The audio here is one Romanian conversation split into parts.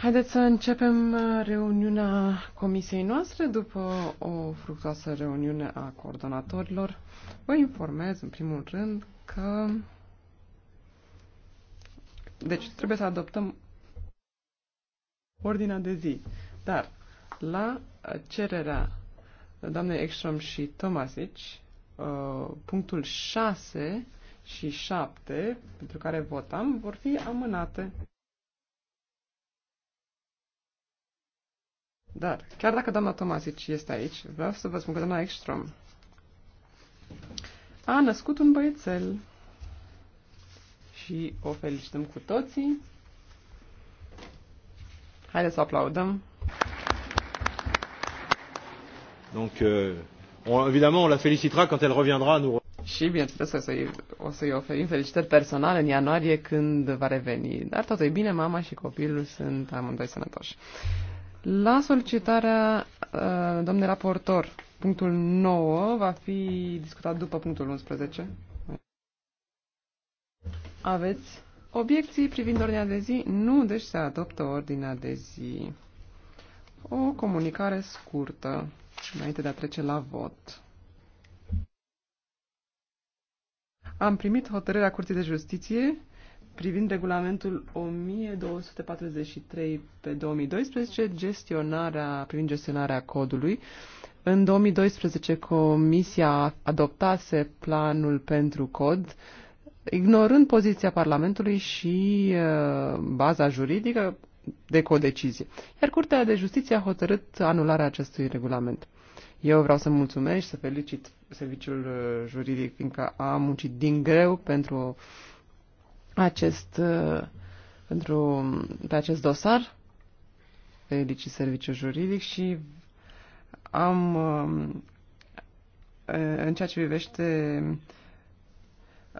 Haideți să începem uh, reuniunea comisiei noastre după o fructoasă reuniune a coordonatorilor. Vă informez, în primul rând, că... Deci, trebuie să adoptăm ordinea de zi. Dar, la cererea doamnei Ekstrom și Tomasici, uh, punctul 6 și 7, pentru care votam, vor fi amânate. Dar, chiar dacă doamna Tomasici este aici, vreau să vă spun că doamna Ekstrom a născut un băiețel și o felicităm cu toții. Haideți să aplaudăm. Donc, euh, on, évidemment, on la félicitera quand elle reviendra nous și, bineînțeles, o să-i, o să-i oferim felicitări personale în ianuarie când va reveni. Dar tot e bine, mama și copilul sunt amândoi sănătoși. La solicitarea uh, domnului raportor, punctul 9 va fi discutat după punctul 11. Aveți obiecții privind ordinea de zi? Nu, deci se adoptă ordinea de zi. O comunicare scurtă înainte de a trece la vot. Am primit hotărârea Curții de Justiție privind regulamentul 1243 pe 2012, gestionarea, privind gestionarea codului. În 2012 Comisia adoptase planul pentru cod, ignorând poziția Parlamentului și uh, baza juridică de codecizie. Iar Curtea de Justiție a hotărât anularea acestui regulament. Eu vreau să mulțumesc și să felicit serviciul uh, juridic, fiindcă a muncit din greu pentru acest, uh, pentru, pe acest dosar. Felicit serviciul juridic și am, um, uh, în ceea ce privește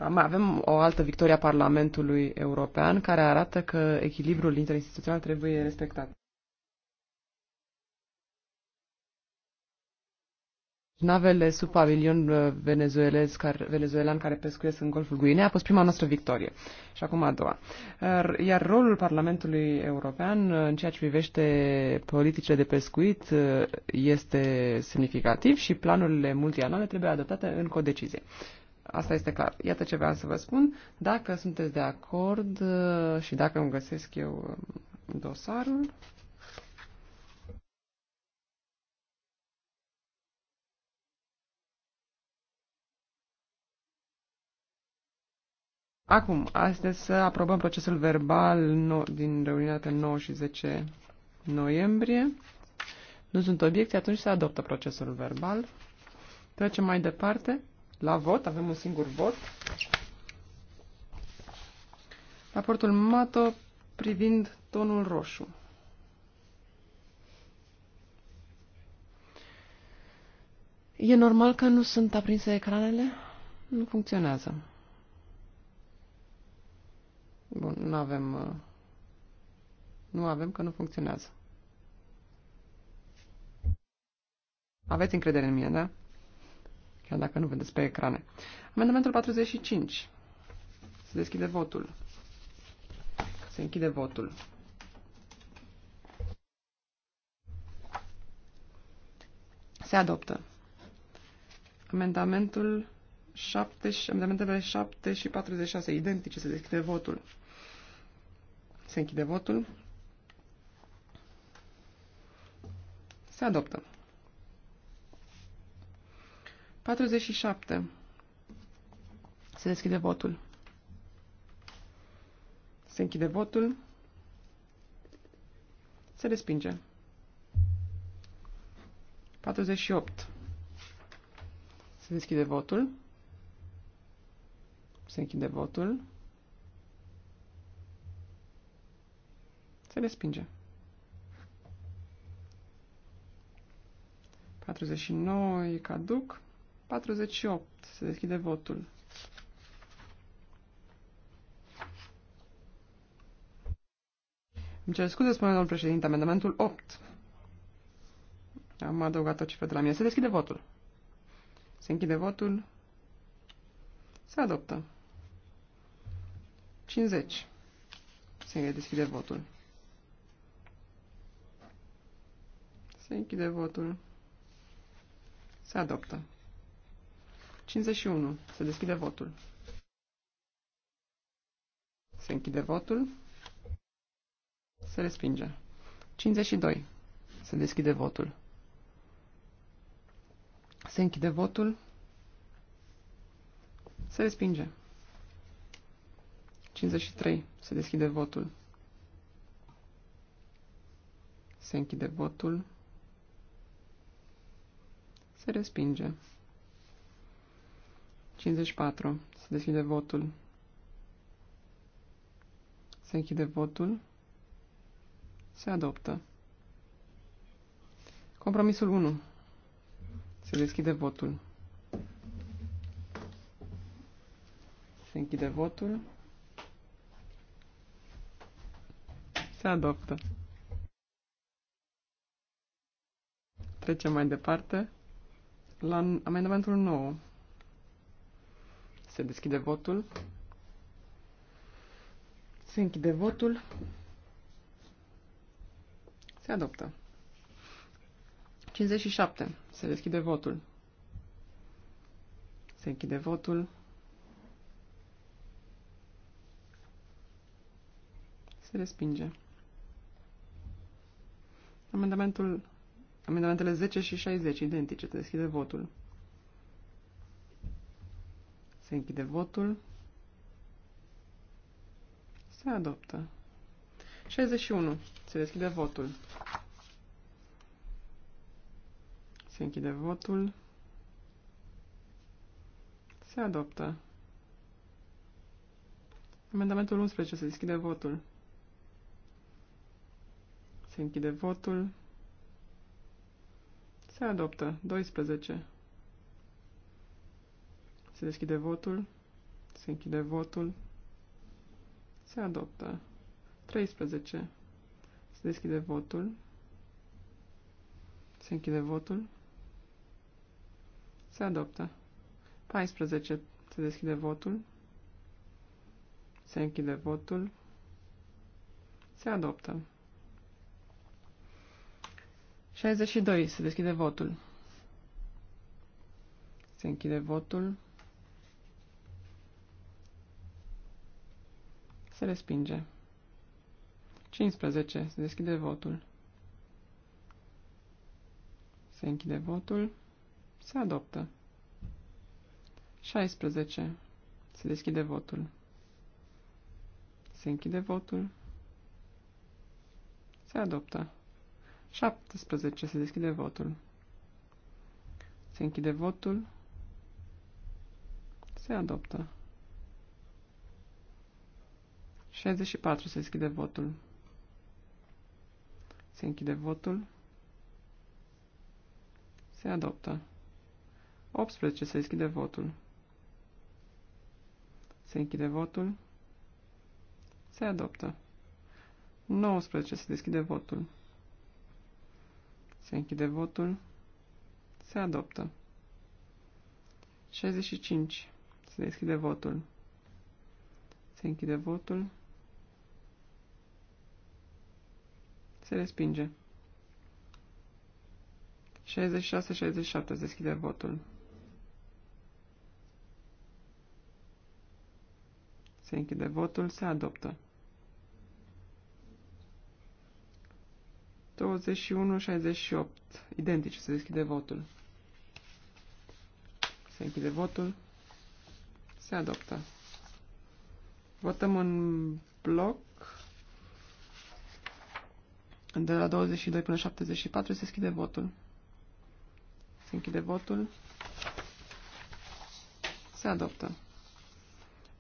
mai avem o altă victorie a Parlamentului European care arată că echilibrul interinstituțional trebuie respectat. Navele sub pavilion uh, venezuelez care, venezuelan care pescuiesc în Golful Guinea a fost prima noastră victorie și acum a doua. Iar rolul Parlamentului European uh, în ceea ce privește politicile de pescuit uh, este semnificativ și planurile multianuale trebuie adaptate în codecizie. Asta este clar. Iată ce vreau să vă spun. Dacă sunteți de acord și dacă îmi găsesc eu um, dosarul, Acum, astăzi să aprobăm procesul verbal no din reuniunea de 9 și 10 noiembrie. Nu sunt obiecții, atunci se adoptă procesul verbal. Trecem mai departe la vot. Avem un singur vot. Raportul MATO privind tonul roșu. E normal că nu sunt aprinse ecranele? Nu funcționează. Bun, nu avem... Uh, nu avem că nu funcționează. Aveți încredere în mine, da? Chiar dacă nu vedeți pe ecrane. Amendamentul 45. Se deschide votul. Se închide votul. Se adoptă. Amendamentul 7, amendamentele 7 și 46 identice se deschide votul. Se închide votul. Se adoptă. 47. Se deschide votul. Se închide votul. Se respinge. 48. Se deschide votul. Se închide votul. Se respinge. 49 e caduc. 48. Se deschide votul. Îmi cer scuze, spune domnul președinte, amendamentul 8. Am adăugat o cifră de la mine. Se deschide votul. Se închide votul. Se adoptă. 50. Se deschide votul. Se închide votul. Se adoptă. 51. Se deschide votul. Se închide votul. Se respinge. 52. Se deschide votul. Se închide votul. Se respinge. 53. Se deschide votul. Se închide votul. Se respinge. 54. Se deschide votul. Se închide votul. Se adoptă. Compromisul 1. Se deschide votul. Se închide votul. Se adoptă. Trecem mai departe. La amendamentul 9 se deschide votul. Se închide votul. Se adoptă. 57. Se deschide votul. Se închide votul. Se respinge. Amendamentul Amendamentele 10 și 60, identice. Se deschide votul. Se închide votul. Se adoptă. 61. Se deschide votul. Se închide votul. Se adoptă. Amendamentul 11. Se deschide votul. Se închide votul. Se adoptă. 12. Se deschide votul. Se închide votul. Se adoptă. 13. Se deschide votul. Se închide votul. Se adoptă. 14. Se deschide votul. Se închide votul. Se adoptă. 62. Se deschide votul. Se închide votul. Se respinge. 15. Se deschide votul. Se închide votul. Se adoptă. 16. Se deschide votul. Se închide votul. Se adoptă. 17. Se deschide votul. Se închide votul. Se adoptă. 64. Se deschide votul. Se închide votul. Se adoptă. 18. Se deschide votul. Se închide votul. Se adoptă. 19. Se deschide votul. Se închide votul. Se adoptă. 65. Se deschide votul. Se închide votul. Se respinge. 66-67. Se deschide votul. Se închide votul. Se adoptă. 21-68. identic. Se deschide votul. Se închide votul. Se adoptă. Votăm în bloc. De la 22 până 74 se deschide votul. Se închide votul. Se adoptă.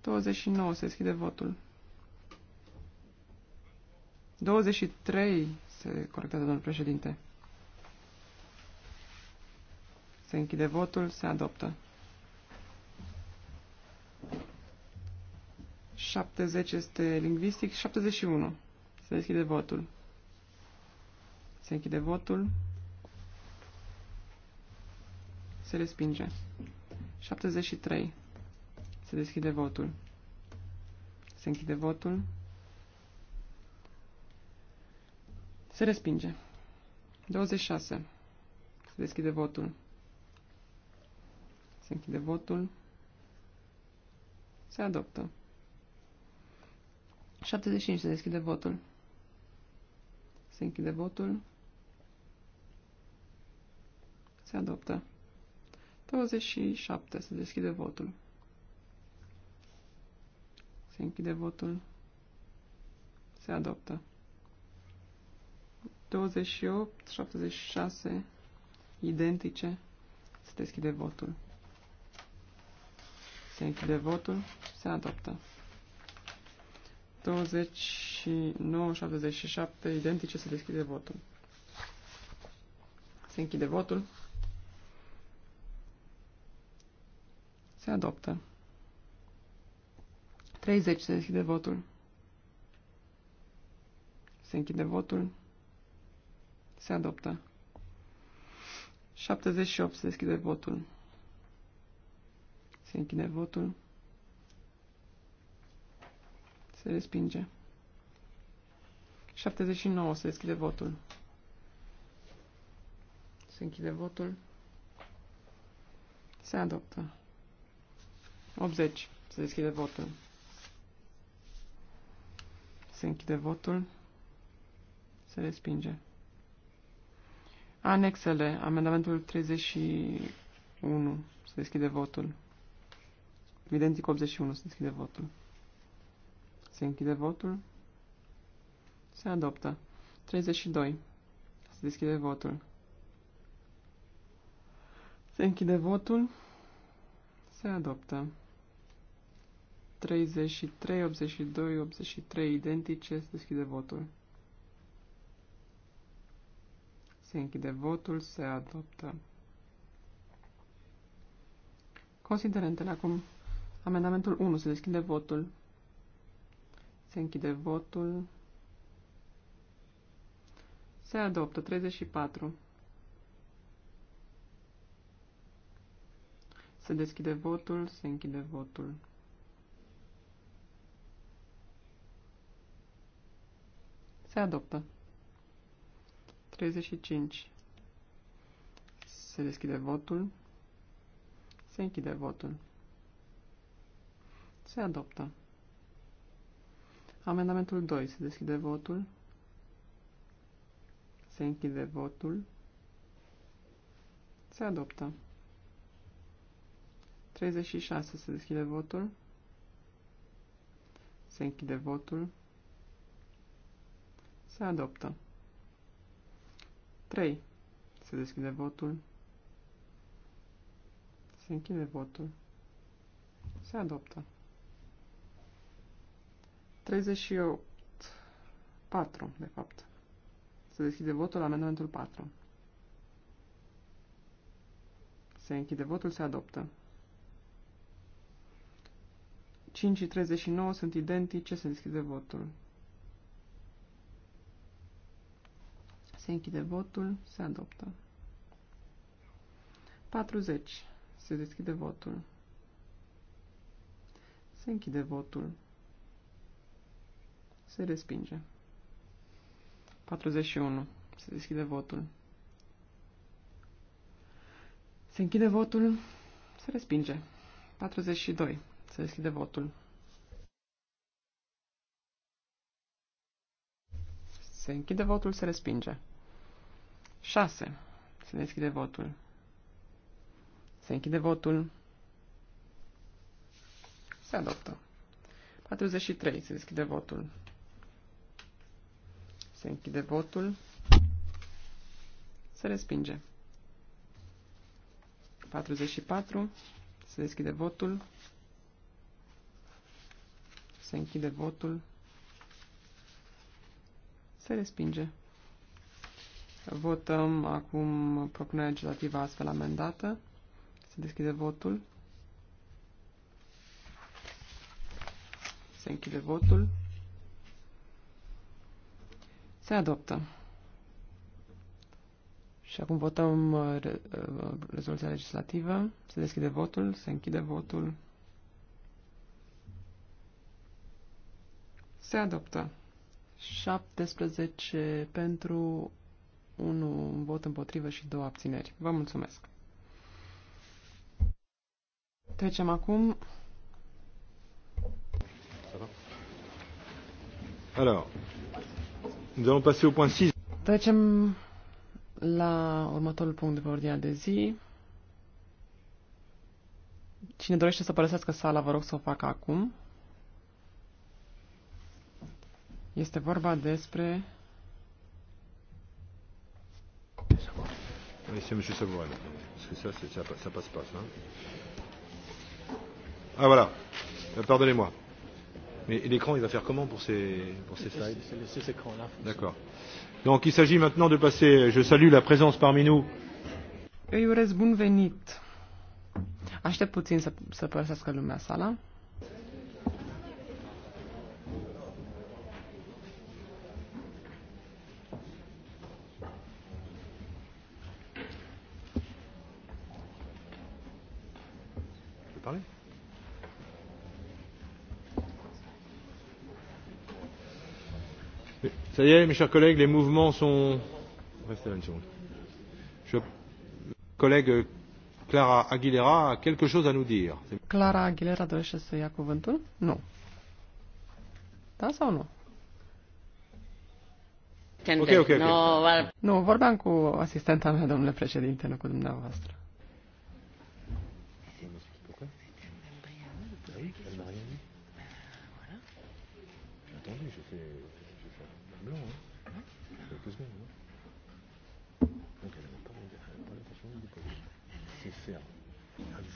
29 se deschide votul. 23 se corectează domnul președinte. Se închide votul, se adoptă. 70 este lingvistic, 71. Se deschide votul. Se închide votul. Se respinge. 73. Se deschide votul. Se închide votul. Se respinge. 26. Se deschide votul. Se închide votul. Se adoptă. 75. Se deschide votul. Se închide votul. Se adoptă. 27. Se deschide votul. Se închide votul. Se adoptă. 28, 76, identice. Se deschide votul. Se închide votul. Se adoptă. 29, 77, identice. Se deschide votul. Se închide votul. Se adoptă. 30 se deschide votul. Se închide votul. Se adoptă. 78. Se deschide votul. Se închide votul. Se respinge. 79. Se deschide votul. Se închide votul. Se adoptă. 80. Se deschide votul. Se închide votul. Se respinge. Anexele. Amendamentul 31. Se deschide votul. Identic 81. Se deschide votul. Se închide votul. Se adoptă. 32. Se deschide votul. Se închide votul. Se adoptă. 33, 82, 83 identice. Se deschide votul. Se închide votul, se adoptă. Considerentele acum. Amendamentul 1. Se deschide votul. Se închide votul. Se adoptă. 34. Se deschide votul. Se închide votul. Se adoptă. 35. Se deschide votul. Se închide votul. Se adoptă. Amendamentul 2. Se deschide votul. Se închide votul. Se adoptă. 36. Se deschide votul. Se închide votul. Se adoptă. 3. Se deschide votul. Se închide votul. Se adoptă. 38. 4, de fapt. Se deschide votul la amendamentul 4. Se închide votul, se adoptă. 5 și 39 sunt identice, se deschide votul. Se închide votul. Se adoptă. 40. Se deschide votul. Se închide votul. Se respinge. 41. Se deschide votul. Se închide votul. Se respinge. 42. Se deschide votul. Se închide votul. Se respinge. 6. Se deschide votul. Se închide votul. Se adoptă. 43. Se deschide votul. Se închide votul. Se respinge. 44. Se deschide votul. Se închide votul. Se respinge. Votăm acum propunerea legislativă astfel amendată. Se deschide votul. Se închide votul. Se adoptă. Și acum votăm uh, uh, rezoluția legislativă. Se deschide votul, se închide votul. Se adoptă. 17 pentru 1 vot împotrivă și 2 abțineri. Vă mulțumesc. Trecem acum. Alors, nous passer au point 6. Trecem la următorul punct de pe ordinea de zi. Cine dorește să părăsească sala, vă rog să o facă acum. Este vorba despre Oui, c'est M. Savoine. Parce que ça, ça, ça passe pas, ça. Hein. Ah voilà. Euh, pardonnez-moi. Mais l'écran, il va faire comment pour ces, pour ces slides C'est cet écran-là. D'accord. Donc il s'agit maintenant de passer. Je salue la présence parmi nous. Eu urez bun venit. Aștept puțin să, să părăsească lumea sala. Ça y est, mes chers collègues, les mouvements sont. Restez là une seconde. Je... Collègue Clara Aguilera a quelque chose à nous dire. Clara Aguilera dorește să ia cuvântul? Nu. Da sau nu? Okay, okay, okay. Nu, vorbeam cu asistenta mea, domnule președinte, nu cu dumneavoastră.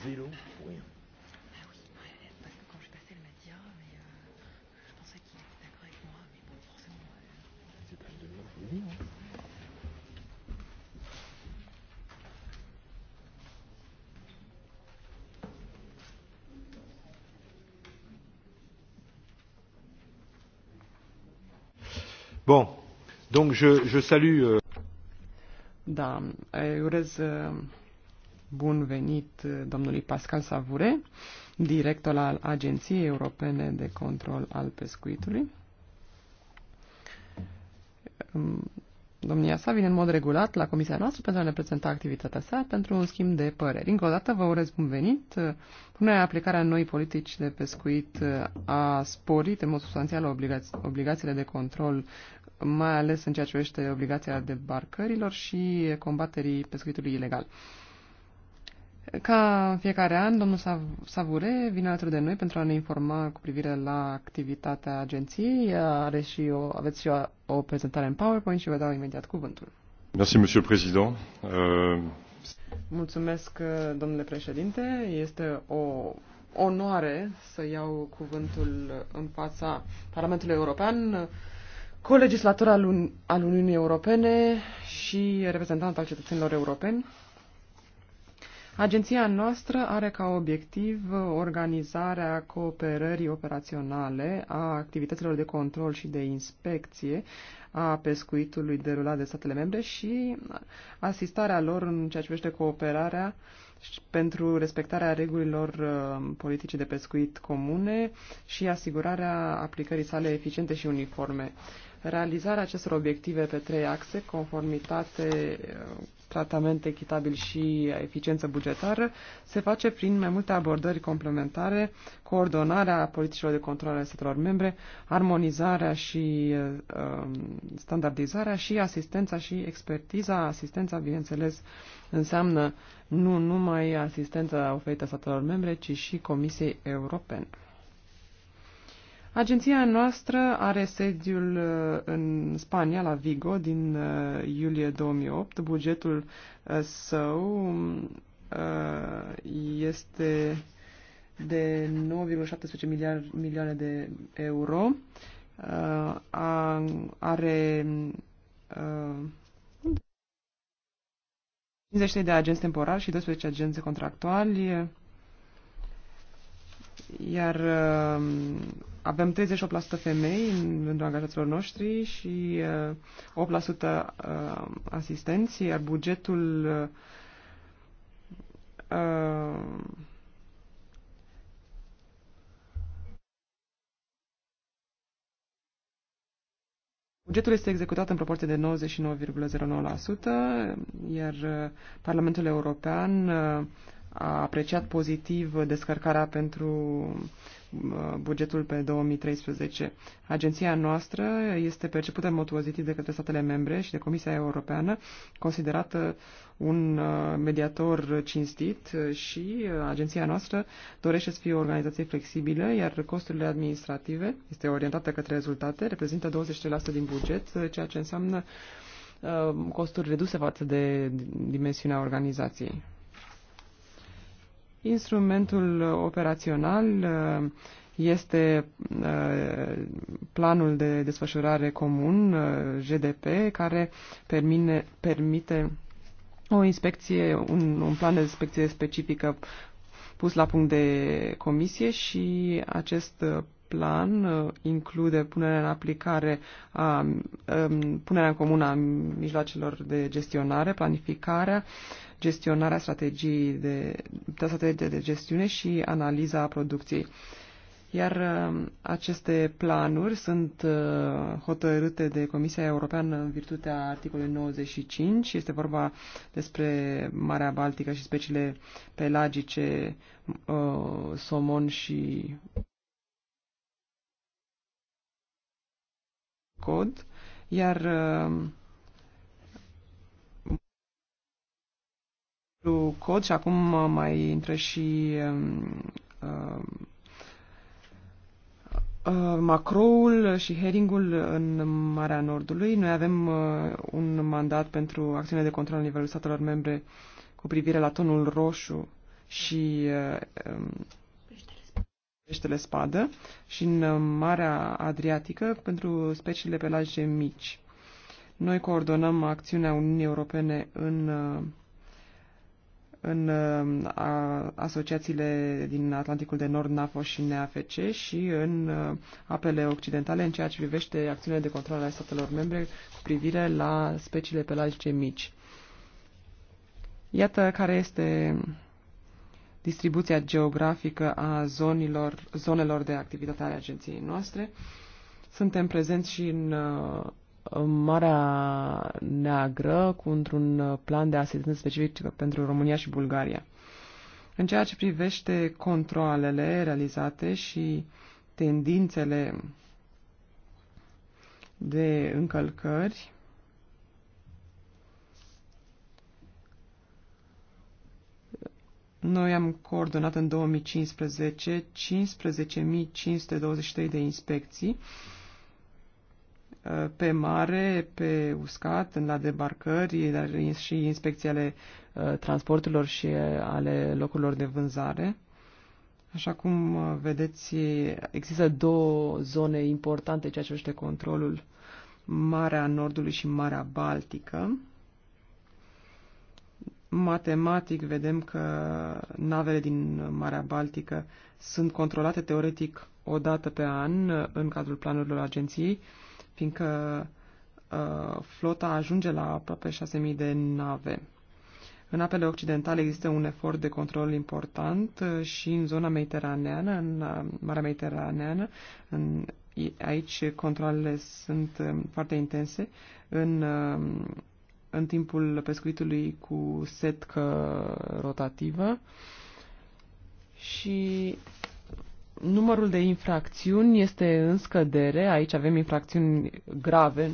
vélo pour rien. Ah oui, parce que quand je passais, elle m'a dit, mais euh, je pensais qu'il était d'accord avec moi, mais bon, forcément. Euh... C'est pas je Hein. Bon, donc je, je salue. Euh... Da, urez bun venit uh, domnului Pascal Savure, director al Agenției Europene de Control al Pescuitului. Um, domnia sa vine în mod regulat la comisia noastră pentru a ne prezenta activitatea sa pentru un schimb de păreri. Încă o dată vă urez bun venit. Uh, punerea aplicarea noi politici de pescuit uh, a sporit în mod substanțial obligați- obligațiile de control, mai ales în ceea ce privește obligația debarcărilor și combaterii pescuitului ilegal. Ca în fiecare an, domnul Savure vine alături de noi pentru a ne informa cu privire la activitatea agenției. Are și o, aveți și o, o prezentare în PowerPoint și vă dau imediat cuvântul. Merci, monsieur président. Uh... Mulțumesc, domnule președinte. Este o onoare să iau cuvântul în fața Parlamentului European, colegislator al, al Uniunii Europene și reprezentant al cetățenilor europeni. Agenția noastră are ca obiectiv organizarea cooperării operaționale a activităților de control și de inspecție a pescuitului derulat de statele membre și asistarea lor în ceea ce privește cooperarea pentru respectarea regulilor uh, politice de pescuit comune și asigurarea aplicării sale eficiente și uniforme. Realizarea acestor obiective pe trei axe, conformitate uh, tratament echitabil și eficiență bugetară se face prin mai multe abordări complementare, coordonarea politicilor de control ale statelor membre, armonizarea și uh, standardizarea și asistența și expertiza. Asistența, bineînțeles, înseamnă nu numai asistența oferită statelor membre, ci și Comisiei Europene. Agenția noastră are sediul uh, în Spania, la Vigo, din uh, iulie 2008. Bugetul uh, său este de 9,17 milioane de euro. Are 53 de agenți temporari și 12 agenți contractuali. Iar um, avem 38% femei în rândul angajaților noștri și 8% uh, uh, asistenți, iar bugetul uh, Bugetul este executat în proporție de 99,09%, iar Parlamentul European a apreciat pozitiv descărcarea pentru uh, bugetul pe 2013. Agenția noastră este percepută în mod pozitiv de către statele membre și de Comisia Europeană, considerată un uh, mediator cinstit și uh, agenția noastră dorește să fie o organizație flexibilă, iar costurile administrative este orientată către rezultate, reprezintă 23% din buget, ceea ce înseamnă costuri reduse față de dimensiunea organizației. Instrumentul operațional uh, este uh, planul de desfășurare comun, uh, GDP, care permine, permite o inspecție, un, un plan de inspecție specifică pus la punct de comisie și acest plan uh, include punerea în aplicare a, um, um, punerea în comun a mijloacelor de gestionare, planificarea, gestionarea strategii de, de strategie de gestiune și analiza producției. Iar um, aceste planuri sunt uh, hotărâte de Comisia Europeană în virtutea articolului 95. Este vorba despre Marea Baltică și speciile pelagice, uh, somon și cod, iar uh, um, cod și acum mai intră și um, uh, uh, macroul și heringul în Marea Nordului. Noi avem uh, un mandat pentru acțiune de control la nivelul statelor membre cu privire la tonul roșu și uh, um, peștele spadă și în uh, Marea Adriatică pentru speciile pelagice mici. Noi coordonăm acțiunea Uniunii Europene în, uh, în uh, a, asociațiile din Atlanticul de Nord, NAFO și NAFC și în apele occidentale în ceea ce privește acțiunile de control ale statelor membre cu privire la speciile pelagice mici. Iată care este distribuția geografică a zonilor, zonelor de activitate ale agenției noastre. Suntem prezenți și în, uh, în Marea Neagră cu într-un uh, plan de asistență specific pentru România și Bulgaria. În ceea ce privește controlele realizate și tendințele de încălcări, Noi am coordonat în 2015 15.523 de inspecții uh, pe mare, pe uscat, la debarcări, dar și inspecții ale uh, transporturilor și uh, ale locurilor de vânzare. Așa cum vedeți, există două zone importante ceea ce privește controlul, Marea Nordului și Marea Baltică matematic vedem că navele din Marea Baltică sunt controlate teoretic o dată pe an uh, în cadrul planurilor agenției, fiindcă uh, flota ajunge la aproape 6.000 de nave. În apele occidentale există un efort de control important uh, și în zona mediteraneană, în Marea Mediteraneană, în, aici controlele sunt foarte intense. În în timpul pescuitului cu setcă rotativă și numărul de infracțiuni este în scădere. Aici avem infracțiuni grave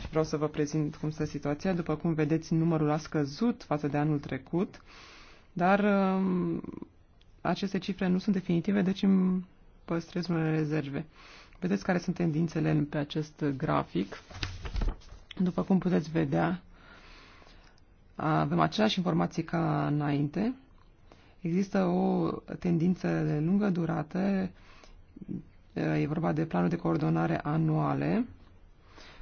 și vreau să vă prezint cum stă situația. După cum vedeți, numărul a scăzut față de anul trecut, dar um, aceste cifre nu sunt definitive, deci îmi păstrez unele rezerve. Vedeți care sunt tendințele pe acest grafic. După cum puteți vedea, avem aceleași informații ca înainte. Există o tendință de lungă durată, e vorba de planuri de coordonare anuale,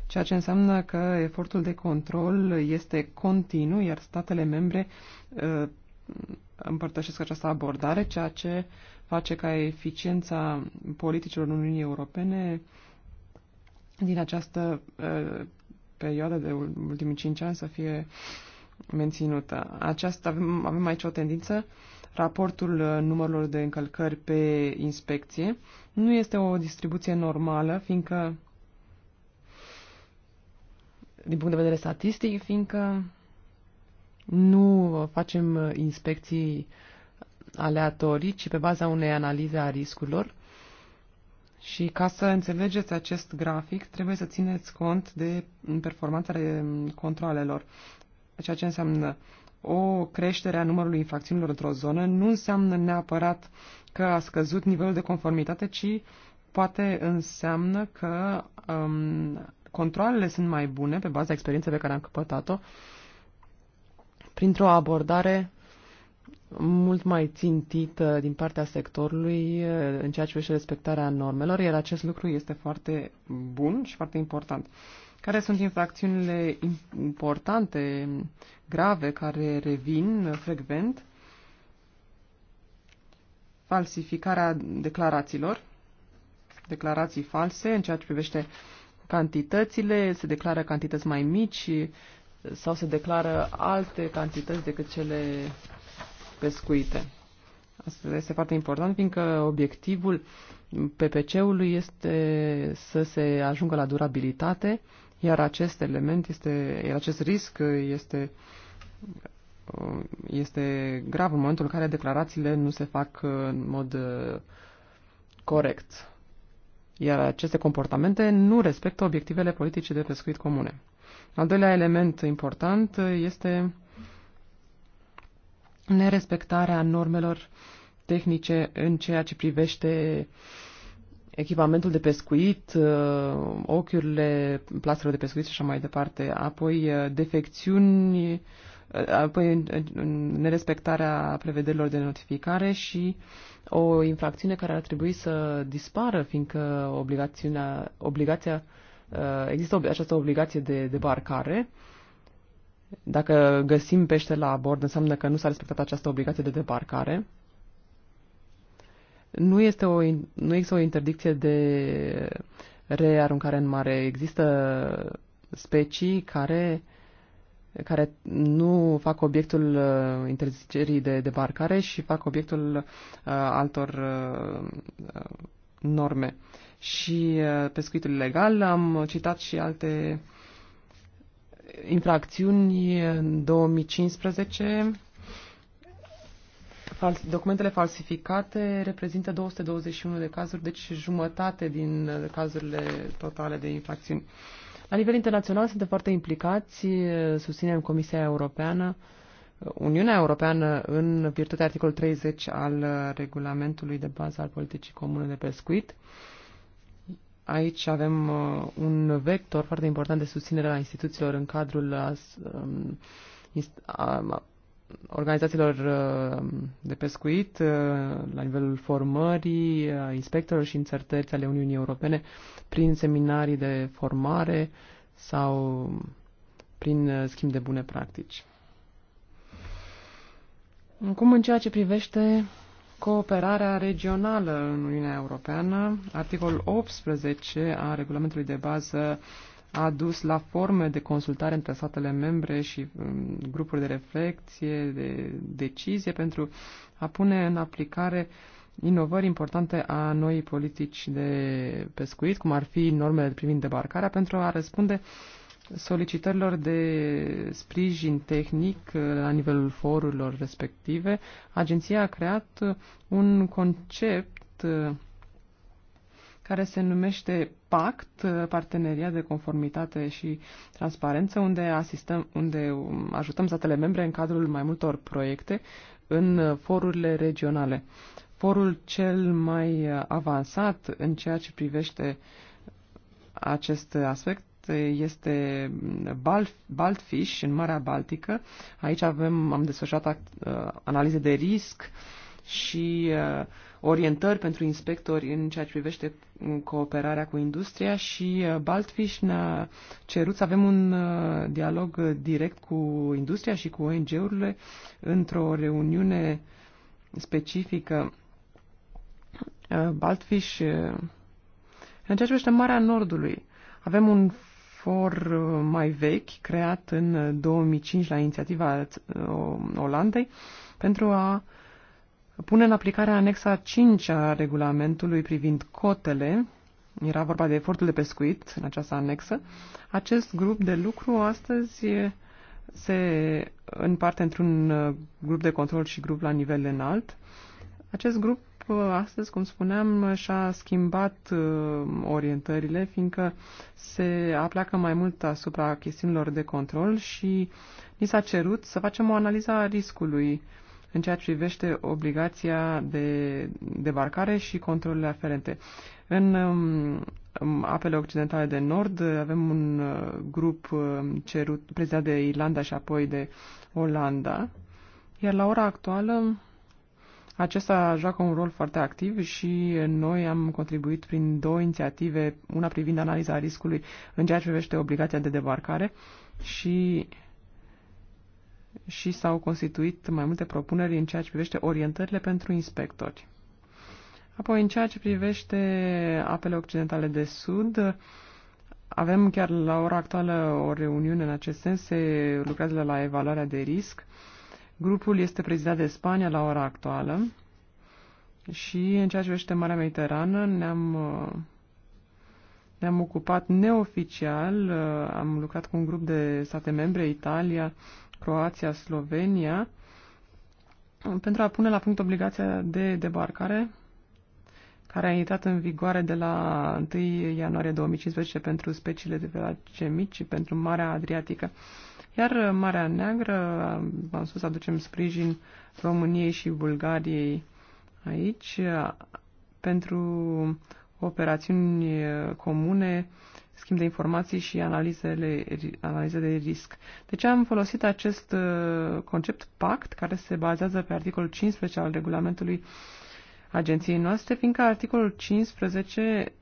ceea ce înseamnă că efortul de control este continuu, iar statele membre împărtășesc această abordare, ceea ce face ca eficiența politicilor Uniunii Europene din această perioadă de ultimii cinci ani să fie uh, menținută. Aceasta, avem, avem aici o tendință, raportul uh, numărului de încălcări pe inspecție nu este o distribuție normală, fiindcă, din punct de vedere statistic, fiindcă nu facem uh, inspecții aleatorii, ci pe baza unei analize a riscurilor. Și ca să înțelegeți acest grafic, trebuie să țineți cont de performanța um, controlelor. Ceea ce înseamnă o creștere a numărului infracțiunilor într-o zonă nu înseamnă neapărat că a scăzut nivelul de conformitate, ci poate înseamnă că um, controlele sunt mai bune pe baza experienței pe care am căpătat-o printr-o abordare mult mai țintită din partea sectorului uh, în ceea ce privește respectarea normelor, iar acest lucru este foarte bun și foarte important. Care sunt infracțiunile importante, grave, care revin frecvent? Falsificarea declarațiilor, declarații false în ceea ce privește cantitățile, se declară cantități mai mici sau se declară alte cantități decât cele pescuite. Asta este foarte important, fiindcă obiectivul PPC-ului este să se ajungă la durabilitate, iar acest element este, iar acest risc este, este grav în momentul în care declarațiile nu se fac în mod uh, corect. Iar aceste comportamente nu respectă obiectivele politice de pescuit comune. Al doilea element important este nerespectarea normelor tehnice în ceea ce privește echipamentul de pescuit, uh, ochiurile, plasele de pescuit și așa mai departe, apoi uh, defecțiuni, uh, apoi nerespectarea prevederilor de notificare și o infracțiune care ar trebui să dispară, fiindcă obligațiunea, obligația, există această obligație de debarcare. Dacă găsim pește la bord, înseamnă că nu s-a respectat această obligație de debarcare nu, este o, nu există o interdicție de rearuncare în mare. Există specii care, care nu fac obiectul uh, interzicerii de debarcare și fac obiectul uh, altor uh, uh, norme. Și uh, pescuitul ilegal am citat și alte infracțiuni în 2015 Fals- documentele falsificate reprezintă 221 de cazuri, deci jumătate din uh, cazurile totale de infracțiuni. La nivel internațional suntem foarte implicați, uh, susținem Comisia Europeană, uh, Uniunea Europeană în virtutea articolului 30 al regulamentului de bază al politicii comune de pescuit. Aici avem un vector foarte important de susținere a instituțiilor în cadrul um, organizațiilor uh, de pescuit, uh, la nivelul formării, a inspectorilor și în ale Uniunii Europene, prin seminarii de formare sau prin uh, schimb de bune practici. Cum în ceea ce privește cooperarea regională în Uniunea Europeană, articolul 18 a regulamentului de bază a dus la forme de consultare între statele membre și um, grupuri de reflexie, de decizie pentru a pune în aplicare inovări importante a noii politici de pescuit, cum ar fi normele privind debarcarea, pentru a răspunde solicitărilor de sprijin tehnic uh, la nivelul forurilor respective. Agenția a creat uh, un concept uh, care se numește PACT, Parteneria de Conformitate și Transparență, unde, asistăm, unde ajutăm statele membre în cadrul mai multor proiecte în forurile regionale. Forul cel mai avansat în ceea ce privește acest aspect este Baltfish în Marea Baltică. Aici avem, am desfășurat act, uh, analize de risc și uh, orientări pentru inspectori în ceea ce privește mm, cooperarea cu industria și uh, Baltfish ne-a cerut să avem un uh, dialog uh, direct cu industria și cu ONG-urile într-o reuniune specifică. Baltfish, în ceea ce privește Marea Nordului, avem un for mai vechi, creat în 2005 la inițiativa Olandei, pentru a uh, pune în aplicare anexa 5 a regulamentului privind cotele, era vorba de efortul de pescuit în această anexă. Acest grup de lucru astăzi se împarte într-un uh, grup de control și grup la nivel înalt. Acest grup uh, astăzi, cum spuneam, și-a schimbat uh, orientările, fiindcă se apleacă mai mult asupra chestiunilor de control și ni s-a cerut să facem o analiză a riscului uh, în ceea ce privește obligația de debarcare și controlele aferente. În um, apele occidentale de nord avem un uh, grup uh, cerut, prezidat de Irlanda și apoi de Olanda, iar la ora actuală acesta joacă un rol foarte activ și noi am contribuit prin două inițiative, una privind analiza riscului în ceea ce privește obligația de debarcare și și s-au constituit mai multe propuneri în ceea ce privește orientările pentru inspectori. Apoi, în ceea ce privește apele occidentale de sud, avem chiar la ora actuală o reuniune în acest sens, se lucrează la evaluarea de risc. Grupul este prezidat de Spania la ora actuală și în ceea ce privește Marea Mediterană ne-am ne-am ocupat neoficial, am lucrat cu un grup de state membre, Italia, Croația, Slovenia, pentru a pune la punct obligația de debarcare care a intrat în vigoare de la 1 ianuarie 2015 pentru speciile de pelagice mici și pentru Marea Adriatică. Iar Marea Neagră, am spus, aducem sprijin României și Bulgariei aici pentru operațiuni comune schimb de informații și analizele, analize de risc. Deci am folosit acest uh, concept pact, care se bazează pe articolul 15 al regulamentului agenției noastre, fiindcă articolul 15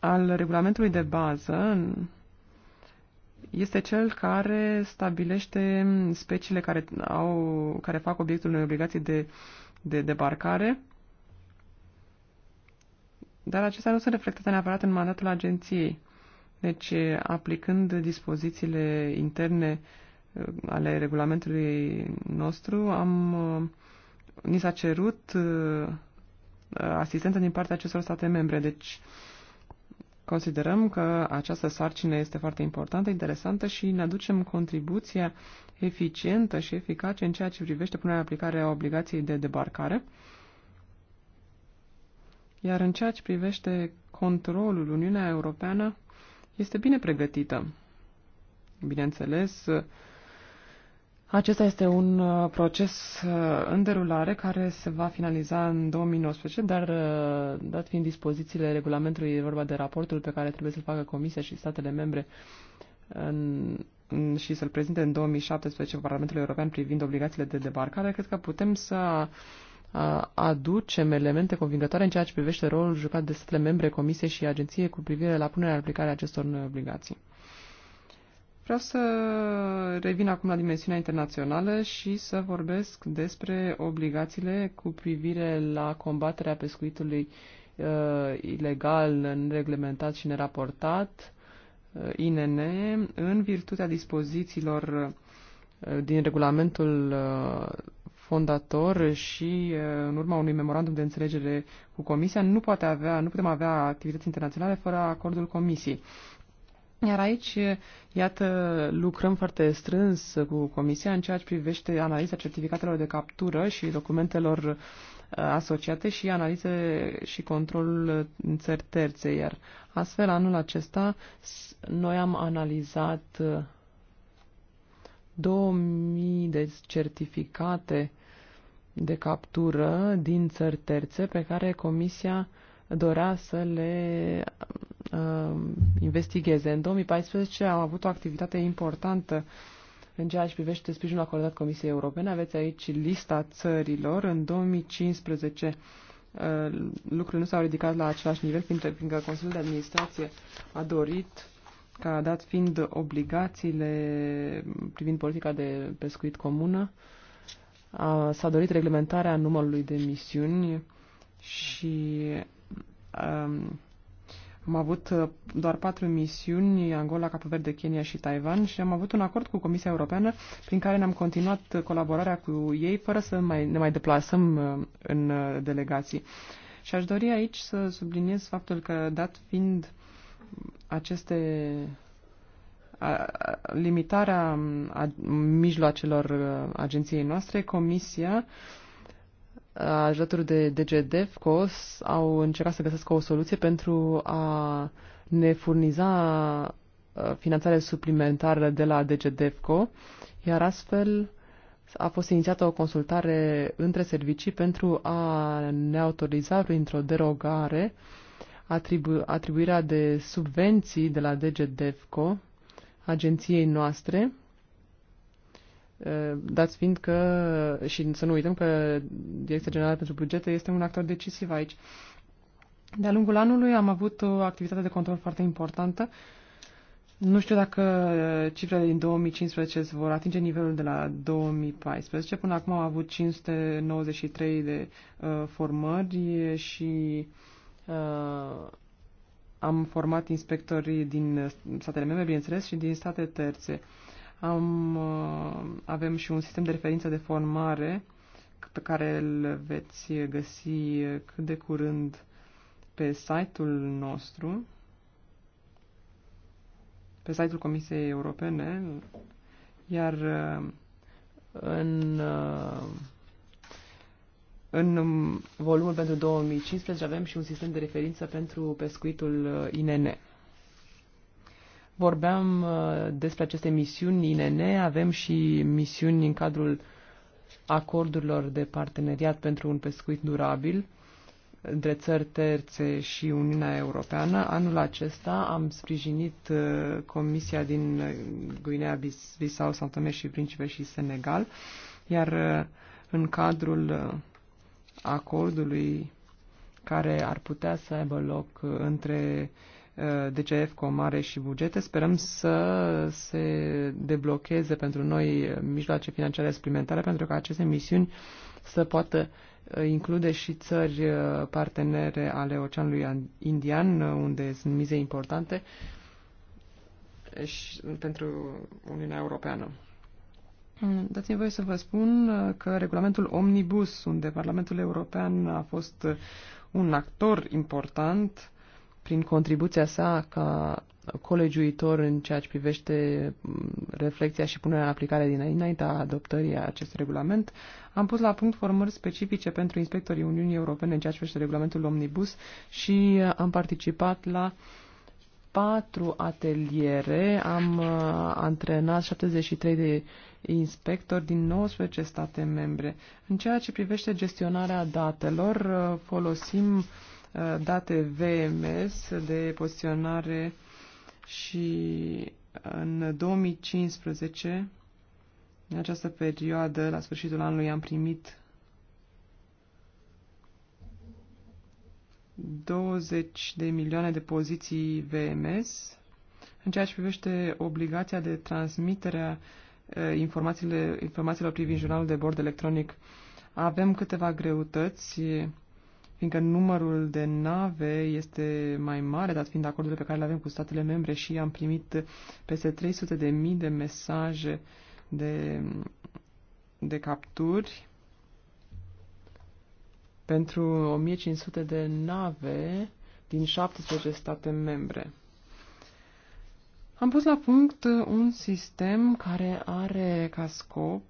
al regulamentului de bază este cel care stabilește speciile care, au, care fac obiectul unei obligații de, de debarcare, dar acestea nu sunt reflectate neapărat în mandatul agenției. Deci, eh, aplicând dispozițiile interne eh, ale regulamentului nostru, am, eh, ni s-a cerut asistență din partea acestor state membre. Deci, considerăm că această sarcină este foarte importantă, interesantă și ne aducem contribuția eficientă și eficace în ceea ce privește punerea în aplicare a obligației de debarcare. Iar în ceea ce privește controlul, Uniunea Europeană este bine pregătită. Bineînțeles, acesta este un uh, proces uh, în derulare care se va finaliza în 2019, dar uh, dat fiind dispozițiile regulamentului, e vorba de raportul pe care trebuie să-l facă Comisia și statele membre în, în, și să-l prezinte în 2017 Parlamentul European privind obligațiile de debarcare, cred că putem să aducem elemente convingătoare în ceea ce privește rolul jucat de statele membre, comisie și agenție cu privire la punerea în aplicare a acestor noi obligații. Vreau să revin acum la dimensiunea internațională și să vorbesc despre obligațiile cu privire la combaterea pescuitului uh, ilegal, nereglementat și neraportat, uh, INN, în virtutea dispozițiilor uh, din regulamentul uh, fondator și în urma unui memorandum de înțelegere cu Comisia nu, poate avea, nu putem avea activități internaționale fără acordul Comisiei. Iar aici, iată, lucrăm foarte strâns cu Comisia în ceea ce privește analiza certificatelor de captură și documentelor asociate și analize și controlul în țări terțe. Iar astfel, anul acesta, noi am analizat 2000 de certificate de captură din țări terțe pe care Comisia dorea să le uh, investigheze. În 2014 am avut o activitate importantă în ceea ce privește sprijinul acordat Comisiei Europene. Aveți aici lista țărilor. În 2015 uh, lucrurile nu s-au ridicat la același nivel, fiindcă, fiindcă Consiliul de Administrație a dorit ca dat fiind obligațiile privind politica de pescuit comună, s-a dorit reglementarea numărului de misiuni și um, am avut doar patru misiuni, Angola, Capo Verde, Kenya și Taiwan și am avut un acord cu Comisia Europeană prin care ne-am continuat colaborarea cu ei fără să mai, ne mai deplasăm în delegații. Și aș dori aici să subliniez faptul că, dat fiind uh, aceste a, limitarea a, mijloacelor uh, agenției noastre, Comisia uh, alături de DGDF, COS, au încercat să găsească o soluție pentru a ne furniza uh, finanțare suplimentară de la DGDFCO, iar astfel a fost inițiată o consultare între servicii pentru a ne autoriza printr-o derogare uh, atribu- atribuirea de subvenții de la DGDEFCO, agenției noastre, dați fiind că, și să nu uităm că Direcția Generală pentru Bugete este un actor decisiv aici. De-a lungul anului am avut o activitate de control foarte importantă. Nu știu dacă cifrele din 2015 vor atinge nivelul de la 2014. Până acum am avut 593 de uh, formări și uh, Uh, am format inspectorii din statele membre, bineînțeles, și din state terțe. Am, uh, avem și un sistem de referință de formare pe care îl veți găsi cât de curând pe site-ul nostru, pe site-ul Comisiei Europene, iar uh, în uh, în um, volumul pentru 2015 avem și un sistem de referință pentru pescuitul uh, INN. Vorbeam uh, despre aceste misiuni INN, avem și misiuni în cadrul acordurilor de parteneriat pentru un pescuit durabil între țări terțe și Uniunea Europeană. Anul acesta am sprijinit uh, Comisia din Guinea Bissau, Santome și Principe și Senegal, iar în cadrul acordului care ar putea să aibă loc între uh, DCF Comare și bugete. Sperăm să se deblocheze pentru noi mijloace financiare suplimentare pentru că aceste misiuni să poată uh, include și țări uh, partenere ale Oceanului Indian, unde sunt mize importante și pentru Uniunea Europeană. Dați-mi voie să vă spun uh, că regulamentul Omnibus, unde Parlamentul European a fost uh, un actor important prin contribuția sa ca colegiuitor în ceea ce privește mm, reflexia și punerea în aplicare dinaintea adoptării acestui regulament, am pus la punct formări specifice pentru inspectorii Uniunii Europene în ceea ce privește regulamentul Omnibus și uh, am participat la patru ateliere, am antrenat 73 de inspectori din 19 state membre. În ceea ce privește gestionarea datelor, uh, folosim uh, date VMS de poziționare și uh, în 2015, în această perioadă, la sfârșitul anului, am primit 20 de milioane de poziții VMS. În ceea ce privește obligația de transmitere a informațiile, informațiilor privind jurnalul de bord electronic. Avem câteva greutăți, fiindcă numărul de nave este mai mare, dat fiind acordurile pe care le avem cu statele membre și am primit peste 300 de mii de mesaje de, de capturi pentru 1500 de nave din 17 state membre. Am pus la punct uh, un sistem care are ca scop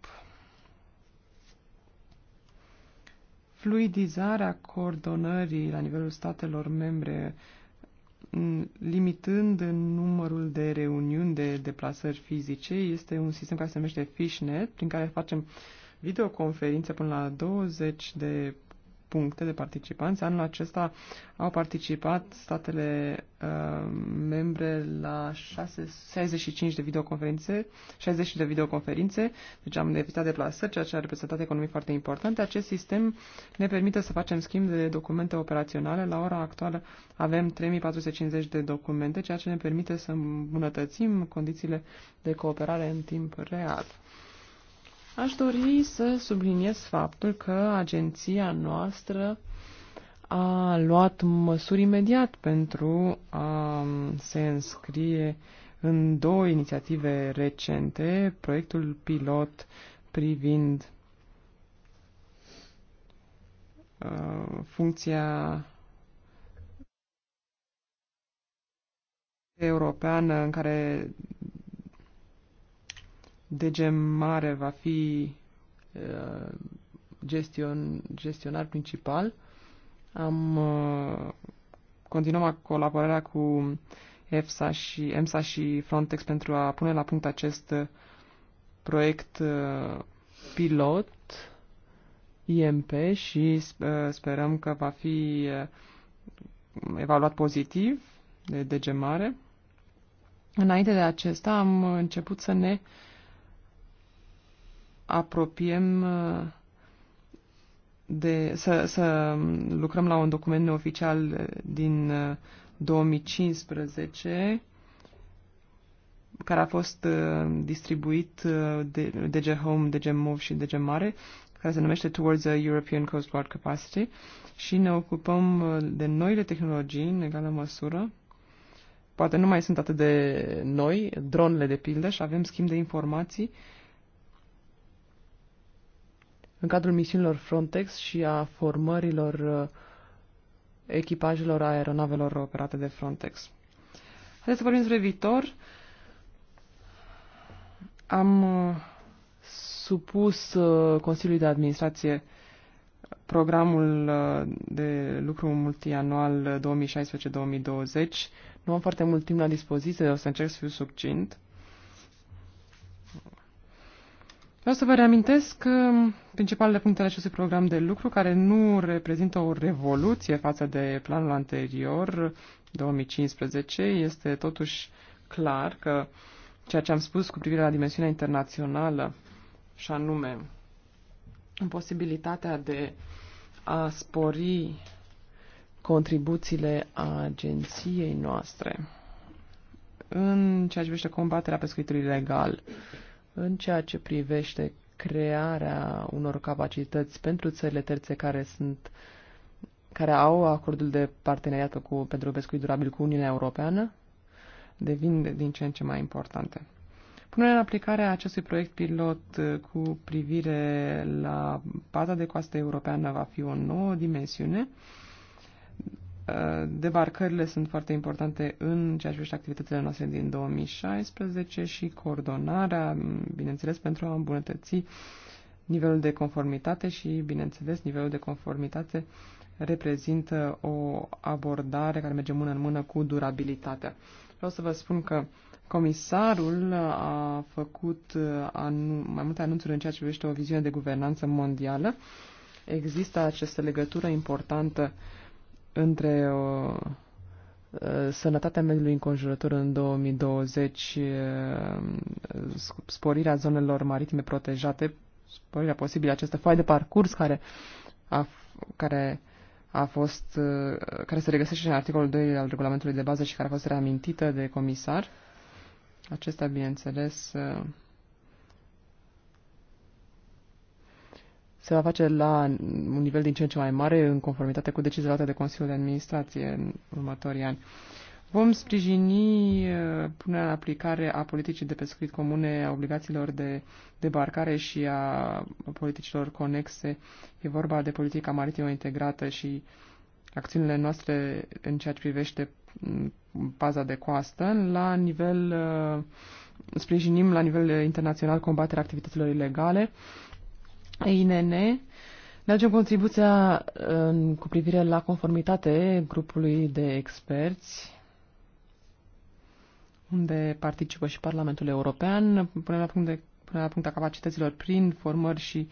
fluidizarea coordonării la nivelul statelor membre, mm, limitând numărul de reuniuni de deplasări fizice. Este un sistem care se numește Fishnet, prin care facem videoconferințe până la 20 de puncte de participanți. Anul acesta au participat statele uh, membre la 6, 65 de videoconferințe, 60 de videoconferințe, deci am evitat deplasări, ceea ce a reprezentat economii foarte importante. Acest sistem ne permite să facem schimb de documente operaționale. La ora actuală avem 3450 de documente, ceea ce ne permite să îmbunătățim condițiile de cooperare în timp real. Aș dori să subliniez faptul că agenția noastră a luat măsuri imediat pentru a se înscrie în două inițiative recente, proiectul pilot privind uh, funcția europeană în care DG Mare va fi uh, gestion, gestionar principal. Am uh, continuăm colaborarea cu EFSA și EMSA și Frontex pentru a pune la punct acest uh, proiect uh, pilot IMP și uh, sperăm că va fi uh, evaluat pozitiv de DG Mare. Înainte de acesta am început să ne uh, apropiem uh, de, să, să lucrăm la un document neoficial uh, din 2015 uh, care a fost distribuit de DG Home, DG Move și DG Mare, care se numește Towards a European Coast Guard Capacity și ne ocupăm de noile tehnologii în egală măsură. Poate nu mai sunt atât de noi, dronele de pildă, și avem schimb de informații uh, în cadrul misiunilor Frontex și a formărilor uh, echipajelor aeronavelor operate de Frontex. Haideți să vorbim despre viitor. Am uh, supus uh, Consiliului de Administrație programul de lucru multianual 2016-2020. Nu am foarte mult timp la dispoziție, o să încerc să fiu succint. Vreau să vă reamintesc um, principalele puncte ale acestui program de lucru, care nu reprezintă o revoluție față de planul anterior, 2015. Este totuși clar că ceea ce am spus cu privire la dimensiunea internațională, și anume posibilitatea de a spori contribuțiile agenției noastre în ceea ce privește combaterea pescuitului legal în ceea ce privește crearea unor capacități pentru țările terțe care sunt care au acordul de parteneriat cu, pentru pescuit durabil cu Uniunea Europeană, devin din ce în ce mai importante. Punerea în aplicare a acestui proiect pilot uh, cu privire la partea de coastă europeană va fi o nouă dimensiune Uh, debarcările sunt foarte importante în ceea ce privește activitățile noastre din 2016 și coordonarea, bineînțeles, pentru a îmbunătăți nivelul de conformitate și, bineînțeles, nivelul de conformitate reprezintă o abordare care merge mână în mână cu durabilitatea. Vreau să vă spun că comisarul a făcut uh, anu- mai multe anunțuri în ceea ce privește o viziune de guvernanță mondială. Există această legătură importantă uh, între o, uh, sănătatea mediului înconjurător în 2020, uh, sporirea zonelor maritime protejate, sporirea posibilă aceste foi de parcurs care a, care a fost, uh, care se regăsește în articolul 2 al regulamentului de bază și care a fost reamintită de comisar. Acestea, bineînțeles, se va face la un nivel din ce în ce mai mare, în conformitate cu deciziile luate de Consiliul de Administrație în următorii ani. Vom sprijini uh, punerea în aplicare a politicii de pescuit comune, a obligațiilor de debarcare și a politicilor conexe. E vorba de politica maritimă integrată și acțiunile noastre în ceea ce privește mm, paza de coastă. La nivel, uh, sprijinim la nivel internațional combaterea activităților ilegale INN ne aducem contribuția în, cu privire la conformitate grupului de experți unde participă și Parlamentul European, punem la punct, de, punem la punct a capacităților prin formări și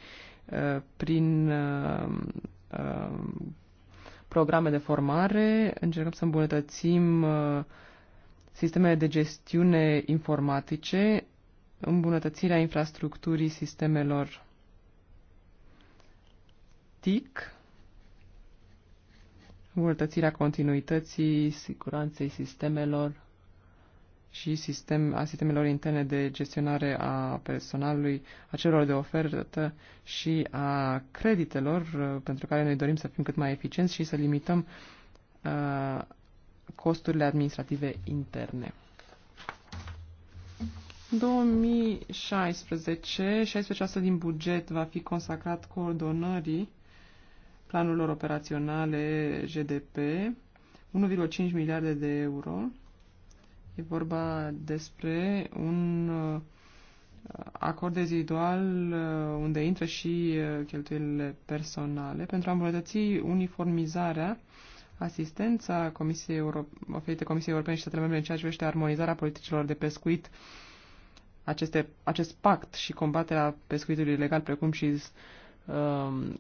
uh, prin uh, uh, programe de formare. Încercăm să îmbunătățim uh, sistemele de gestiune informatice, îmbunătățirea infrastructurii sistemelor TIC, îmbunătățirea continuității, siguranței sistemelor și sistem, a sistemelor interne de gestionare a personalului, a celor de ofertă și a creditelor, uh, pentru care noi dorim să fim cât mai eficienți și să limităm uh, costurile administrative interne. 2016, 16% din buget va fi consacrat coordonării planurilor operaționale GDP, 1,5 miliarde de euro. E vorba despre un uh, acord rezidual uh, unde intră și uh, cheltuielile personale pentru a îmbunătăți uniformizarea asistența Comisiei Europe, oferită Comisiei Europene și statele membre în ceea ce privește armonizarea politicilor de pescuit, aceste, acest pact și combaterea pescuitului ilegal, precum și um,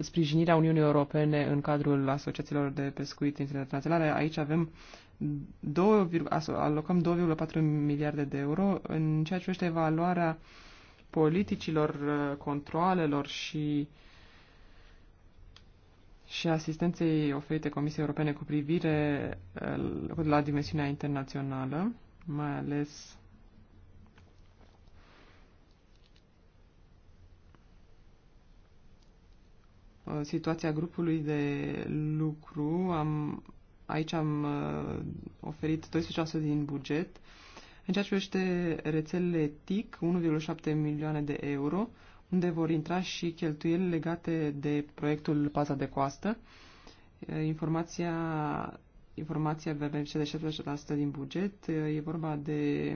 sprijinirea Uniunii Europene în cadrul asociațiilor de pescuit internaționale. Aici avem 2, alocăm 2,4 miliarde de euro în ceea ce privește evaluarea politicilor, uh, controalelor și și asistenței oferite Comisiei Europene cu privire uh, la dimensiunea internațională, mai ales Uh, situația grupului de lucru. Am, aici am uh, oferit 12% din buget. În ceea ce privește rețelele TIC, 1,7 milioane de euro, unde vor intra și cheltuieli legate de proiectul Paza de Coastă. Uh, informația, informația va beneficia de 70% din buget. E vorba de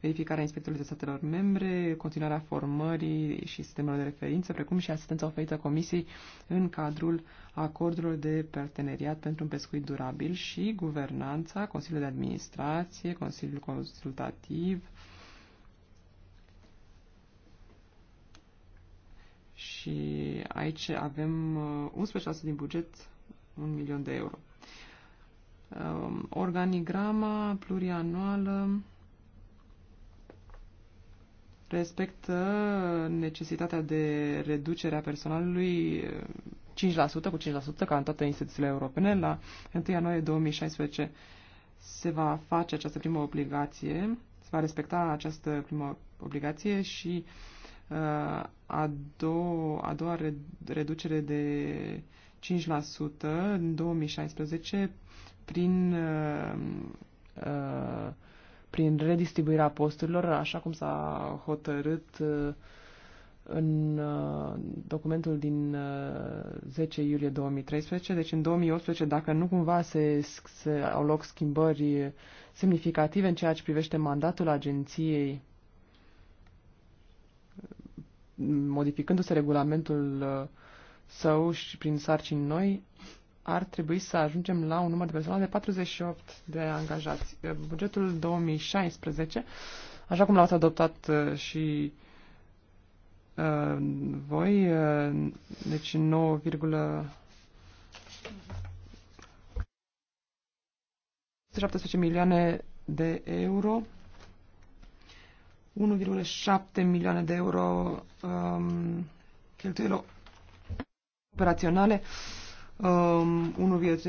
verificarea inspectorilor de statelor membre, continuarea formării și sistemelor de referință, precum și asistența oferită Comisiei în cadrul acordurilor de parteneriat pentru un pescuit durabil și guvernanța, Consiliul de Administrație, Consiliul Consultativ, și aici avem 11% uh, din buget, un milion de euro. Um, organigrama plurianuală respectă necesitatea de reducere a personalului 5%, eh, cu 5%, ca în toate instituțiile europene. La 1 ianuarie 2016 se va face această primă obligație, se va respecta această primă obligație și eh, a, doua, a doua reducere de 5% în 2016 prin uh, uh, prin redistribuirea posturilor, așa cum s-a hotărât uh, în uh, documentul din 10 uh, iulie 2013. Deci în 2018, dacă nu cumva se, se au loc schimbări semnificative în ceea ce privește mandatul agenției, modificându-se regulamentul său și prin sarcini noi, ar trebui să ajungem la un număr de personal de 48 de angajați. Bugetul 2016, așa cum l-ați adoptat și uh, voi, uh, deci 9, 17 milioane de euro, 1,7 milioane de euro um, cheltuielor operaționale, uh, 1,3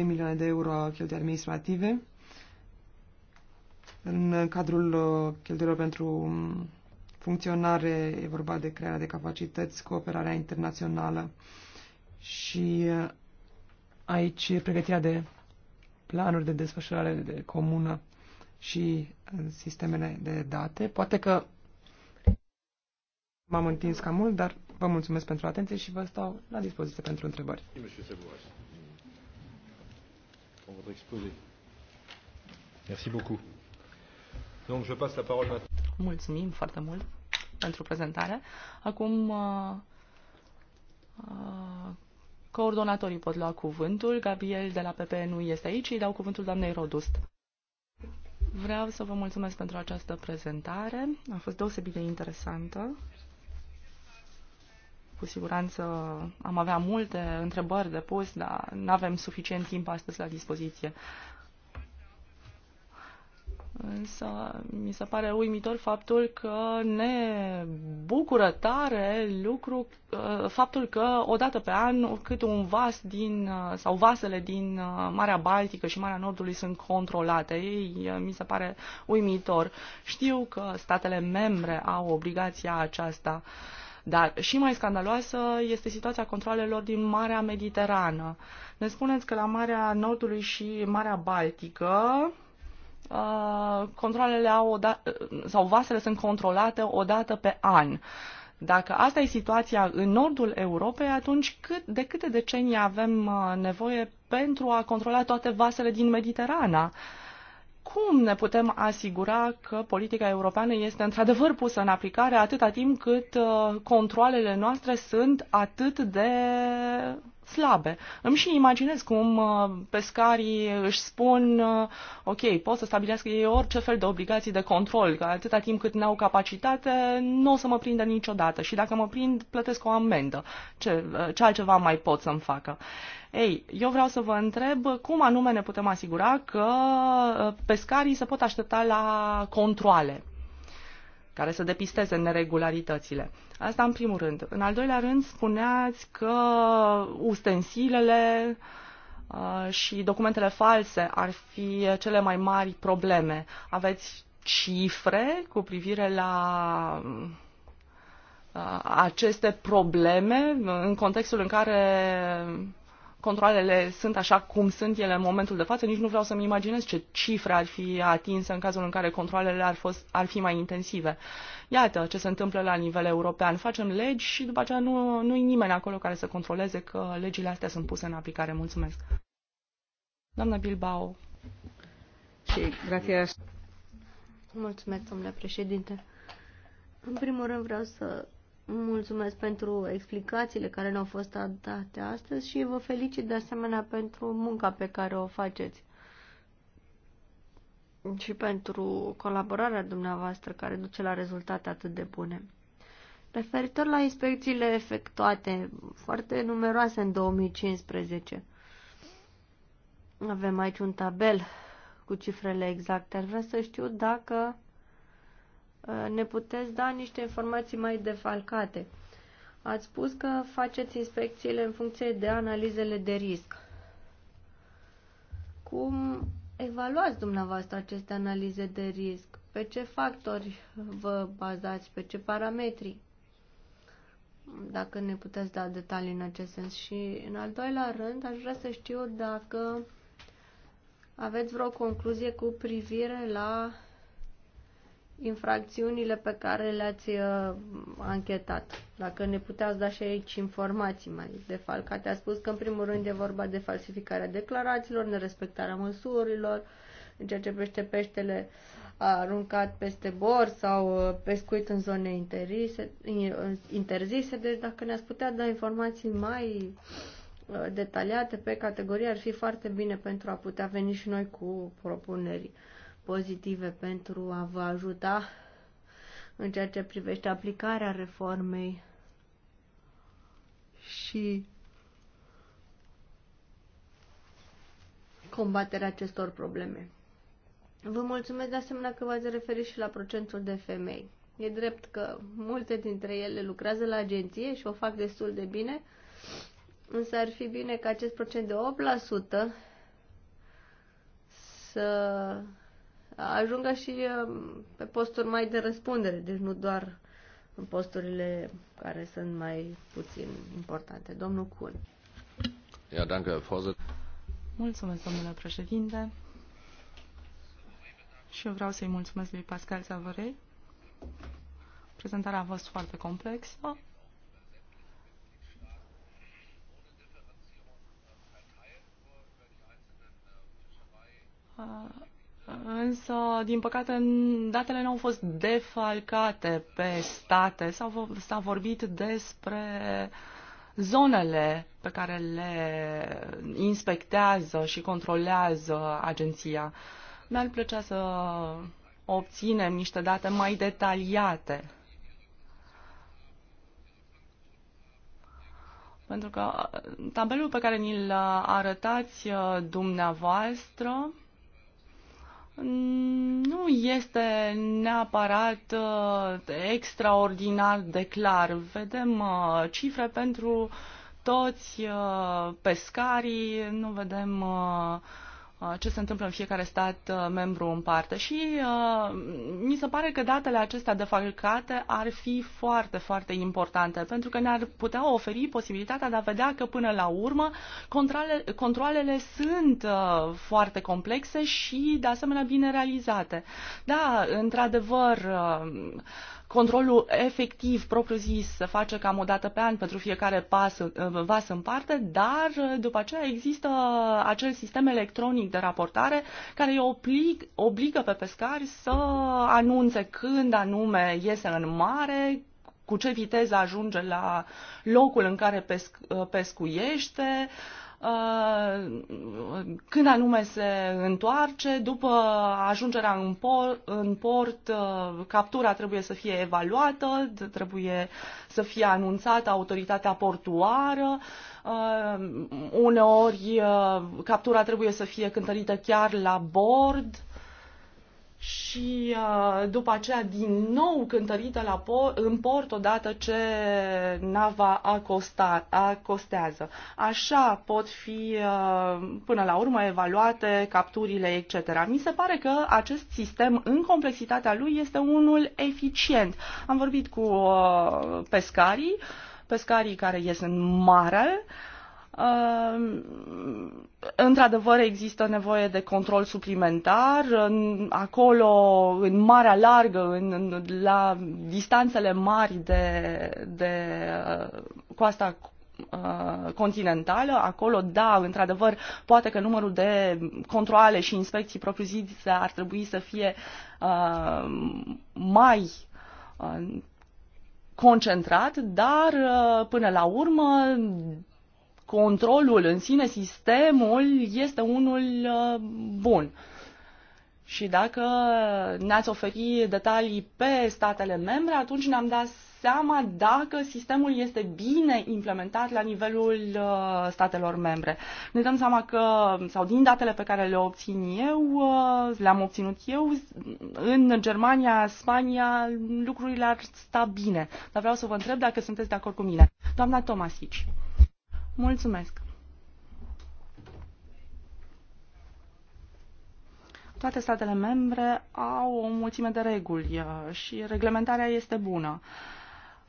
um, milioane de euro a cheltuielii administrative în cadrul uh, cheltuielor pentru funcționare e vorba de crearea de capacități, cooperarea internațională și uh, aici pregătirea de planuri de desfășurare de comună și uh, sistemele de date. Poate că m-am întins cam mult, dar Vă mulțumesc pentru atenție și vă stau la dispoziție pentru întrebări. Mulțumim foarte mult pentru prezentare. Acum uh, uh, coordonatorii pot lua cuvântul. Gabriel de la PP nu este aici, îi dau cuvântul doamnei Rodust. Vreau să vă mulțumesc pentru această prezentare. A fost deosebit de interesantă. Cu siguranță am avea multe întrebări de pus, dar nu avem suficient timp astăzi la dispoziție. Însă mi se pare uimitor faptul că ne bucură tare lucru, uh, faptul că odată pe an cât un vas din, uh, sau vasele din uh, Marea Baltică și Marea Nordului sunt controlate. Ei, mi se pare uimitor. Știu că statele membre au obligația aceasta. Uh, dar și mai scandaloasă este situația controlelor din Marea Mediterană. Ne spuneți că la Marea Nordului și Marea Baltică uh, controlele au da, sau vasele sunt controlate o dată pe an. Dacă asta e situația în nordul Europei, atunci cât, de câte decenii avem uh, nevoie pentru a controla toate vasele din Mediterana? Uh, cum ne putem asigura că politica europeană este într-adevăr pusă în aplicare atâta timp cât uh, controlele noastre sunt atât de slabe. Îmi și imaginez cum uh, pescarii își spun, uh, ok, pot să stabilească ei orice fel de obligații de control, că atâta timp cât n-au capacitate, nu o să mă prindă niciodată și dacă mă prind, plătesc o amendă. Ce, ce altceva mai pot să-mi facă? Ei, eu vreau să vă întreb cum anume ne putem asigura că uh, pescarii se pot aștepta la controle care să depisteze neregularitățile. Asta în primul rând. În al doilea rând, spuneați că ustensilele uh, și documentele false ar fi cele mai mari probleme. Aveți cifre cu privire la uh, aceste probleme în contextul în care controlele sunt așa cum sunt ele în momentul de față, nici nu vreau să-mi imaginez ce cifre ar fi atinsă în cazul în care controlele ar, fost, ar fi mai intensive. Iată ce se întâmplă la nivel european. Facem legi și după aceea nu, nu e nimeni acolo care să controleze că legile astea sunt puse în aplicare. Mulțumesc. Doamna Bilbao. Și gracias. Mulțumesc, domnule președinte. În primul rând vreau să Mulțumesc pentru explicațiile care ne-au fost date astăzi și vă felicit de asemenea pentru munca pe care o faceți și pentru colaborarea dumneavoastră care duce la rezultate atât de bune. Referitor la inspecțiile efectuate, foarte numeroase în 2015, avem aici un tabel cu cifrele exacte. Ar vrea să știu dacă Uh, ne puteți da niște informații mai defalcate. Ați spus că faceți inspecțiile în funcție de analizele de risc. Cum evaluați dumneavoastră aceste analize de risc? Pe ce factori vă bazați? Pe ce parametri? Dacă ne puteți da detalii în acest sens. Și în al doilea rând, aș vrea să știu dacă aveți vreo concluzie cu privire la infracțiunile pe care le-ați uh, anchetat. Dacă ne puteați da și aici informații mai De falcate. A spus că, în primul rând, e vorba de falsificarea declarațiilor, nerespectarea măsurilor, în ceea ce privește peștele aruncat peste bor sau uh, pescuit în zone interise, interzise. Deci, dacă ne-ați putea da informații mai uh, detaliate pe categorie, ar fi foarte bine pentru a putea veni și noi cu propuneri pozitive pentru a vă ajuta în ceea ce privește aplicarea reformei și combaterea acestor probleme. Vă mulțumesc de asemenea că v-ați referit și la procentul de femei. E drept că multe dintre ele lucrează la agenție și o fac destul de bine, însă ar fi bine ca acest procent de 8% să ajungă și uh, pe posturi mai de răspundere, deci nu doar în posturile care sunt mai puțin importante. Domnul Cun. Ja, danke, Mulțumesc, domnule președinte. Și eu vreau să-i mulțumesc lui Pascal Savărei. Prezentarea a fost foarte complexă. Uh, Însă, din păcate, datele nu au fost defalcate pe state. S-a vorbit despre zonele pe care le inspectează și controlează agenția. Mi-ar plăcea să obținem niște date mai detaliate. Pentru că tabelul pe care ni-l arătați dumneavoastră nu este neapărat uh, extraordinar de clar. Vedem uh, cifre pentru toți uh, pescarii, nu vedem uh, Uh, ce se întâmplă în fiecare stat uh, membru în parte și uh, mi se pare că datele acestea defalcate ar fi foarte, foarte importante pentru că ne-ar putea oferi posibilitatea de a vedea că până la urmă controle, controlele sunt uh, foarte complexe și de asemenea bine realizate. Da, într-adevăr, uh, Controlul efectiv, propriu-zis, se face cam o dată pe an pentru fiecare pas, uh, vas în parte, dar uh, după aceea există uh, acel sistem electronic de raportare care îi oblig, obligă pe pescari să anunțe când anume iese în mare, cu ce viteză ajunge la locul în care pesc, pescuiește, Uh, când anume se întoarce, după ajungerea în, por, în port, uh, captura trebuie să fie evaluată, trebuie să fie anunțată autoritatea portuară, uh, uneori captura trebuie să fie cântărită chiar la bord, și uh, după aceea din nou cântărită la por, în port odată ce nava acosta, acostează. Așa pot fi uh, până la urmă evaluate capturile, etc. Mi se pare că acest sistem în complexitatea lui este unul eficient. Am vorbit cu uh, pescarii, pescarii care ies în mare, uh, Ehm, într-adevăr, există nevoie de control suplimentar. Acolo, în marea largă, în, la distanțele mari de, de uh, coasta uh, continentală, acolo, da, într-adevăr, poate că numărul de controle și inspecții propriu-zise ar trebui să fie uh, mai uh, concentrat, dar uh, până la urmă controlul în sine, sistemul, este unul uh, bun. Și dacă ne-ați oferi detalii pe statele membre, atunci ne-am dat seama dacă sistemul este bine implementat la nivelul uh, statelor membre. Ne dăm seama că, sau din datele pe care le obțin eu, uh, le-am obținut eu, în Germania, Spania, lucrurile ar sta bine. Dar vreau să vă întreb dacă sunteți de acord cu mine. Doamna Tomasici. Mulțumesc! toate statele membre au o mulțime de reguli uh, și reglementarea este bună.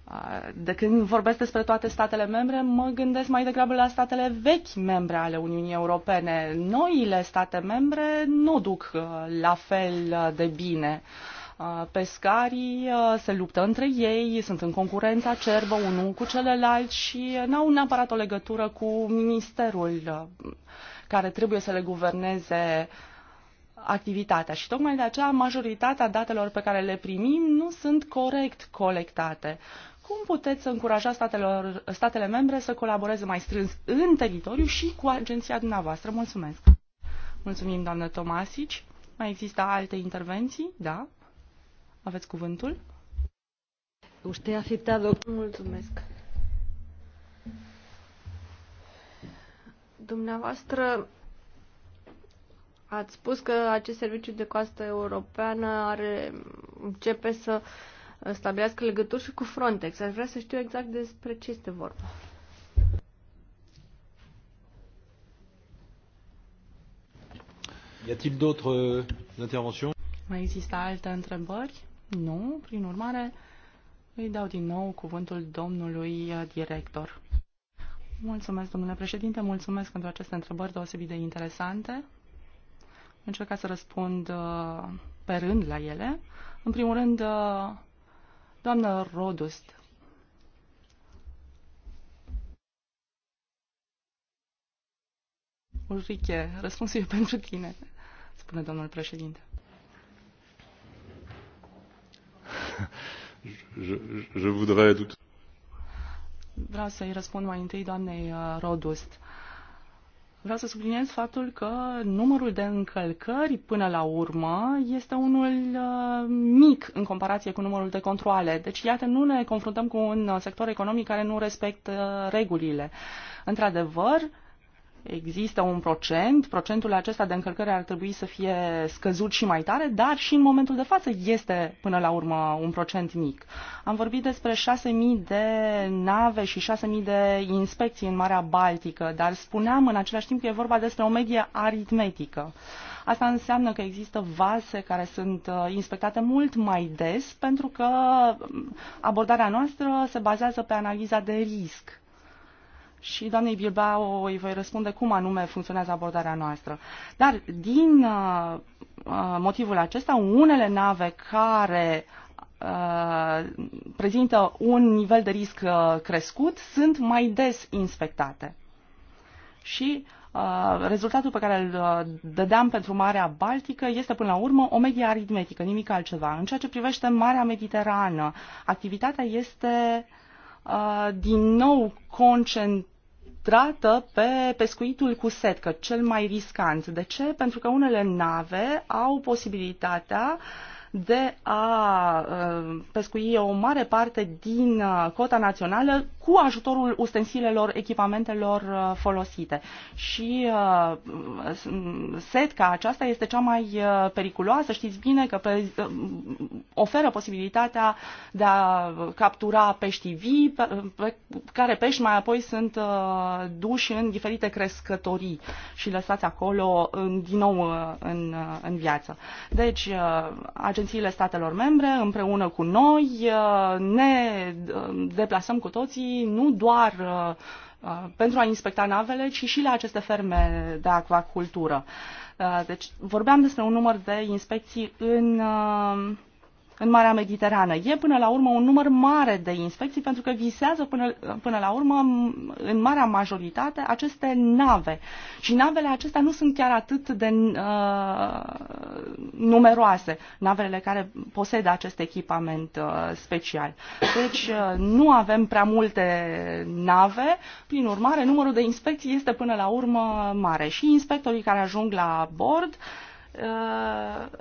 Uh, de când vorbesc despre toate statele membre, mă gândesc mai degrabă la statele vechi membre ale Uniunii Europene. Noile state membre nu duc uh, la fel de bine uh, Uh, pescarii uh, se luptă între ei, sunt în concurența cerbă unul cu celălalt și uh, n-au neapărat o legătură cu ministerul care trebuie să le guverneze activitatea și tocmai de aceea majoritatea datelor pe care le primim nu sunt corect colectate. Cum puteți să încuraja statelor, statele membre să colaboreze mai strâns în teritoriu și cu agenția dumneavoastră? Mulțumesc! Mulțumim, doamnă Tomasici. Mai există alte intervenții? Da? Aveți cuvântul? Uște a citat. Mulțumesc. Dumneavoastră ați spus că acest serviciu de coastă europeană are, începe să stabilească legături și cu Frontex. Aș vrea să știu exact despre ce este vorba. Y a-t-il d'autres euh, interventions Mai există alte întrebări? Nu, prin urmare, îi dau din nou cuvântul domnului uh, director. Mulțumesc, domnule președinte, mulțumesc pentru aceste întrebări deosebit de interesante. Încerc să răspund uh, pe rând la ele. În primul rând, uh, doamnă Rodust, Ulrike, răspunsul e pentru tine, spune domnul președinte. je, je voudrais tout... Vreau să-i răspund mai întâi doamnei uh, Rodust. Vreau să subliniez faptul că numărul de încălcări până la urmă este unul uh, mic în comparație cu numărul de controle. Deci, iată, nu ne confruntăm cu un sector economic care nu respectă uh, regulile. Într-adevăr, există un procent, procentul acesta de încălcări ar trebui să fie scăzut și mai tare, dar și în momentul de față este până la urmă un procent mic. Am vorbit despre 6.000 de nave și 6.000 de inspecții în Marea Baltică, dar spuneam în același timp că e vorba despre o medie aritmetică. Asta înseamnă că există vase care sunt uh, inspectate mult mai des pentru că abordarea noastră se bazează pe analiza de risc și doamnei Bilbao îi voi răspunde cum anume funcționează abordarea noastră. Dar din uh, uh, motivul acesta, unele nave care uh, prezintă un nivel de risc uh, crescut sunt mai des inspectate. Și uh, rezultatul pe care îl uh, dădeam pentru Marea Baltică este până la urmă o medie aritmetică, nimic altceva. În ceea ce privește Marea Mediterană, activitatea este uh, Uh, din nou concentrată pe pescuitul cu setcă, cel mai riscant. De ce? Pentru că unele nave au posibilitatea uh, de a uh, pescui o mare parte din uh, cota națională cu ajutorul ustensilelor, echipamentelor uh, folosite. Și setca aceasta este cea mai periculoasă. Știți bine că pe, oferă posibilitatea de a captura pești vii, pe, pe care pești mai apoi sunt duși în diferite crescătorii și lăsați acolo în, din nou în, în viață. Deci, agențiile statelor membre împreună cu noi uh, ne uh, deplasăm cu toții nu doar uh, pentru a inspecta navele, ci și la aceste ferme de acvacultură. Deci vorbeam despre un număr de inspecții în în Marea Mediterană. E până la urmă un număr mare de inspecții pentru că visează până, până la urmă în marea majoritate aceste nave. Și navele acestea nu sunt chiar atât de uh, numeroase, navele care posedă acest echipament uh, special. Deci uh, nu avem prea multe nave, prin urmare numărul de inspecții este până la urmă mare și inspectorii care ajung la bord uh,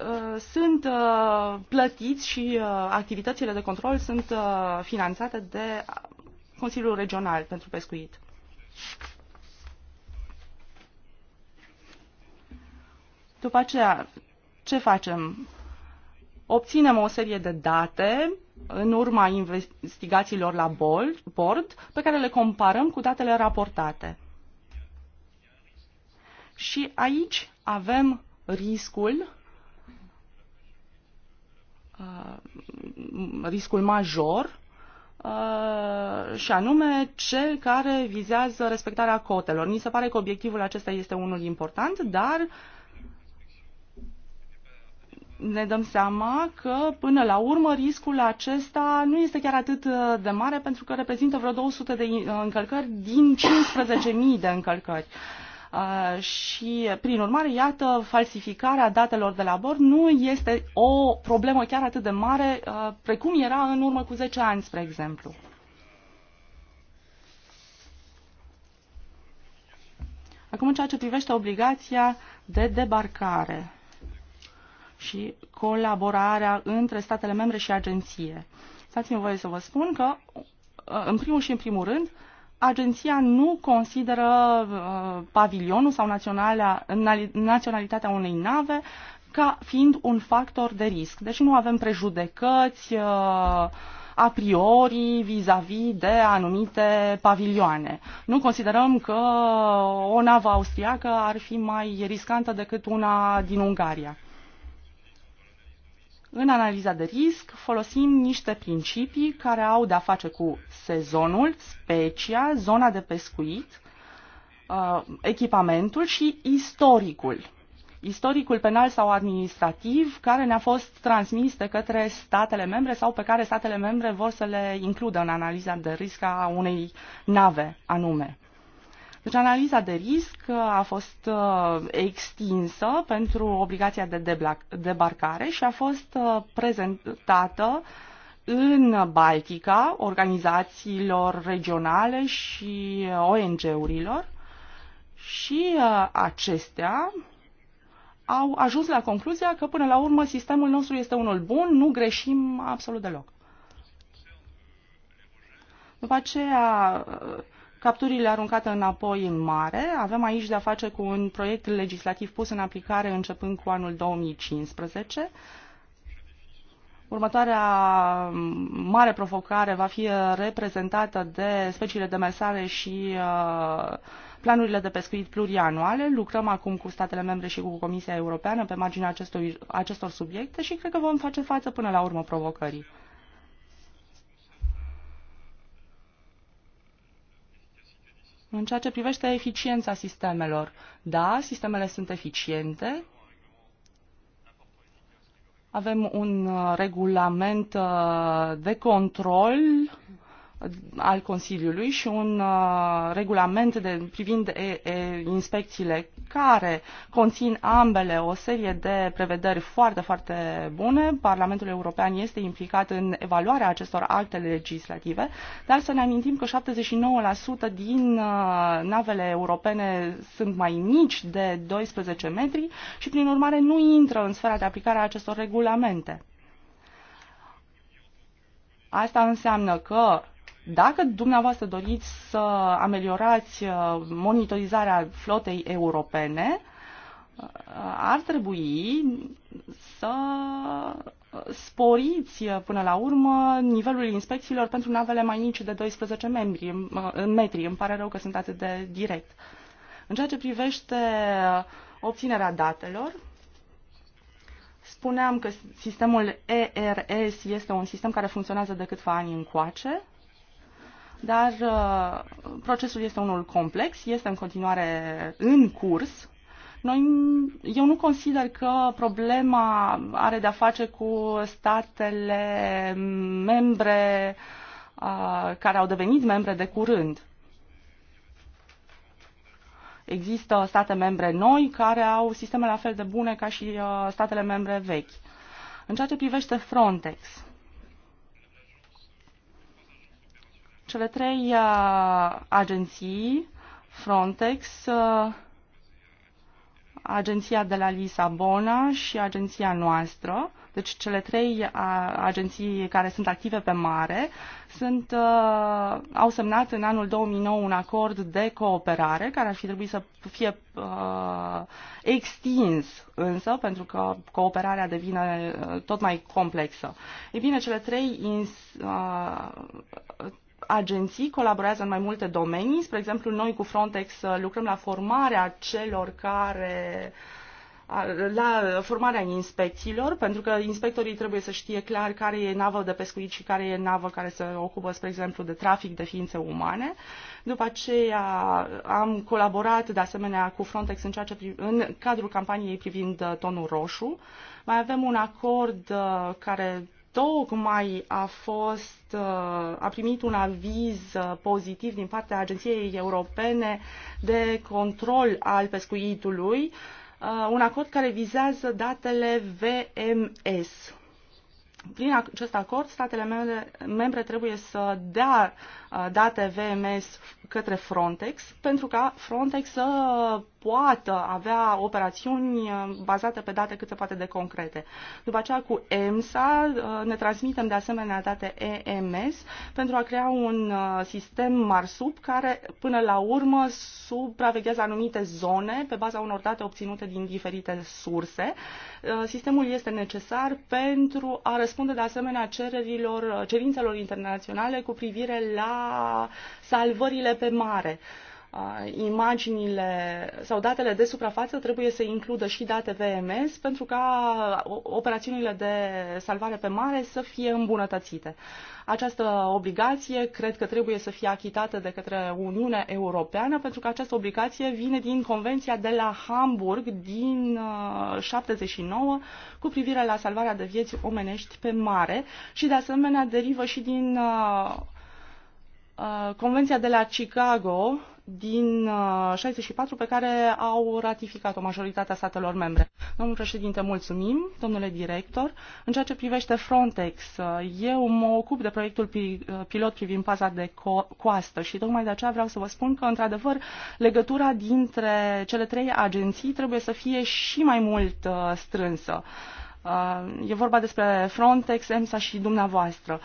Uh, sunt uh, plătiți și uh, activitățile de control sunt finanțate de Consiliul Regional pentru Pescuit. După aceea, ce facem? Obținem o serie de date în urma investigațiilor la bord pe care le comparăm cu datele raportate. Și aici avem riscul Uh, riscul major uh, și anume cel care vizează respectarea cotelor. Mi se pare că obiectivul acesta este unul important, dar ne dăm seama că până la urmă riscul acesta nu este chiar atât de mare pentru că reprezintă vreo 200 uh, de încălcări din 15.000 de încălcări. Uh, Uh, și, prin urmare, iată, falsificarea datelor de la bord nu este o problemă chiar atât de mare uh, precum era în urmă cu 10 ani, spre exemplu. Acum, în ceea ce privește obligația de debarcare și colaborarea între statele membre și agenție. stați mi voie să vă spun că, uh, în primul și în primul rând, agenția nu consideră uh, pavilionul sau naționalitatea unei nave ca fiind un factor de risc. Deci nu avem prejudecăți uh, a priori vis-a-vis -vis de anumite pavilioane. Nu considerăm că o navă austriacă ar fi mai riscantă decât una din Ungaria în analiza de risc folosim niște principii care au de-a face cu sezonul, specia, zona de pescuit, uh, echipamentul și istoricul. Istoricul penal sau administrativ care ne-a fost transmis de către statele membre sau pe care statele membre vor să le includă în analiza de risc a unei nave anume. Deci analiza de risc uh, a fost uh, extinsă pentru obligația de debarcare și a fost uh, prezentată în Baltica organizațiilor regionale și ONG-urilor și acestea au ajuns la concluzia că până la urmă sistemul nostru este unul bun, nu greșim absolut deloc. După aceea, capturile aruncate înapoi în mare. Avem aici de-a face cu un proiect legislativ pus în aplicare începând cu anul 2015. Următoarea mare provocare va fi reprezentată de speciile de mesare și uh, planurile de pescuit plurianuale. Lucrăm acum cu statele membre și cu Comisia Europeană pe marginea acestor, acestor subiecte și cred că vom face față până la urmă provocării. în ceea ce privește eficiența sistemelor. Da, sistemele sunt eficiente. Avem un uh, regulament uh, de control al Consiliului și un uh, regulament de, privind e, e, inspecțiile care conțin ambele o serie de prevederi foarte, foarte bune. Parlamentul European este implicat în evaluarea acestor acte legislative, dar să ne amintim că 79% din uh, navele europene sunt mai mici de 12 metri și, prin urmare, nu intră în sfera de aplicare a acestor regulamente. Asta înseamnă că dacă dumneavoastră doriți să ameliorați uh, monitorizarea flotei europene, uh, ar trebui să sporiți uh, până la urmă nivelul inspecțiilor pentru navele mai mici de 12 membri, metri. Îmi pare rău că sunt atât de direct. În ceea ce privește obținerea datelor, spuneam că sistemul ERS este un sistem care funcționează de câtva ani încoace dar uh, procesul este unul complex, este în continuare în curs. Noi, eu nu consider că problema are de-a face cu statele membre uh, care au devenit membre de curând. Există state membre noi care au sisteme la fel de bune ca și uh, statele membre vechi. În ceea ce privește Frontex, Cele trei uh, agenții, Frontex, uh, agenția de la Lisabona și agenția noastră, deci cele trei uh, agenții care sunt active pe mare, sunt, uh, au semnat în anul 2009 un acord de cooperare care ar fi trebuit să fie uh, extins însă, pentru că cooperarea devine tot mai complexă. Ei bine, cele trei, ins, uh, agenții colaborează în mai multe domenii. Spre exemplu, noi cu Frontex uh, lucrăm la formarea celor care uh, la formarea inspecțiilor, pentru că inspectorii trebuie să știe clar care e navă de pescuit și care e navă care se ocupă, spre exemplu, de trafic de ființe umane. După aceea uh, am colaborat de asemenea cu Frontex în, ceea ce, în cadrul campaniei privind tonul roșu. Mai avem un acord care tocmai a fost, uh, a primit un aviz uh, pozitiv din partea Agenției Europene de Control al Pescuitului, uh, un acord care vizează datele VMS. Prin acest acord, statele membre trebuie să dea Uh, date VMS către Frontex pentru ca Frontex să poată avea operațiuni uh, bazate pe date cât se poate de concrete. După aceea cu EMSA uh, ne transmitem de asemenea date EMS pentru a crea un sistem MARSUP care până la urmă supraveghează anumite zone pe baza unor date obținute din diferite surse. Sistemul este necesar pentru a răspunde de asemenea cererilor, cerințelor internaționale cu privire la salvările pe mare. Imaginile sau datele de suprafață trebuie să includă și date VMS pentru ca operațiunile de salvare pe mare să fie îmbunătățite. Această obligație cred că trebuie să fie achitată de către Uniunea Europeană pentru că această obligație vine din Convenția de la Hamburg din 79 cu privire la salvarea de vieți omenești pe mare și de asemenea derivă și din Uh, Convenția de la Chicago din 64 uh, pe care au ratificat-o majoritatea statelor membre. Domnul președinte, mulțumim, domnule director. În ceea ce privește Frontex, uh, eu mă ocup de proiectul pilot privind paza de co- coastă și tocmai de aceea vreau să vă spun că, într-adevăr, legătura dintre cele trei agenții trebuie să fie și mai mult strânsă. E vorba despre Frontex, EMSA și dumneavoastră.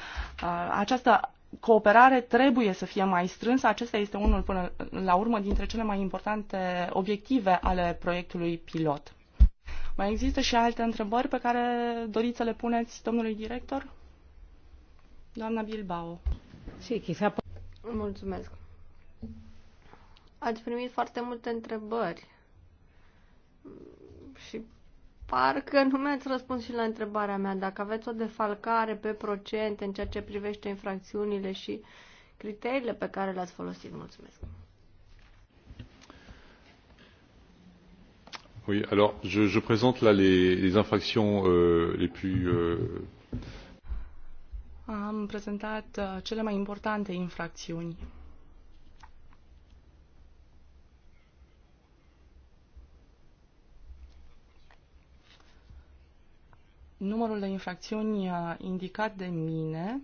Această cooperare trebuie să fie mai strânsă. Acesta este unul, până la urmă, dintre cele mai importante obiective ale proiectului pilot. Mai există și alte întrebări pe care doriți să le puneți domnului director? Doamna Bilbao. Și chisa... Mulțumesc. Ați primit foarte multe întrebări și parcă nu mi-ați răspuns și la întrebarea mea, dacă aveți o defalcare pe procente în ceea ce privește infracțiunile și criteriile pe care le-ați folosit. Mulțumesc. Oui, alors je, je présente là les, les infractions euh, les plus. Euh... Am prezentat uh, cele mai importante infracțiuni numărul de infracțiuni uh, indicat de mine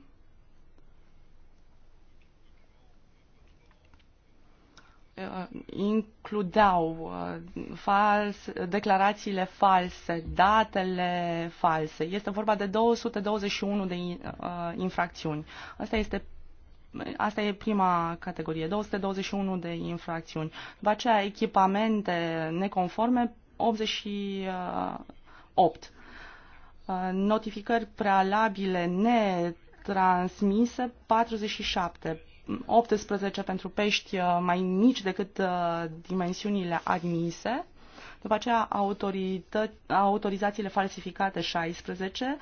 uh, includeau uh, fals, declarațiile false, datele false. Este vorba de 221 de infracțiuni. Asta este Asta e prima categorie, 221 de infracțiuni. După aceea, echipamente neconforme, 88 notificări prealabile netransmise 47, 18 pentru pești uh, mai mici decât uh, dimensiunile admise, după aceea autorizațiile falsificate 16,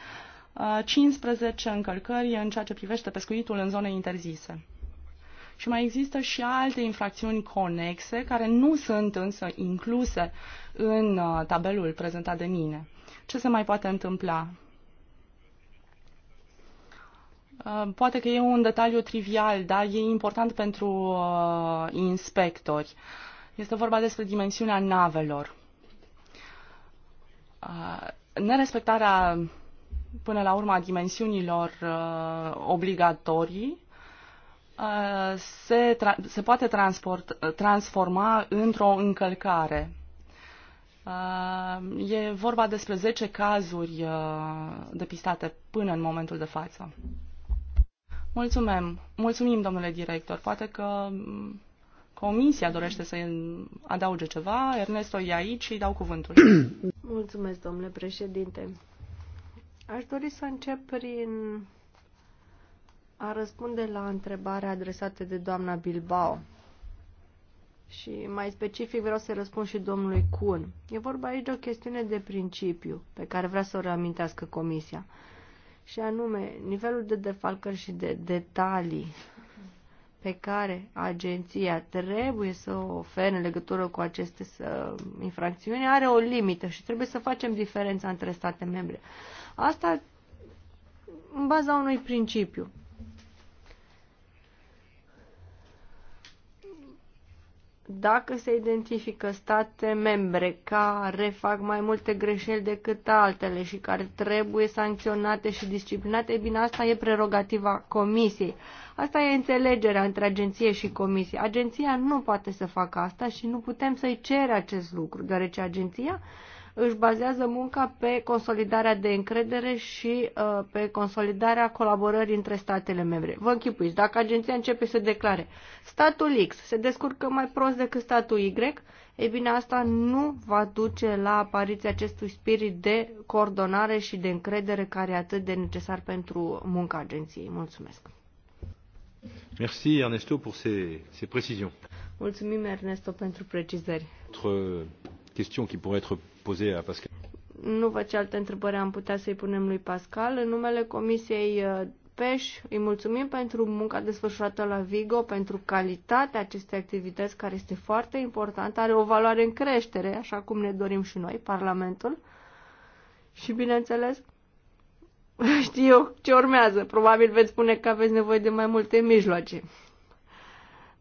15 uh, încălcări în ceea ce privește pescuitul în zone interzise. Și mai există și alte infracțiuni conexe care nu sunt însă incluse în tabelul prezentat de mine. Ce se mai poate întâmpla? Uh, poate că e un detaliu trivial, dar e important pentru uh, inspectori. Este vorba despre dimensiunea navelor. Uh, nerespectarea până la urmă dimensiunilor uh, obligatorii uh, se, se poate transport, transforma într-o încălcare Uh, e vorba despre 10 cazuri uh, depistate până în momentul de față. Mulțumim, mulțumim, domnule director. Poate că mm, comisia dorește să adauge ceva. Ernesto e aici și dau cuvântul. Mulțumesc, domnule președinte. Aș dori să încep prin a răspunde la întrebarea adresată de doamna Bilbao și mai specific vreau să răspund și domnului Kuhn. E vorba aici de o chestiune de principiu pe care vrea să o reamintească Comisia. Și anume, nivelul de defalcări și de detalii pe care agenția trebuie să o ofere în legătură cu aceste infracțiuni are o limită și trebuie să facem diferența între state membre. Asta în baza unui principiu. dacă se identifică state membre care fac mai multe greșeli decât altele și care trebuie sancționate și disciplinate, e bine, asta e prerogativa Comisiei. Asta e înțelegerea între agenție și Comisie. Agenția nu poate să facă asta și nu putem să-i cere acest lucru, deoarece agenția își bazează munca pe consolidarea de încredere și uh, pe consolidarea colaborării între statele membre. Vă închipuiți, dacă agenția începe să declare statul X se descurcă mai prost decât statul Y, Ei bine, asta nu va duce la apariția acestui spirit de coordonare și de încredere care e atât de necesar pentru munca agenției. Mulțumesc! Merci Ernesto pour ces, ces précisions. Mulțumim Ernesto pentru precizări. Entre question qui pourrait être posée à Pascal. Nu văd ce altă întrebare am putea să-i punem lui Pascal. În numele Comisiei uh, Peș, îi mulțumim pentru munca desfășurată la Vigo, pentru calitatea acestei activități care este foarte importantă, are o valoare în creștere, așa cum ne dorim și noi, Parlamentul. Și bineînțeles, știu ce urmează. Probabil veți spune că aveți nevoie de mai multe mijloace.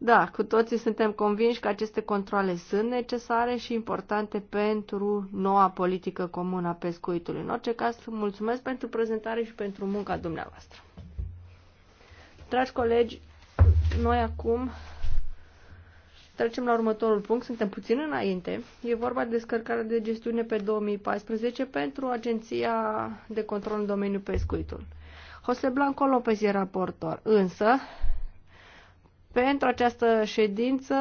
Da, cu toții suntem convinși că aceste controle sunt necesare și importante pentru noua politică comună a pescuitului. În orice caz, mulțumesc pentru prezentare și pentru munca dumneavoastră. Dragi colegi, noi acum trecem la următorul punct, suntem puțin înainte. E vorba de descărcarea de gestiune pe 2014 pentru Agenția de Control în domeniul pescuitului. José Blanco Lopez e raportor, însă pentru această ședință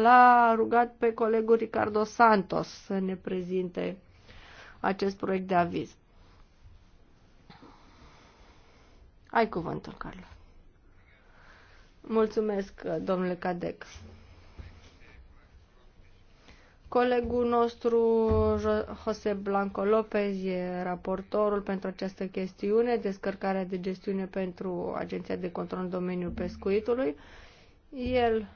l-a rugat pe colegul Ricardo Santos să ne prezinte acest proiect de aviz. Ai cuvântul, Carlo. Mulțumesc, domnule Cadec. Colegul nostru, Jose Blanco Lopez, e raportorul pentru această chestiune, descărcarea de gestiune pentru Agenția de Control în domeniul pescuitului. El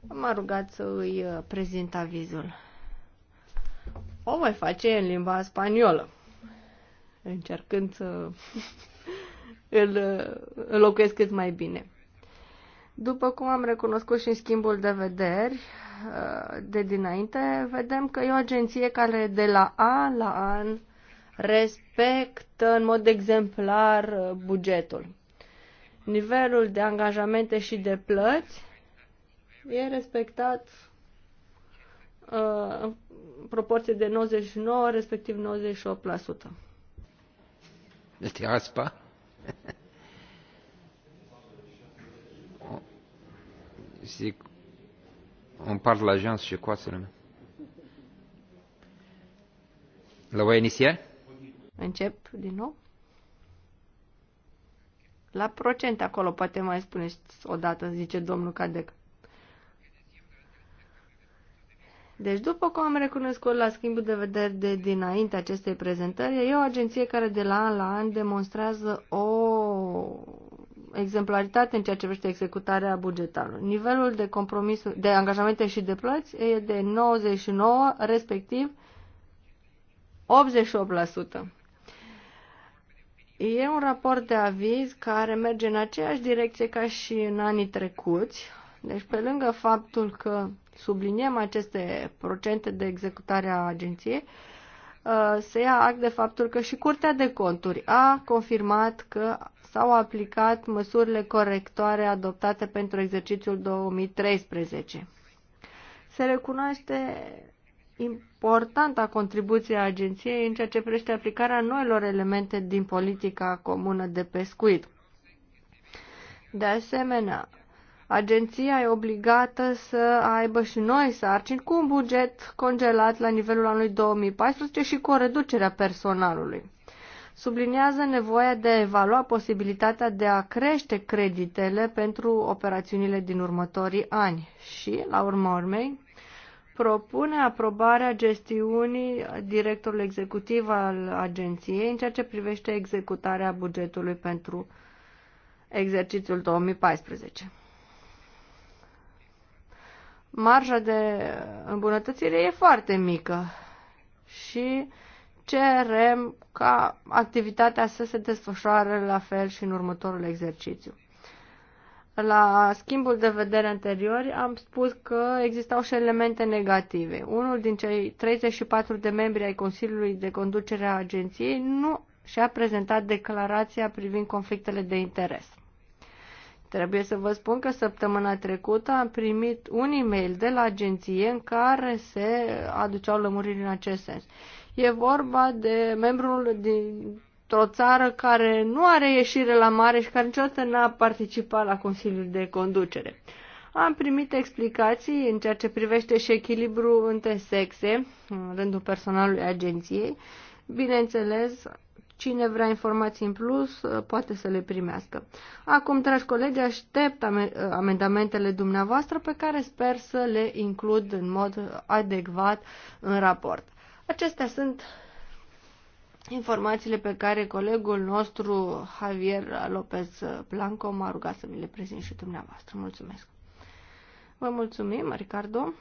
m-a rugat să îi uh, prezint avizul. O voi face în limba spaniolă, încercând să îl uh, înlocuiesc cât mai bine. După cum am recunoscut și în schimbul de vederi, de dinainte, vedem că e o agenție care de la an la an respectă în mod exemplar bugetul. Nivelul de angajamente și de plăți e respectat uh, în proporție de 99, respectiv 98%. Ne aspa? Zic, on parle l'agence, je crois même. La voie inițial? Încep din nou. La procent acolo, poate mai spuneți o dată, zice domnul Cadec. Deci, după cum am recunoscut la schimbul de vedere de dinainte acestei prezentări, e o agenție care de la an la an demonstrează o exemplaritate în ceea ce privește executarea bugetară. Nivelul de compromis, de angajamente și de plăți e de 99, respectiv 88%. E un raport de aviz care merge în aceeași direcție ca și în anii trecuți. Deci, pe lângă faptul că subliniem aceste procente de executare a agenției, uh, se ia act de faptul că și Curtea de Conturi a confirmat că s-au aplicat măsurile corectoare adoptate pentru exercițiul 2013. Se recunoaște importanta contribuție a agenției în ceea ce privește aplicarea noilor elemente din politica comună de pescuit. De asemenea, agenția e obligată să aibă și noi sarcini cu un buget congelat la nivelul anului 2014 și cu o reducere a personalului subliniază nevoia de a evalua posibilitatea de a crește creditele pentru operațiunile din următorii ani și, la urma urmei, propune aprobarea gestiunii directorului executiv al agenției în ceea ce privește executarea bugetului pentru exercițiul 2014. Marja de îmbunătățire e foarte mică și uh, cerem ca activitatea să se desfășoare la fel și în următorul exercițiu. La schimbul de vedere anterior am spus că existau și elemente negative. Unul din cei 34 de membri ai Consiliului de Conducere a Agenției nu și-a prezentat declarația privind conflictele de interes. Trebuie să vă spun că săptămâna trecută am primit un e-mail de la agenție în care se aduceau lămuriri în acest sens. E vorba de membrul din o țară care nu are ieșire la mare și care niciodată n-a participat la Consiliul de Conducere. Am primit explicații în ceea ce privește și echilibru între sexe, în rândul personalului agenției. Bineînțeles, cine vrea informații în plus poate să le primească. Acum, dragi colegi, aștept amendamentele dumneavoastră pe care sper să le includ în mod adecvat în raport. Acestea sunt informațiile pe care colegul nostru, Javier Lopez Blanco, m-a rugat să mi le prezint și dumneavoastră. Mulțumesc! Vă mulțumim, Ricardo!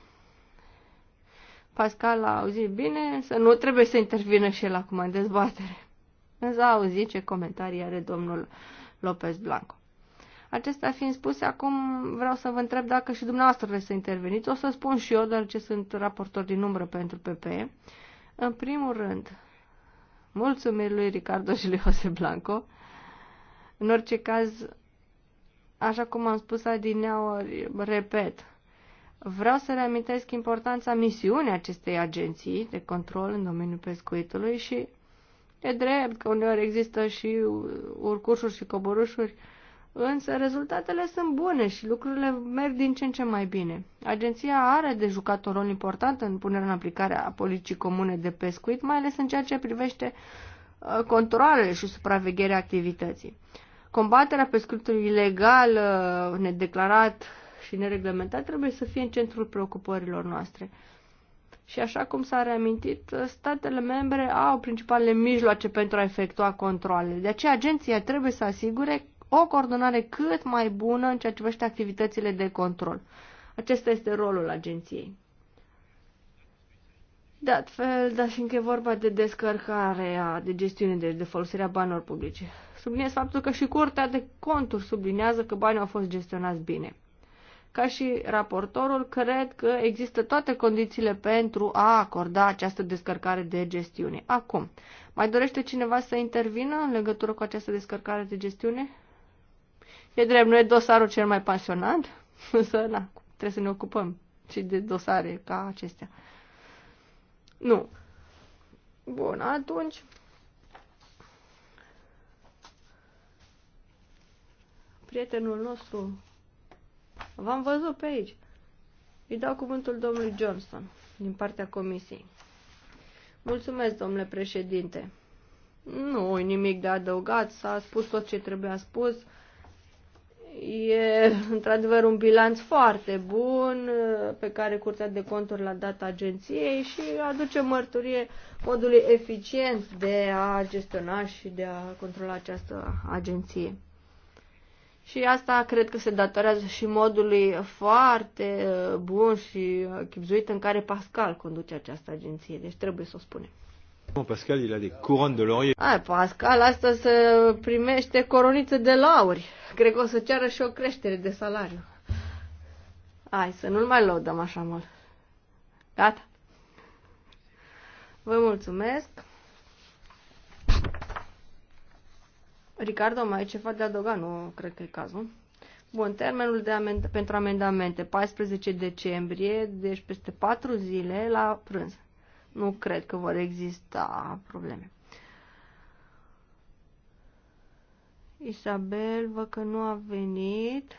Pascal a auzit bine, să nu trebuie să intervină și el acum în dezbatere. Însă a auzit ce comentarii are domnul Lopez Blanco. Acestea fiind spuse, acum vreau să vă întreb dacă și dumneavoastră vreți să interveniți. O să spun și eu, dar ce sunt raportor din umbră pentru PPE. În primul rând, mulțumiri lui Ricardo și lui Jose Blanco. În orice caz, așa cum am spus adineori, repet, vreau să reamintesc importanța misiunii acestei agenții de control în domeniul pescuitului și e drept că uneori există și urcușuri și coborușuri, uh, Însă rezultatele sunt bune și lucrurile merg din ce în ce mai bine. Agenția are de jucat un rol important în punerea în aplicare a politicii comune de pescuit, mai ales în ceea ce privește uh, controlele și supravegherea activității. Combaterea pescuitului ilegal, uh, nedeclarat și nereglementat trebuie să fie în centrul preocupărilor noastre. Și așa cum s-a reamintit, uh, statele membre au principalele mijloace pentru a efectua controle. De aceea, agenția trebuie să asigure o coordonare cât mai bună în ceea ce privește activitățile de control. Acesta este rolul agenției. De altfel, dar fiindcă e vorba de descărcarea, de gestiune, de, deci de folosirea banilor publice. Subliniez faptul că și Curtea de Conturi sublinează că banii au fost gestionați bine. Ca și raportorul, cred că există toate condițiile pentru a acorda această descărcare de gestiune. Acum, mai dorește cineva să intervină în legătură cu această descărcare de gestiune? E drept, nu e dosarul cel mai pasionant, însă, na, trebuie să ne ocupăm și de dosare ca acestea. Nu. Bun, atunci... Prietenul nostru... V-am văzut pe aici. Îi dau cuvântul domnului Johnston, din partea comisiei. Mulțumesc, domnule președinte. Nu, nimic de adăugat, s-a spus tot ce trebuia spus. E într-adevăr un bilanț foarte bun uh, pe care Curtea de Conturi l-a dat agenției și aduce mărturie modului eficient de a gestiona și de a controla această agenție. Și asta cred că se datorează și modului foarte uh, bun și chipzuit în care Pascal conduce această agenție, deci trebuie să o spunem. Pascal, il a des couronnes de laurier. Ah, Pascal, asta se primește coroniță de lauri. Cred că o să ceară și o creștere de salariu. Hai, să nu-l mai lăudăm așa mult. Gata. Vă mulțumesc. Ricardo, mai e ceva de adăugat? Nu cred că e cazul. Bun, termenul de amend- pentru amendamente 14 decembrie, deci peste 4 zile la prânz nu cred că vor exista probleme. Isabel, văd că nu a venit.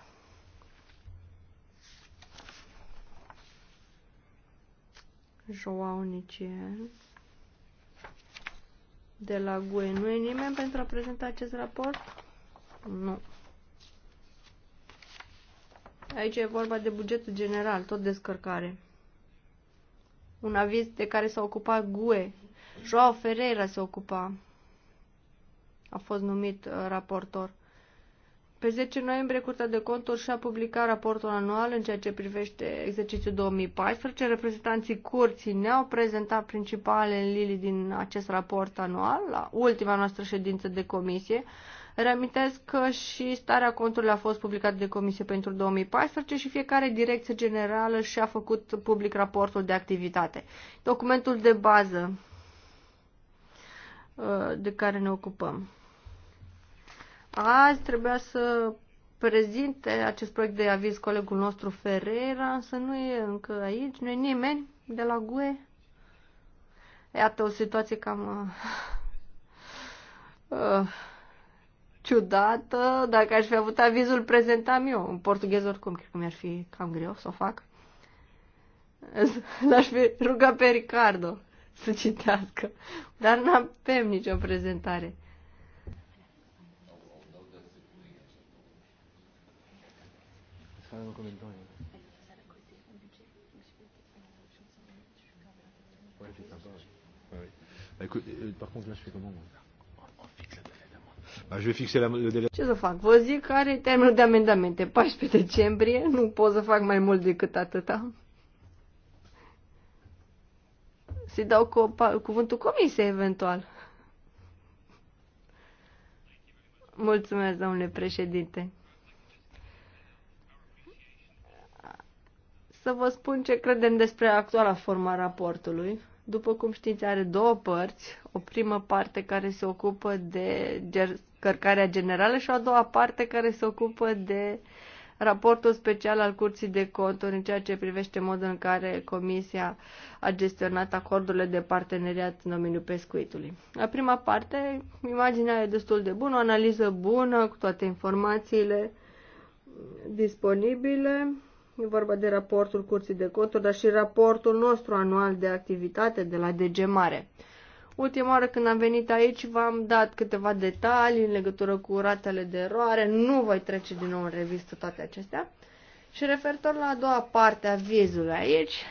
Joao Nicien. De la GUE. Nu e nimeni pentru a prezenta acest raport? Nu. Aici e vorba de bugetul general, tot descărcare un aviz de care s-a ocupat GUE. Joao Ferreira se ocupa, a fost numit uh, raportor. Pe 10 noiembrie, Curtea de Conturi și-a publicat raportul anual în ceea ce privește exercițiul 2014. Reprezentanții curții ne-au prezentat principalele lili din acest raport anual la ultima noastră ședință de comisie. Reamintesc că și starea conturilor a fost publicată de Comisie pentru 2014 și fiecare direcție generală și-a făcut public raportul de activitate. Documentul de bază uh, de care ne ocupăm. Azi trebuia să prezinte acest proiect de aviz colegul nostru Ferreira, însă nu e încă aici, nu e nimeni de la GUE. Iată o situație cam... Uh, uh, ciudată, dacă aș fi avut avizul, prezentam eu. În portughez oricum, cred că mi-ar fi cam greu să o fac. L-aș fi rugat pe Ricardo să citească, dar n-avem am nicio prezentare. Euh, par contre, là, je fais comment moi Ba, je fixe la, le délai. Ce să fac? Vă zic care are termenul de amendamente. 14 decembrie, nu pot să fac mai mult decât atâta. Se dau cu, cuvântul comisiei eventual. Mulțumesc, domnule președinte. Să vă spun ce credem despre actuala forma raportului după cum știți, are două părți. O primă parte care se ocupă de cărcarea generală și o a doua parte care se ocupă de raportul special al Curții de Conturi în ceea ce privește modul în care Comisia a gestionat acordurile de parteneriat în domeniul pescuitului. La prima parte, imaginea e destul de bună, o analiză bună cu toate informațiile disponibile E vorba de raportul Curții de Conturi, dar și raportul nostru anual de activitate de la DG Mare. Ultima oară când am venit aici v-am dat câteva detalii în legătură cu ratele de eroare, nu voi trece din nou în revistă toate acestea. Și referitor la a doua parte a vizului aici,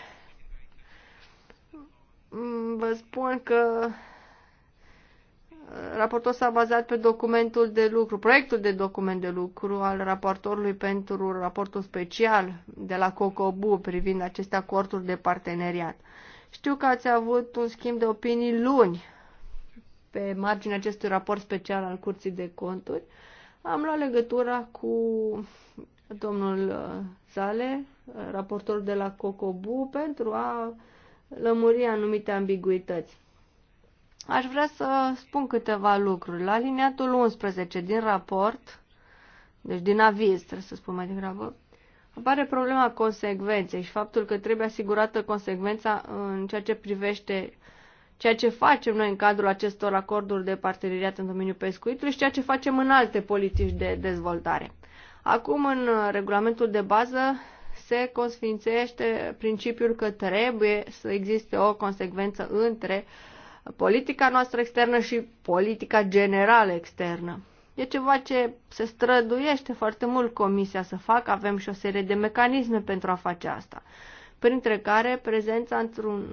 mm, vă spun că Raportul s-a bazat pe documentul de lucru, proiectul de document de lucru al raportorului pentru raportul special de la COCOBU privind aceste acorduri de parteneriat. Știu că ați avut un schimb de opinii luni pe marginea acestui raport special al Curții de Conturi. Am luat legătura cu domnul uh, Zale, uh, raportor de la COCOBU, pentru a lămuri anumite ambiguități. Aș vrea să spun câteva lucruri. La liniatul 11 din raport, deci din aviz, trebuie să spun mai degrabă, apare problema consecvenței și faptul că trebuie asigurată consecvența în ceea ce privește ceea ce facem noi în cadrul acestor acorduri de parteneriat în domeniul pescuitului și ceea ce facem în alte politici de dezvoltare. Acum, în regulamentul de bază, se consfințește principiul că trebuie să existe o consecvență între uh, politica noastră externă și politica generală externă. E ceva ce se străduiește foarte mult Comisia să facă, avem și o serie de mecanisme pentru a face asta, printre care prezența într-un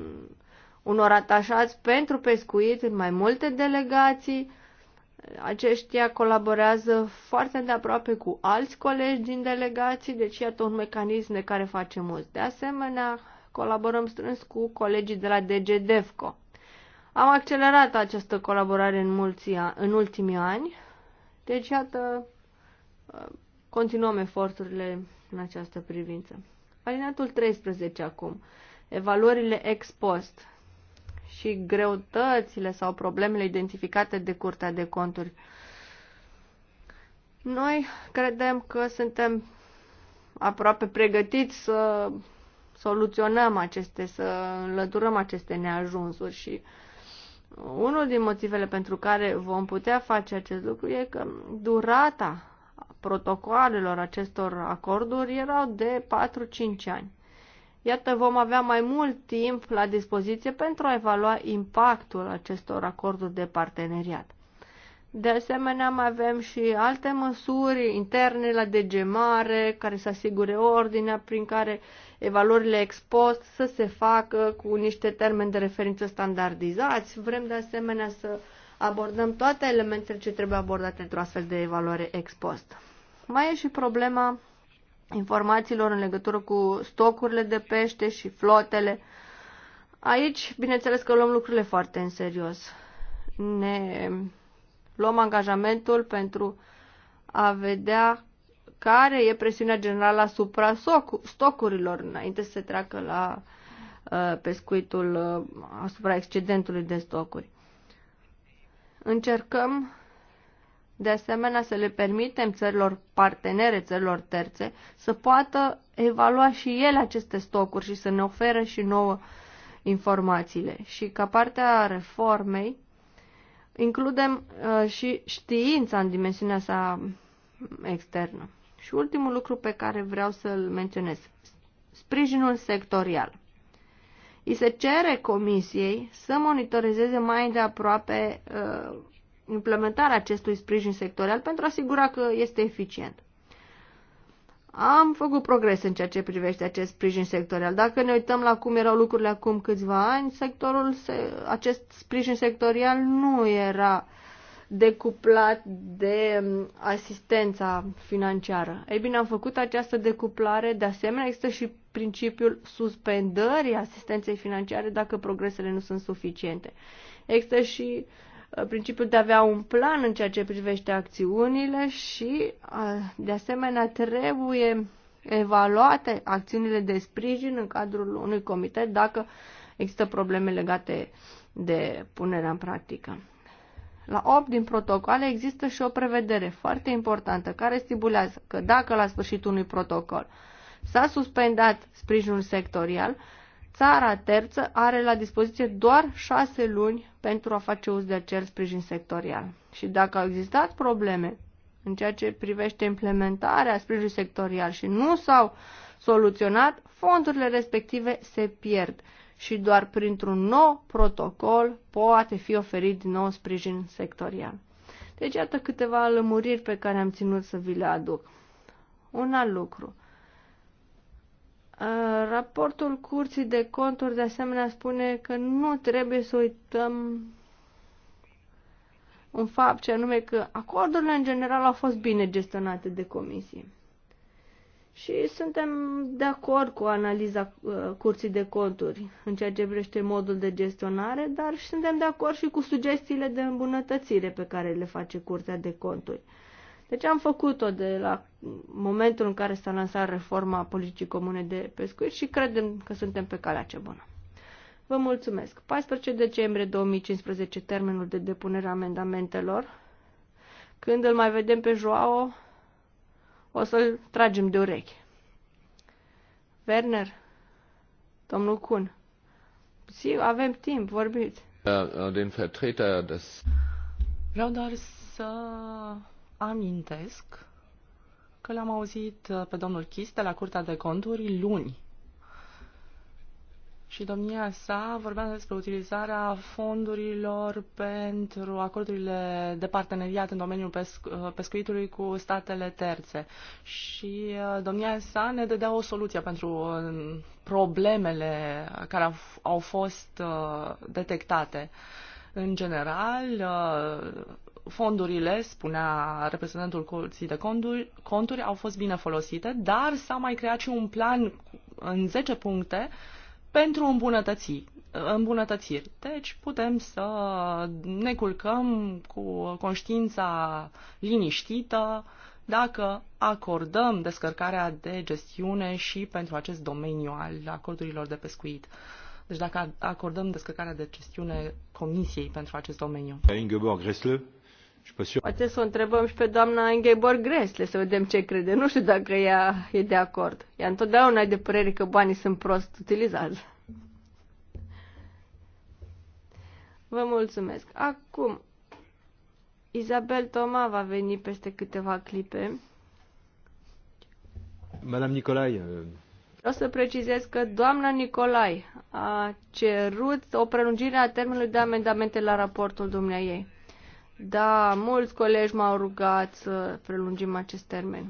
unor atașați pentru pescuit în mai multe delegații. Aceștia colaborează foarte de aproape cu alți colegi din delegații, deci iată un mecanism de care facem mult. De asemenea, colaborăm strâns cu colegii de la DGDEFCO. Am accelerat această colaborare în, mulți, în ultimii ani. Deci, iată, uh, continuăm eforturile în această privință. Alinatul 13 acum. Evaluările ex post și greutățile sau problemele identificate de Curtea de Conturi. Noi credem că suntem aproape pregătiți să soluționăm aceste, să înlăturăm aceste neajunsuri și uh, unul din motivele pentru care vom putea face acest lucru e că durata protocoalelor acestor acorduri erau de 4-5 ani. Iată, vom avea mai mult timp la dispoziție pentru a evalua impactul acestor acorduri de parteneriat. De asemenea, mai avem și alte măsuri interne la degemare, care să asigure ordinea prin care evaluările ex post să se facă cu niște termeni de referință standardizați. Vrem de asemenea să abordăm toate elementele ce trebuie abordate într-o astfel de evaluare ex post. Mai e și problema informațiilor în legătură cu stocurile de pește și flotele. Aici, bineînțeles că luăm lucrurile foarte în serios. Ne luăm angajamentul pentru a vedea care e presiunea generală asupra stocurilor înainte să se treacă la uh, pescuitul uh, asupra excedentului de stocuri. Încercăm de asemenea să le permitem țărilor partenere, țărilor terțe, să poată evalua și ele aceste stocuri și să ne ofere și nouă informațiile. Și ca parte a reformei, includem uh, și știința în dimensiunea sa externă. Și ultimul lucru pe care vreau să-l menționez, sprijinul sectorial. I se cere comisiei să monitorizeze mai de aproape uh, implementarea acestui sprijin sectorial pentru a asigura că este eficient. Am făcut progres în ceea ce privește acest sprijin sectorial. Dacă ne uităm la cum erau lucrurile acum câțiva ani, sectorul se, acest sprijin sectorial nu era decuplat de um, asistența financiară. Ei bine, am făcut această decuplare. De asemenea, există și principiul suspendării asistenței financiare dacă progresele nu sunt suficiente. Există și Uh, principiul de a avea un plan în ceea ce privește acțiunile și, uh, de asemenea, trebuie evaluate acțiunile de sprijin în cadrul unui comitet dacă există probleme legate de punerea în practică. La 8 din protocoale există și o prevedere foarte importantă care stipulează că dacă la sfârșitul unui protocol s-a suspendat sprijinul sectorial, țara terță are la dispoziție doar șase luni pentru a face uz de acel sprijin sectorial. Și dacă au existat probleme în ceea ce privește implementarea sprijinului sectorial și nu s-au soluționat, fondurile respective se pierd și doar printr-un nou protocol poate fi oferit din nou sprijin sectorial. Deci iată câteva lămuriri pe care am ținut să vi le aduc. Un alt lucru. Raportul Curții de Conturi de asemenea spune că nu trebuie să uităm un fapt, ce anume că acordurile în general au fost bine gestionate de comisie. Și suntem de acord cu analiza uh, Curții de Conturi în ceea ce privește modul de gestionare, dar și suntem de acord și cu sugestiile de îmbunătățire pe care le face Curtea de Conturi. Deci am făcut-o de la momentul în care s-a lansat reforma politicii comune de pescuit și credem că suntem pe calea cea bună. Vă mulțumesc. 14 decembrie 2015, termenul de depunere a amendamentelor. Când îl mai vedem pe Joao, o să-l tragem de urechi. Werner, domnul Kun, si, avem timp, vorbiți. Din Vertreter des... Vreau doar să amintesc că l-am auzit uh, pe domnul Chis de la Curtea de Conturi luni. Și domnia sa vorbea despre utilizarea fondurilor pentru acordurile de parteneriat în domeniul pesc- uh, pescuitului cu statele terțe. Și uh, domnia sa ne dădea o soluție pentru problemele care au fost detectate. În general, fondurile, spunea reprezentantul Curții de conturi, conturi, au fost bine folosite, dar s-a mai creat și un plan în 10 puncte pentru îmbunătății, îmbunătățiri. Deci putem să ne culcăm cu conștiința liniștită dacă acordăm descărcarea de gestiune și pentru acest domeniu al acordurilor de pescuit. Deci dacă acordăm descărcarea de gestiune Comisiei pentru acest domeniu. Ingeborg Poate să o întrebăm și pe doamna Ingeborg Gresle să vedem ce crede. Nu știu dacă ea e de acord. Ea întotdeauna e de părere că banii sunt prost utilizați. Vă mulțumesc. Acum, Isabel Toma va veni peste câteva clipe. Madame Nicolai. Uh, Vreau să precizez că doamna Nicolai a cerut o prelungire a termenului de amendamente la raportul dumneai. Da, mulți colegi m-au rugat să prelungim acest termen.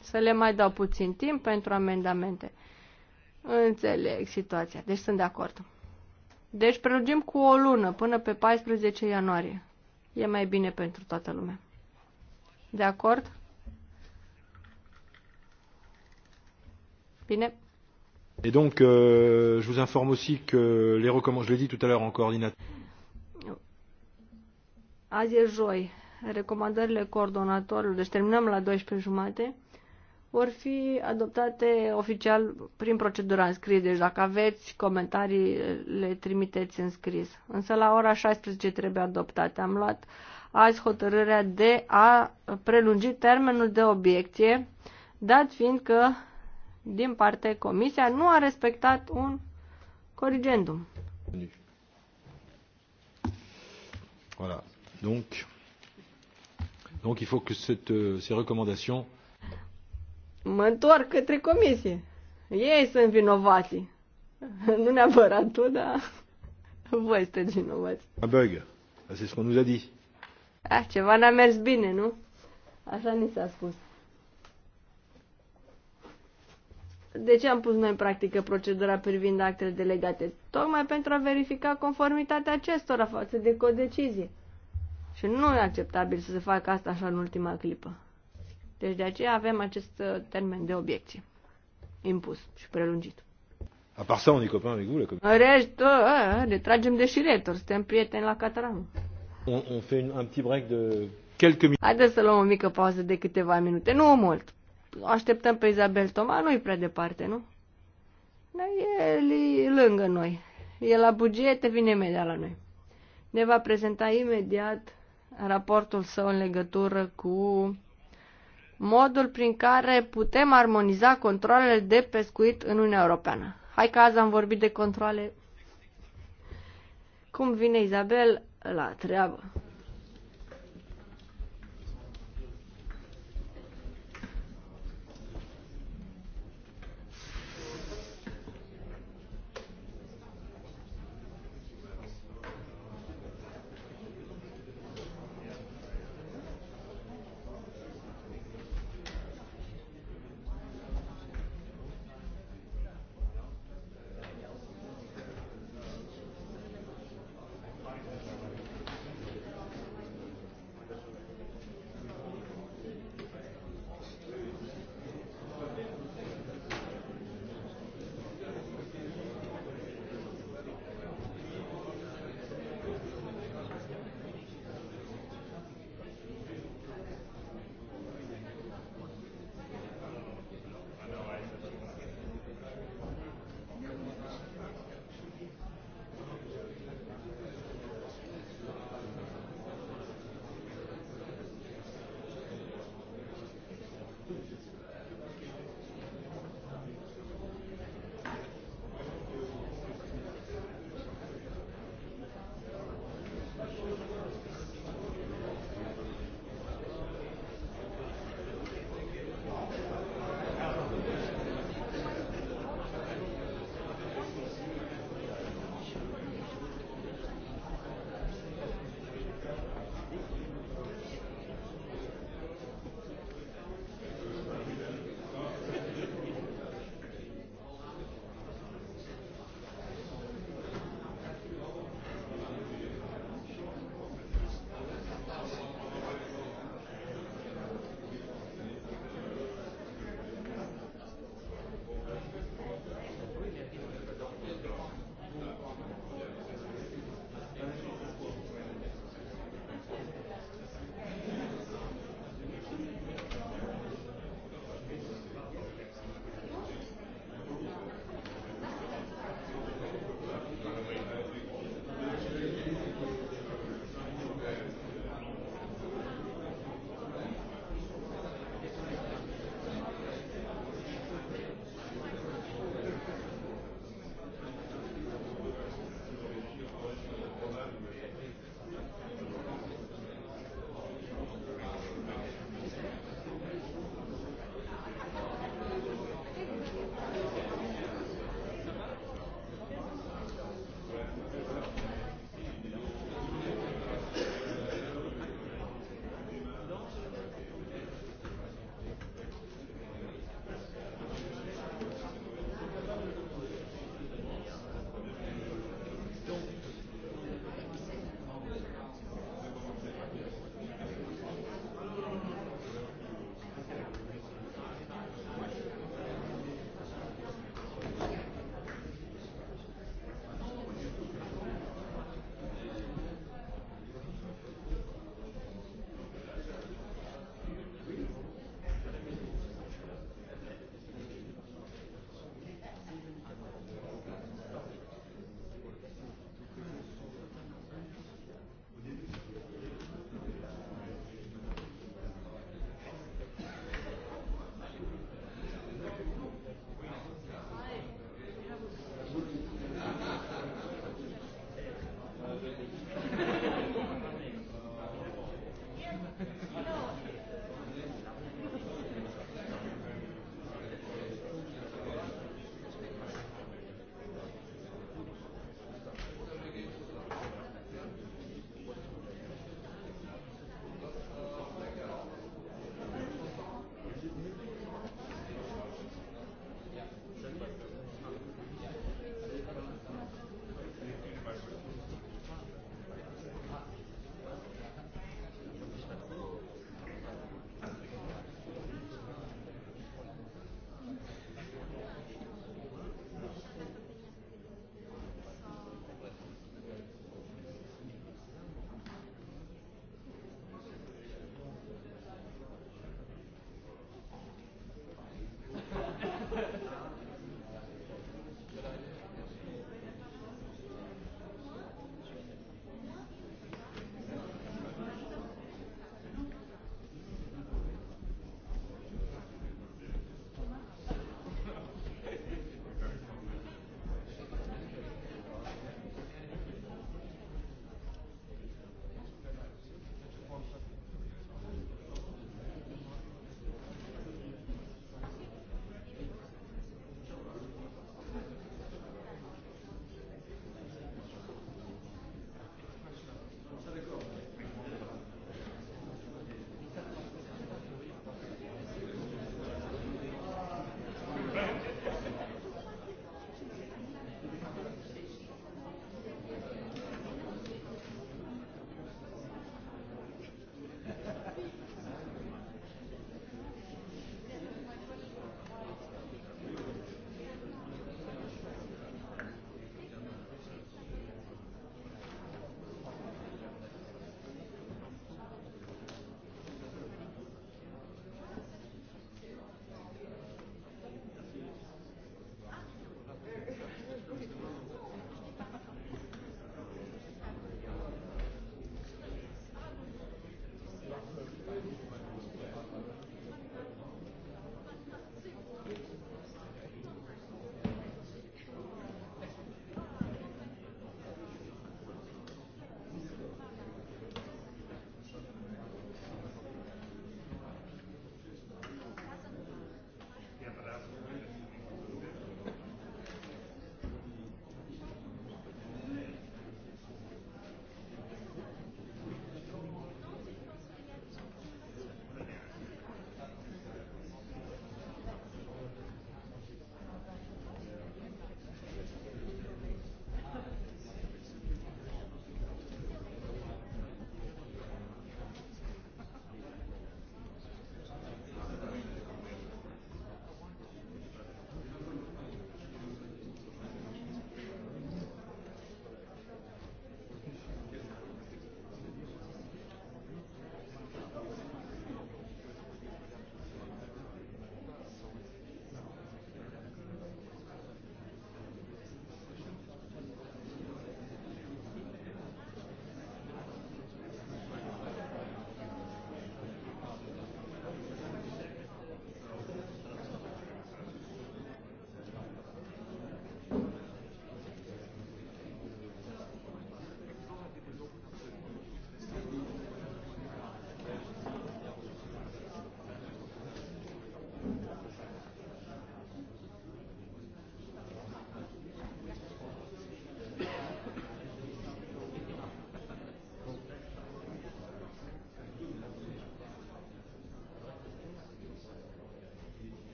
Să le mai dau puțin timp pentru amendamente. Înțeleg situația, deci sunt de acord. Deci prelungim cu o lună până pe 14 ianuarie. E mai bine pentru toată lumea. De acord? Bine. Et donc, euh, je vous informe aussi que les recommandations, je l'ai dit tout à l'heure en coordinateur. Azi e joi. Recomandările coordonatorilor, deci terminăm la 12 jumate, vor fi adoptate oficial prin procedura scris. Deci dacă aveți comentarii, le trimiteți în scris. Însă la ora 16 trebuie adoptate. Am luat azi hotărârea de a prelungi termenul de obiecție, dat fiind că din parte Comisia nu a respectat un corigendum. Hola. Donc, donc il faut que cette, euh, ces recommandations. Mă întorc către comisie. Ei sunt vinovați. Nu neapărat tu, dar voi sunteți vinovați. Un bug. Ah, e ce qu'on nous a dit. Ah, ceva n-a mers bine, nu? Așa ni s-a spus. De ce am pus noi în practică procedura privind actele delegate? Tocmai pentru a verifica conformitatea acestora față de codecizie. Și nu e acceptabil să se facă asta așa în ultima clipă. Deci de aceea avem acest uh, termen de obiecție impus și prelungit. A part ça, on est copains avec vous, la copii? În rest, uh, uh, ne tragem de șiretor, suntem prieteni la Cataram. On, on fait un petit break de quelques minutes. Haideți să luăm o mică pauză de câteva minute, nu mult. Așteptăm pe Isabel Toma, nu-i prea departe, nu? Dar el e lângă noi. E la bugete, vine imediat la noi. Ne va prezenta imediat raportul său în legătură cu modul prin care putem armoniza controlele de pescuit în Uniunea Europeană. Hai că azi am vorbit de controle. Cum vine Izabel la treabă?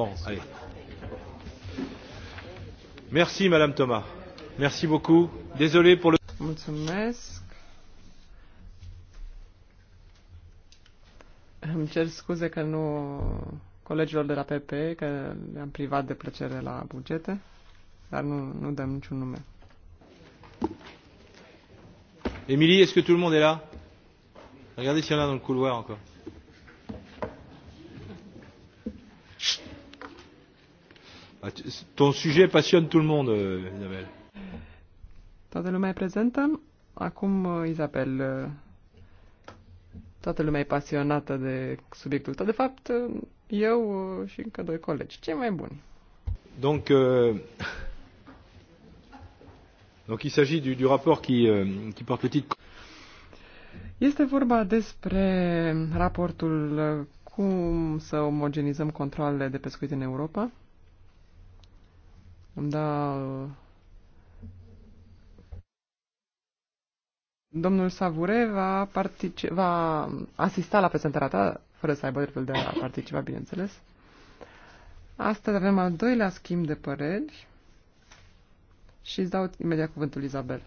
Bon, allez. Merci, Madame Thomas. Merci beaucoup. Désolé pour le. Mulțumesc. Îmi cer scuze că nu colegilor de la PP, că le-am privat de plăcere la bugete, dar nu, nu dăm niciun nume. Emilie, est-ce que tout le monde est là Regardez s'il y en a dans le couloir encore. Ton sujet passionne tout le monde, euh, Isabelle. Toată lumea e prezentă? Acum, uh, Isabel, uh, toată lumea e pasionată de subiectul tău. De fapt, uh, eu și încă doi colegi. Ce mai bun? Donc, euh, donc il s'agit du, du rapport qui, euh, qui porte le titre. Este vorba despre raportul cum să omogenizăm controlele de pescuit în Europa. Da. Domnul Savure va, partici- va asista la prezentarea ta, fără să aibă dreptul de a participa, bineînțeles. Astăzi avem al doilea schimb de păreri și îți dau imediat cuvântul Izabel.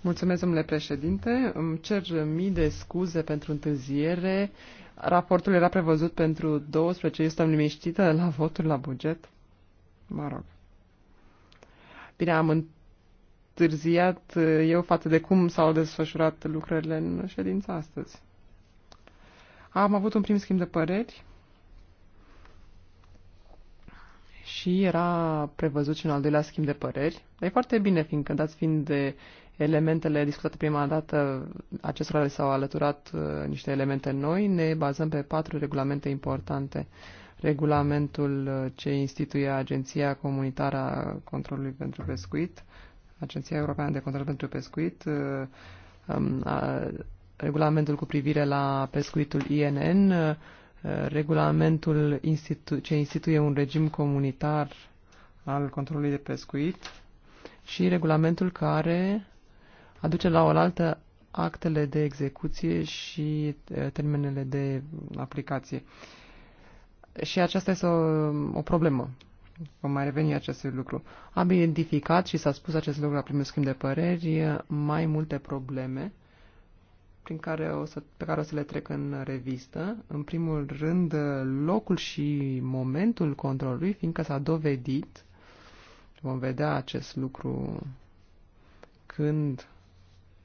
Mulțumesc, domnule președinte. Îmi cer mii de scuze pentru întârziere. Raportul era prevăzut pentru 12, este liniștită la votul la buget. Mă rog. Bine, am întârziat eh, eu față de cum s-au desfășurat lucrările în ședința astăzi. Am avut un prim schimb de păreri și era prevăzut și un al doilea schimb de păreri. Dar e foarte bine, fiindcă, dați fiind de elementele discutate prima dată, acestora le s-au alăturat uh, niște elemente noi, ne bazăm pe patru regulamente importante regulamentul uh, ce instituie Agenția Comunitară a Controlului pentru Pescuit, Agenția Europeană de Control pentru Pescuit, uh, um, regulamentul cu privire la pescuitul INN, uh, regulamentul institu- ce instituie un regim comunitar al controlului de pescuit și regulamentul care aduce la oaltă actele de execuție și termenele de aplicație. Uh, și aceasta este o, o problemă. Vom mai reveni acest lucru. Am identificat și s-a spus acest lucru la primul schimb de păreri mai multe probleme prin care o să, pe care o să le trec în revistă. În primul rând, locul și momentul controlului, fiindcă s-a dovedit, vom vedea acest lucru când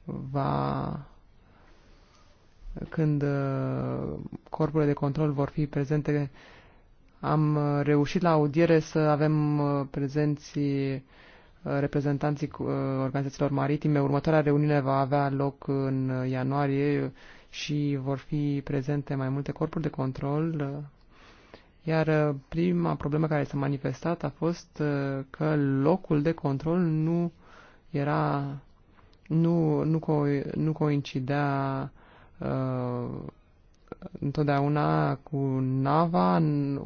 va când uh, corpurile de control vor fi prezente am uh, reușit la audiere să avem uh, prezenții uh, reprezentanții organizațiilor maritime. Următoarea reuniune va avea loc în ianuarie și vor fi prezente mai multe corpuri de control. Iar prima problemă care s-a manifestat a fost că locul de control nu era nu, nu, co, nu coincidea uh, întotdeauna cu nava,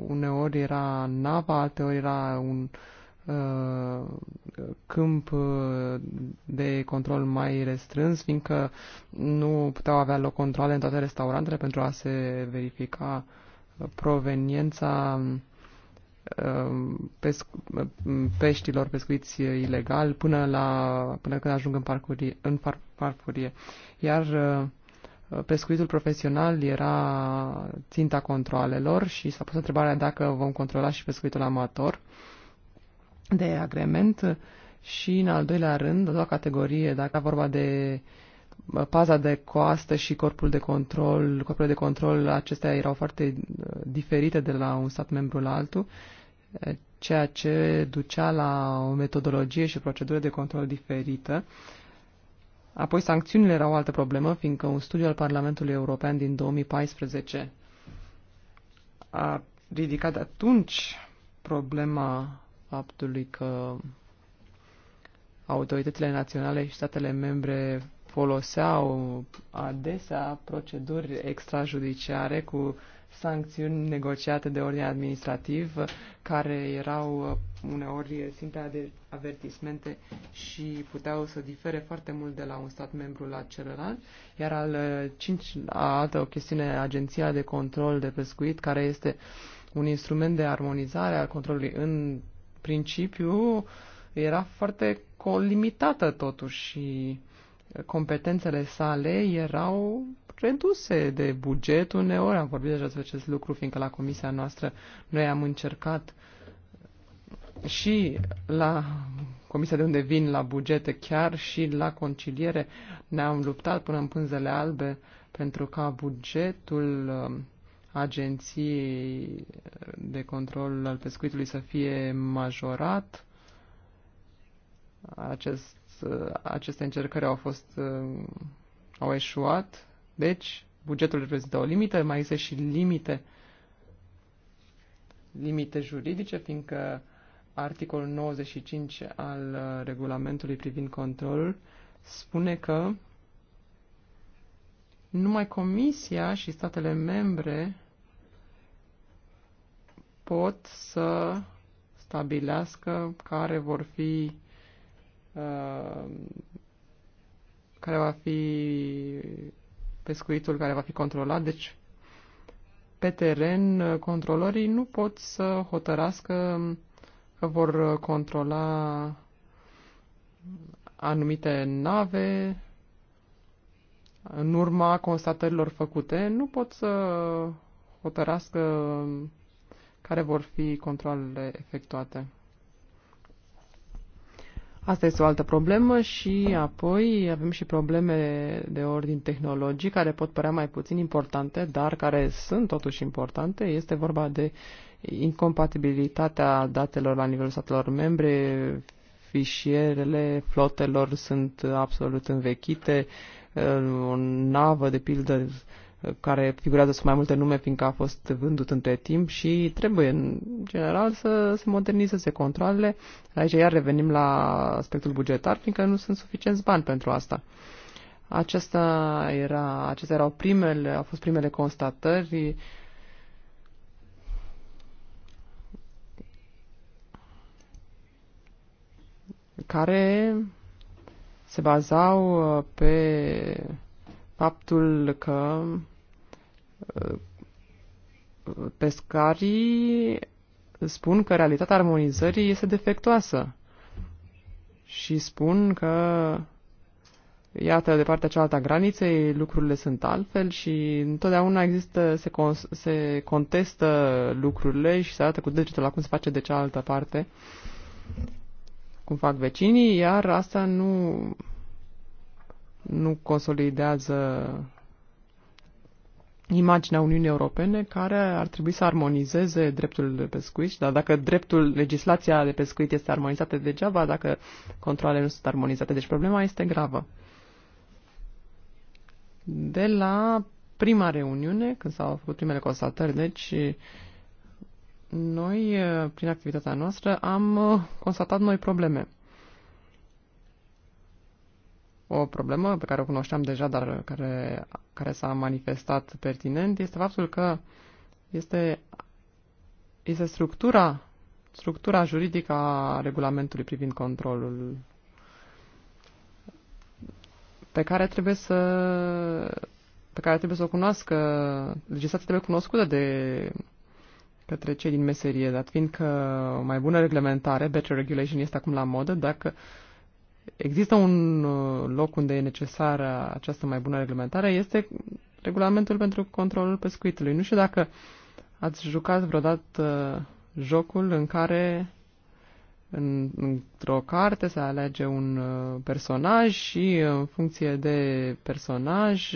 uneori era nava, alteori era un uh, câmp uh, de control mai restrâns, fiindcă nu puteau avea loc controle în toate restaurantele pentru a se verifica proveniența uh, pesc- peștilor pescuiți ilegal până, la, până când ajung în, parcurie, în par- parfurie. Iar uh, pescuitul profesional era ținta controalelor și s-a pus întrebarea dacă vom controla și pescuitul amator de agrement și, în al doilea rând, a doua categorie, dacă era vorba de uh, paza de coastă și corpul de control, corpul de control, acestea erau foarte uh, diferite de la un stat membru la altul, uh, ceea ce ducea la o metodologie și procedură de control diferită Apoi sancțiunile erau o altă problemă, fiindcă un studiu al Parlamentului European din 2014 a ridicat atunci problema faptului că autoritățile naționale și statele membre foloseau adesea proceduri extrajudiciare cu sancțiuni negociate de ordine administrativ, care erau uh, uneori simple avertismente și puteau să difere foarte mult de la un stat membru la celălalt. Iar al uh, cinci, a altă o chestiune, Agenția de Control de Pescuit, care este un instrument de armonizare al controlului în principiu, era foarte limitată totuși și uh, competențele sale erau reduse de buget uneori. Am vorbit deja despre acest lucru, fiindcă la comisia noastră noi am încercat și la comisia de unde vin la bugete, chiar și la conciliere, ne-am luptat până în pânzele albe pentru ca bugetul agenției de control al pescuitului să fie majorat. Acest, aceste încercări au fost au eșuat deci, bugetul reprezintă o limită, mai există și limite, limite juridice, fiindcă articolul 95 al uh, regulamentului privind controlul spune că numai Comisia și statele membre pot să stabilească care vor fi uh, care va fi pescuitul care va fi controlat. Deci, pe teren, controlorii nu pot să hotărască că vor controla anumite nave în urma constatărilor făcute, nu pot să hotărască care vor fi controlele efectuate. Asta este o altă problemă și apoi avem și probleme de ordin tehnologic care pot părea mai puțin importante, dar care sunt totuși importante. Este vorba de incompatibilitatea datelor la nivelul statelor membre, fișierele flotelor sunt absolut învechite, o navă, de pildă, care figurează sub mai multe nume fiindcă a fost vândut între timp și trebuie în general să se modernizeze controlele. Aici iar revenim la aspectul bugetar fiindcă nu sunt suficienți bani pentru asta. Acesta era, acestea erau primele, au fost primele constatări care se bazau uh, pe faptul că pescarii spun că realitatea armonizării este defectuoasă și spun că iată, de partea cealaltă a graniței lucrurile sunt altfel și întotdeauna există, se, con, se contestă lucrurile și se arată cu degetul la cum se face de cealaltă parte, cum fac vecinii, iar asta nu, nu consolidează imaginea Uniunii Europene care ar trebui să armonizeze dreptul de pescuit, dar dacă dreptul, legislația de pescuit este armonizată degeaba, dacă controlele nu sunt armonizate. Deci problema este gravă. De la prima reuniune, când s-au făcut primele constatări, deci noi, prin activitatea noastră, am constatat noi probleme. O problemă pe care o cunoșteam deja, dar care, care s-a manifestat pertinent, este faptul că este, este structura, structura juridică a regulamentului privind controlul pe care trebuie să pe care trebuie să o cunoască, legislația trebuie cunoscută de către cei din meserie, dat fiindcă o mai bună reglementare, better regulation, este acum la modă, dacă există un uh, loc unde e necesară această mai bună reglementare, este regulamentul pentru controlul pescuitului. Nu știu dacă ați jucat vreodată uh, jocul în care în, într-o carte se alege un uh, personaj și în funcție de personaj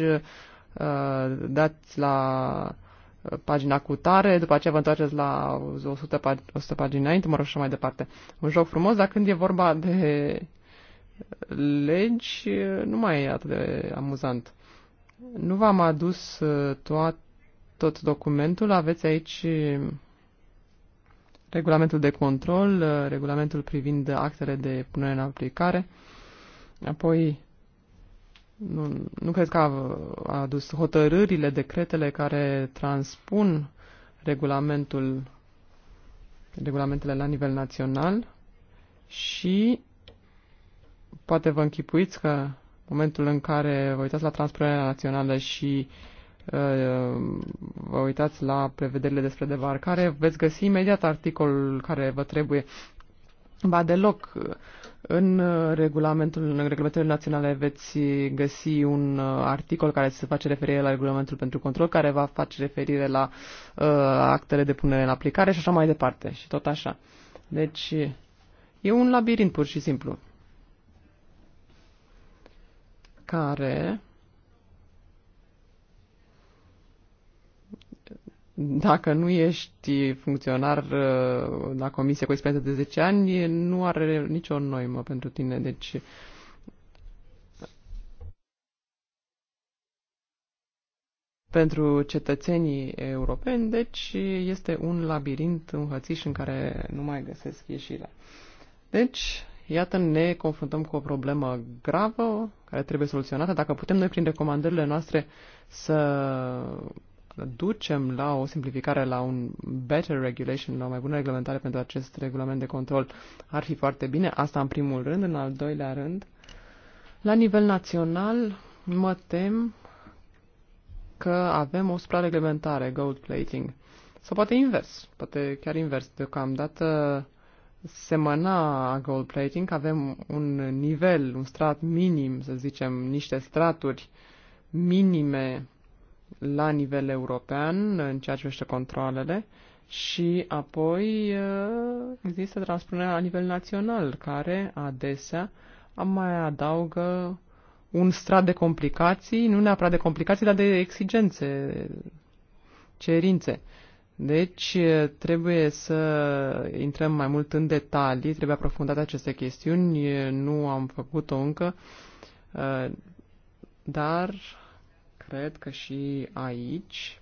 dați la pagina cu tare, după aceea vă întoarceți la 100, pag- 100 pagini înainte, mă rog, și mai departe. Un joc frumos, dar când e vorba de legi nu mai e atât de amuzant. Nu v-am adus uh, toat, tot documentul, aveți aici uh, regulamentul de control, uh, regulamentul privind actele de punere în aplicare, apoi nu, nu cred că a, adus hotărârile, decretele care transpun regulamentul, regulamentele la nivel național și Poate vă închipuiți că momentul în care vă uitați la transpunerea națională și uh, vă uitați la prevederile despre debarcare, veți găsi imediat articolul care vă trebuie. Ba deloc, în regulamentul, în reglementările naționale veți găsi un uh, articol care se face referire la regulamentul pentru control, care va face referire la uh, actele de punere în aplicare și așa mai departe. Și tot așa. Deci, e un labirint pur și simplu care dacă nu ești funcționar uh, la comisie cu experiență de 10 ani, nu are nicio noimă pentru tine. Deci pentru cetățenii europeni, deci este un labirint, un hățiș în care nu mai găsesc ieșirea. Deci, Iată, ne confruntăm cu o problemă gravă care trebuie soluționată. Dacă putem noi, prin recomandările noastre, să ducem la o simplificare, la un better regulation, la o mai bună reglementare pentru acest regulament de control, ar fi foarte bine. Asta în primul rând. În al doilea rând, la nivel național, mă tem că avem o suprareglementare, gold plating. Sau poate invers, poate chiar invers. Deocamdată semăna gold plating, avem un nivel, un strat minim, să zicem, niște straturi minime la nivel european în ceea ce privește controlele și apoi uh, există transpunerea la nivel național, care adesea mai adaugă un strat de complicații, nu neapărat de complicații, dar de exigențe, cerințe. Deci trebuie să intrăm mai mult în detalii, trebuie aprofundate aceste chestiuni, nu am făcut-o încă, dar cred că și aici,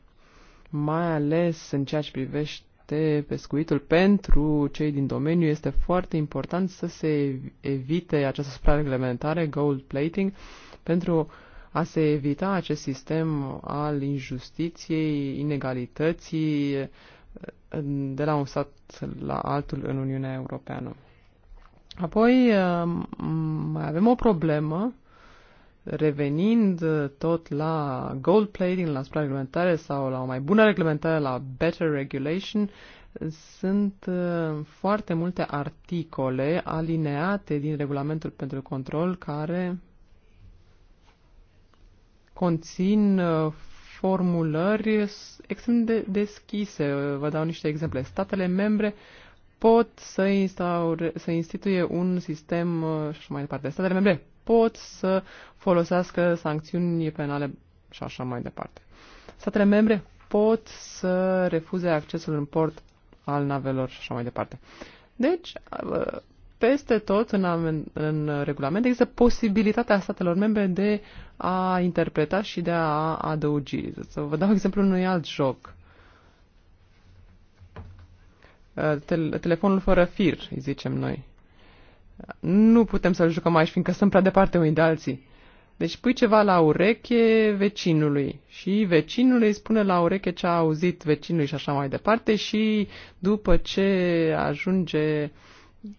mai ales în ceea ce privește pescuitul, pentru cei din domeniu este foarte important să se evite această suprareglementare, gold plating, pentru a se evita acest sistem al injustiției, inegalității de la un stat la altul în Uniunea Europeană. Apoi um, mai avem o problemă, revenind tot la gold plating, la reglementare sau la o mai bună reglementare, la better regulation, sunt uh, foarte multe articole alineate din regulamentul pentru control care conțin uh, formulări extrem de deschise. Vă dau niște exemple. Statele membre pot să, instaure, să instituie un sistem uh, și așa mai departe. Statele membre pot să folosească sancțiuni penale și așa mai departe. Statele membre pot să refuze accesul în port al navelor și așa mai departe. Deci, uh, peste tot în, în regulament există posibilitatea statelor membre de a interpreta și de a adăugi. Să vă dau exemplu unui alt joc. Uh, telefonul fără fir, îi zicem noi. Nu putem să-l jucăm aici, fiindcă sunt prea departe unii de alții. Deci pui ceva la ureche vecinului și vecinul îi spune la ureche ce a auzit vecinului și așa mai departe și după ce ajunge uh,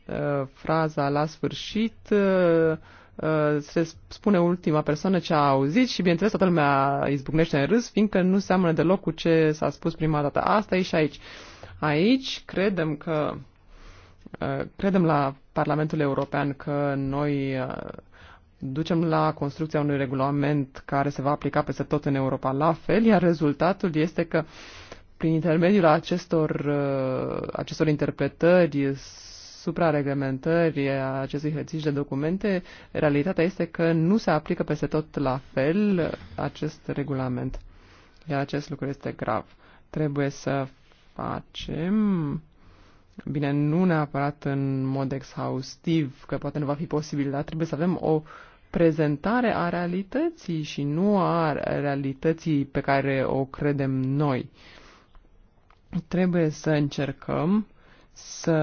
Uh, fraza la sfârșit uh, uh, se spune ultima persoană ce a auzit și bineînțeles toată lumea izbucnește în râs, fiindcă nu seamănă deloc cu ce s-a spus prima dată. Asta e și aici. Aici credem că credem la Parlamentul European că noi ducem la construcția unui regulament care se va aplica peste tot în Europa la fel, iar rezultatul este că prin intermediul acestor, acestor interpretări suprareglementări a acestui hățiș de documente, realitatea este că nu se aplică peste tot la fel acest regulament. Iar acest lucru este grav. Trebuie să facem, bine, nu neapărat în mod exhaustiv, că poate nu va fi posibil, dar trebuie să avem o prezentare a realității și nu a realității pe care o credem noi. Trebuie să încercăm să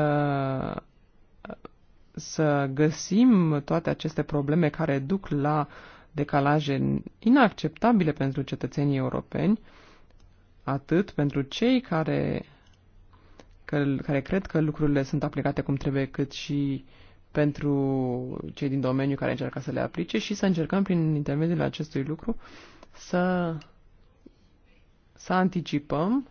să găsim toate aceste probleme care duc la decalaje inacceptabile pentru cetățenii europeni, atât pentru cei care, că, care cred că lucrurile sunt aplicate cum trebuie, cât și pentru cei din domeniu care încearcă să le aplice și să încercăm prin intermediul acestui lucru să, să anticipăm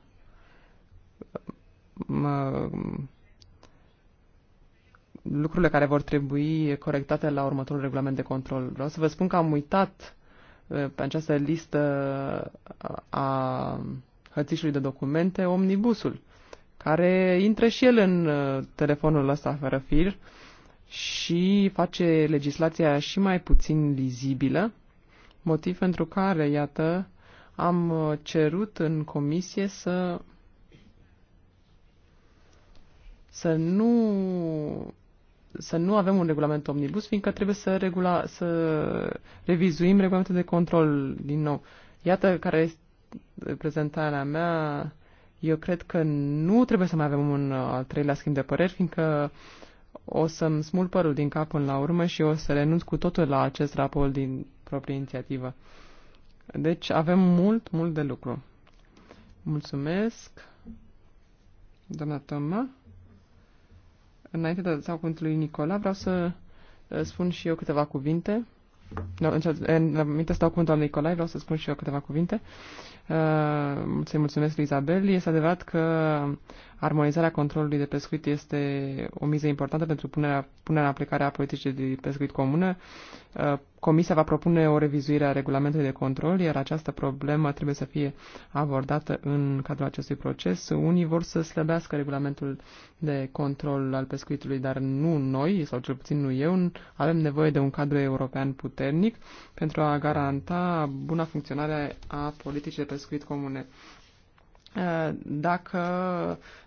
lucrurile care vor trebui corectate la următorul regulament de control. Vreau să vă spun că am uitat uh, pe această listă uh, a hățișului de documente omnibusul, care intră și el în uh, telefonul ăsta fără fir și face legislația și mai puțin lizibilă, motiv pentru care, iată, am cerut în comisie să să nu să nu avem un regulament omnibus, fiindcă trebuie să, regula, să revizuim regulamentul de control din nou. Iată care este prezentarea mea. Eu cred că nu trebuie să mai avem un al treilea schimb de păreri, fiindcă o să-mi smul părul din cap până la urmă și o să renunț cu totul la acest raport din proprie inițiativă. Deci avem mult, mult de lucru. Mulțumesc, doamna Toma. Înainte de sau cuvântul lui Nicola, vreau să spun și eu câteva cuvinte. Înainte eh, să dau cuvântul lui Nicolae, vreau să spun și eu câteva cuvinte. Să-i mulțumesc lui Isabel. Este adevărat că Armonizarea controlului de pescuit este o miză importantă pentru punerea, punerea în aplicare a politicii de pescuit comună. Uh, Comisia va propune o revizuire a regulamentului de control, iar această problemă trebuie să fie abordată în cadrul acestui proces. Unii vor să slăbească regulamentul de control al pescuitului, dar nu noi, sau cel puțin nu eu. Avem nevoie de un cadru european puternic pentru a garanta buna funcționare a politicii de pescuit comune. Eh, dacă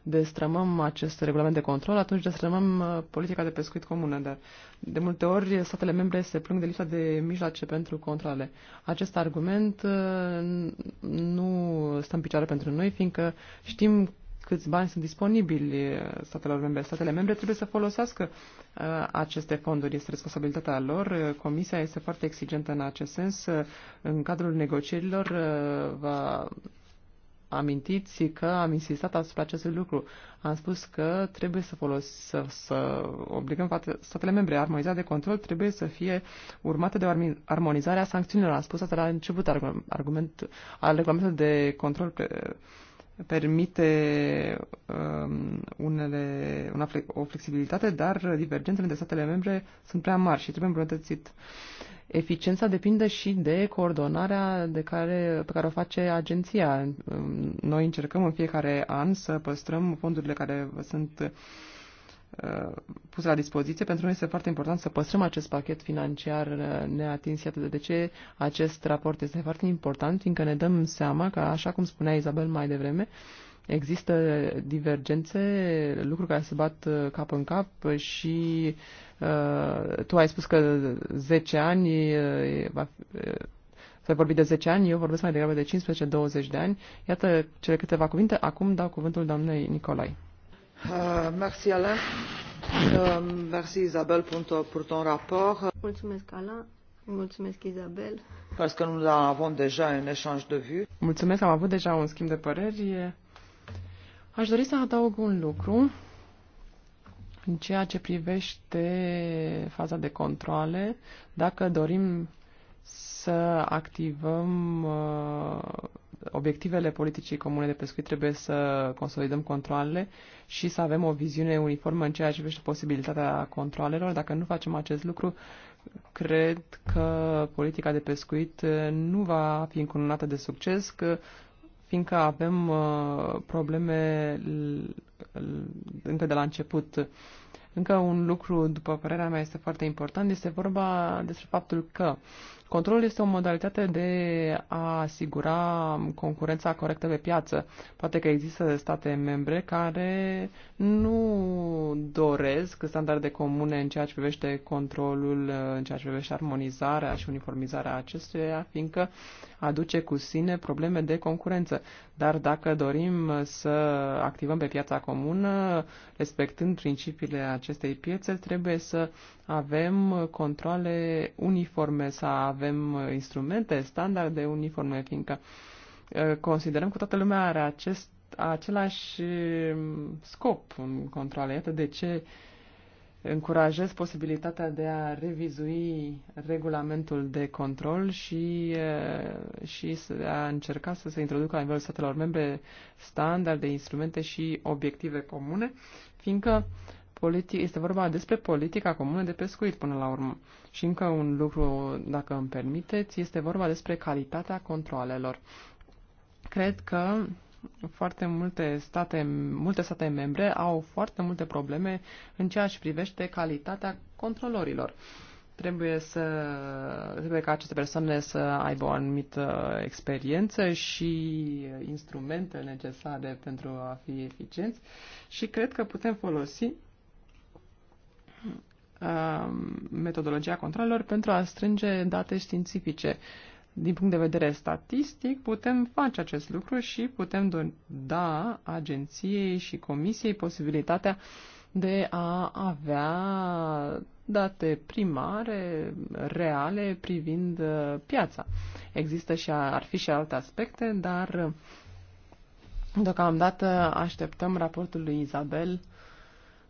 destrămăm acest regulament de control, atunci destrămăm eh, politica de pescuit comună, dar de multe ori statele membre se plâng de lipsa de mijloace pentru controle. Acest argument eh, nu stă în picioare pentru noi, fiindcă știm câți bani sunt disponibili statelor membre. Statele membre trebuie să folosească uh, aceste fonduri. Este responsabilitatea lor. Comisia este foarte exigentă în acest sens. În cadrul negocierilor uh, va amintiți că am insistat asupra acestui lucru. Am spus că trebuie să folos, să, să obligăm statele membre. Armonizarea de control trebuie să fie urmată de armonizarea sancțiunilor. Am spus asta la început. Argument, argument al regulamentului de control pe, permite um, unele, una, o flexibilitate, dar divergențele între statele membre sunt prea mari și trebuie îmbunătățit. Uh, eficiența depinde și de coordonarea de care, pe care o face agenția. Noi încercăm în fiecare an să păstrăm fondurile care sunt uh, pus la dispoziție. Pentru noi este foarte important să păstrăm acest pachet financiar uh, neatins. Iată de ce acest raport este foarte important, fiindcă ne dăm seama că, așa cum spunea Izabel mai devreme, uh, Există divergențe, lucruri care se bat uh, cap în cap și uh, tu ai spus că 10 ani uh, va fi, uh, să vorbi de 10 ani, eu vorbesc mai degrabă de 15-20 de ani. Iată cele câteva cuvinte. Acum dau cuvântul doamnei Nicolai. Uh, merci, Alain. Uh, merci, Isabel, pentru, pentru un raport. Mulțumesc, Alain. Mulțumesc, Isabel. Parce că nous avons déjà un échange de vues. Mulțumesc, am avut deja un schimb de păreri. Aș dori să adaug un lucru în ceea ce privește faza de controle. Dacă dorim să activăm uh, obiectivele politicii comune de pescuit, trebuie să consolidăm controlele și să avem o viziune uniformă în ceea ce privește posibilitatea controlelor. Dacă nu facem acest lucru, cred că politica de pescuit nu va fi încununată de succes, că fiindcă avem uh, probleme încă de la început. Încă un lucru, după părerea mea, este foarte important. Este vorba despre faptul că uh, Controlul este o modalitate de a asigura concurența corectă pe piață. Poate că există state membre care nu doresc standarde comune în ceea ce privește controlul, în ceea ce privește armonizarea și uniformizarea acestuia, fiindcă aduce cu sine probleme de concurență. Dar dacă dorim să activăm pe piața comună, respectând principiile acestei piețe, trebuie să avem controle uniforme, să avem uh, instrumente, standarde uniforme, fiindcă uh, considerăm că toată lumea are acest, același um, scop în control. Iată de ce încurajez posibilitatea de a revizui regulamentul de control și, uh, și a încerca să se introducă la nivelul statelor membre standarde, instrumente și obiective comune, fiindcă uh, politi- este vorba despre politica comună de pescuit până la urmă. Și încă un lucru, dacă îmi permiteți, este vorba despre calitatea controlelor. Cred că foarte multe state, multe state membre au foarte multe probleme în ceea ce privește calitatea controlorilor. Trebuie să trebuie ca aceste persoane să aibă o anumită experiență și instrumente necesare pentru a fi eficienți și cred că putem folosi Um, metodologia controlelor pentru a strânge date științifice. Din punct de vedere statistic, putem face acest lucru și putem da agenției și comisiei posibilitatea de a avea date primare, reale, privind uh, piața. Există și ar fi și alte aspecte, dar uh, deocamdată așteptăm raportul lui Isabel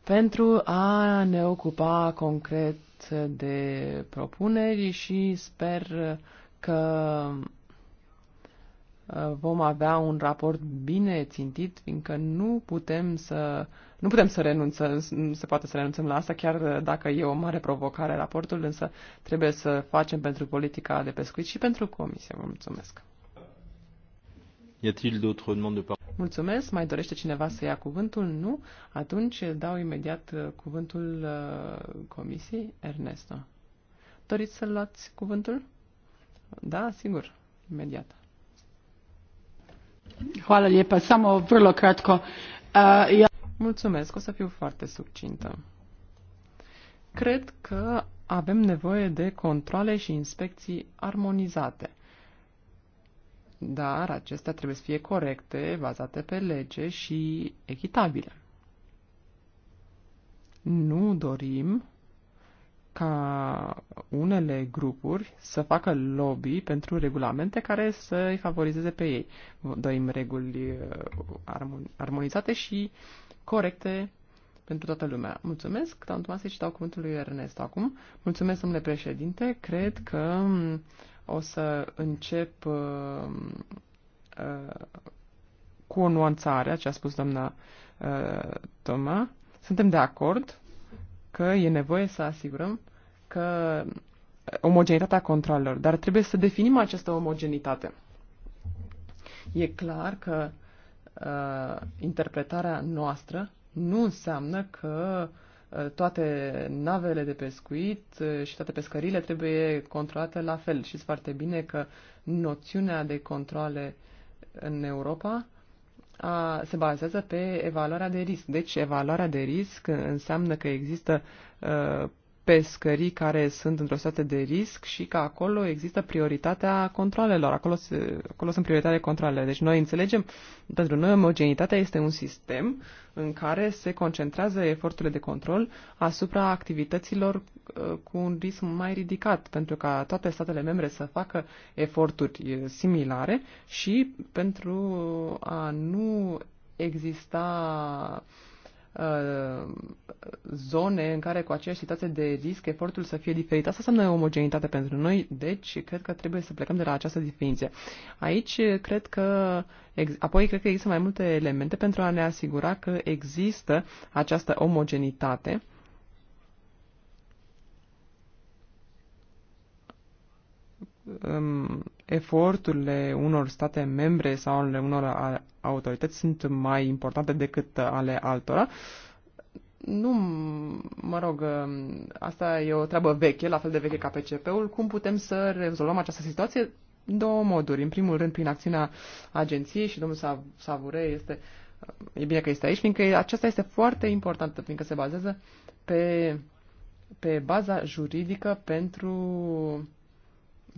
pentru a ne ocupa concret de propuneri și sper că uh, vom avea un raport bine țintit, fiindcă nu putem să nu putem să renunțăm, nu se poate să renunțăm la asta, chiar dacă e o mare provocare raportul, însă trebuie să facem pentru politica de pescuit și pentru comisie. Vă mulțumesc! Mulțumesc. Mai dorește cineva să ia cuvântul? Nu? Atunci dau imediat uh, cuvântul uh, comisiei. Ernesto. Doriți să luați cuvântul? Da, sigur. Imediat. Hvala lijepa. Samo vrlo kratko. Uh, Mulțumesc. O să fiu foarte succintă. Cred că avem nevoie de controle și inspecții armonizate dar acestea trebuie să fie corecte, bazate pe lege și echitabile. Nu dorim ca unele grupuri să facă lobby pentru regulamente care să îi favorizeze pe ei. Dorim reguli uh, armonizate și corecte pentru toată lumea. Mulțumesc, doamnă Tomase, și dau cuvântul lui Ernest acum. Mulțumesc, domnule președinte. Cred că mm, o să încep uh, uh, cu o nuanțare ce a spus doamna uh, Toma. Suntem de acord că e nevoie să asigurăm că omogenitatea controlelor, dar trebuie să definim această omogenitate. E clar că uh, interpretarea noastră nu înseamnă că uh, toate navele de pescuit și toate pescările trebuie controlate la fel. Și foarte bine că noțiunea de controle în Europa a, se bazează pe evaluarea de risc. Deci, evaluarea de risc înseamnă că există uh, pescării care sunt într-o stată de risc și că acolo există prioritatea controlelor. Acolo, se, acolo sunt prioritatea controlele. Deci noi înțelegem, pentru noi omogenitatea este un sistem în care se concentrează eforturile de control asupra activităților uh, cu un risc mai ridicat, pentru ca toate statele membre să facă eforturi uh, similare și pentru a nu exista uh, Uh, zone în care cu aceeași situație de risc efortul să fie diferit. Asta înseamnă omogenitate pentru noi, deci cred că trebuie să plecăm de la această definiție. Aici uh, cred că, apoi cred că există mai multe elemente pentru a ne asigura că există această omogenitate. Um, eforturile unor state membre sau ale unor autorități sunt mai importante decât ale altora. Nu, mă rog, asta e o treabă veche, la fel de veche ca PCP-ul. Cum putem să rezolvăm această situație? Două moduri. În primul rând, prin acțiunea agenției și domnul Savure este, e bine că este aici, fiindcă aceasta este foarte importantă, fiindcă se bazează pe, pe baza juridică pentru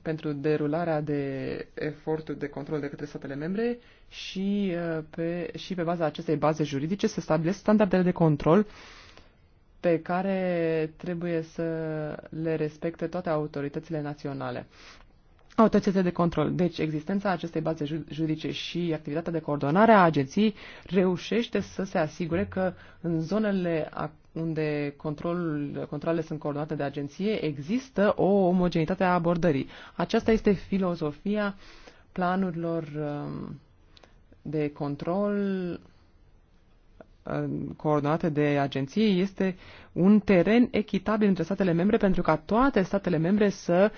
pentru derularea de eforturi de control de către statele membre și uh, pe, și pe baza acestei baze juridice se stabilesc standardele de control pe care trebuie să le respecte toate autoritățile naționale autoritățile de control. Deci, existența acestei baze juridice și activitatea de coordonare a agenției reușește să se asigure că în zonele unde controlul, controlele sunt coordonate de agenție există o omogenitate a abordării. Aceasta este filozofia planurilor um, de control coordonate de agenție este un teren echitabil între statele membre pentru ca toate statele membre să,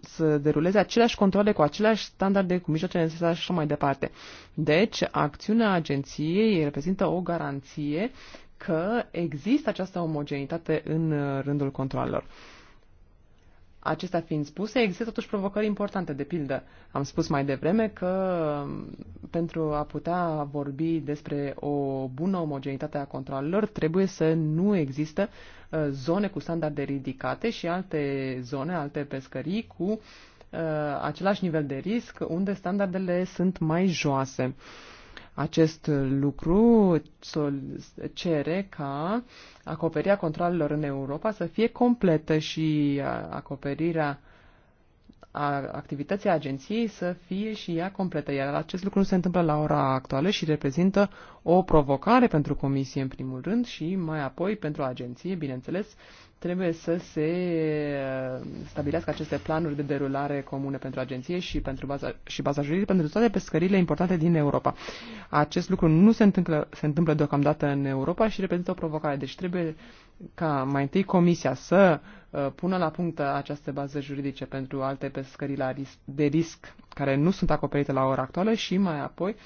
să deruleze aceleași controle cu aceleași standarde, cu mijloace necesare și așa mai departe. Deci, acțiunea agenției reprezintă o garanție că există această omogenitate în uh, rândul controlelor. Acestea fiind spuse, există totuși provocări importante. De pildă, am spus mai devreme că pentru a putea vorbi despre o bună omogenitate a controlelor, trebuie să nu există uh, zone cu standarde ridicate și alte zone, alte pescării cu uh, același nivel de risc, unde standardele sunt mai joase. Uh, acest lucru cere ca acoperirea controlelor în Europa să fie completă și uh, acoperirea a activității agenției să fie și ea completă, iar acest lucru nu se întâmplă la ora actuală și reprezintă o provocare pentru comisie în primul rând și mai apoi pentru agenție, bineînțeles, trebuie să se uh, stabilească aceste planuri de derulare comune pentru agenție și pentru baza, și baza juridică pentru toate pescările importante din Europa. Acest lucru nu se întâmplă, se întâmplă deocamdată în Europa și reprezintă o provocare. Deci trebuie ca mai întâi Comisia să uh, pună la punct aceste baze juridice pentru alte pescării la de risc care nu sunt acoperite la ora actuală și mai apoi uh,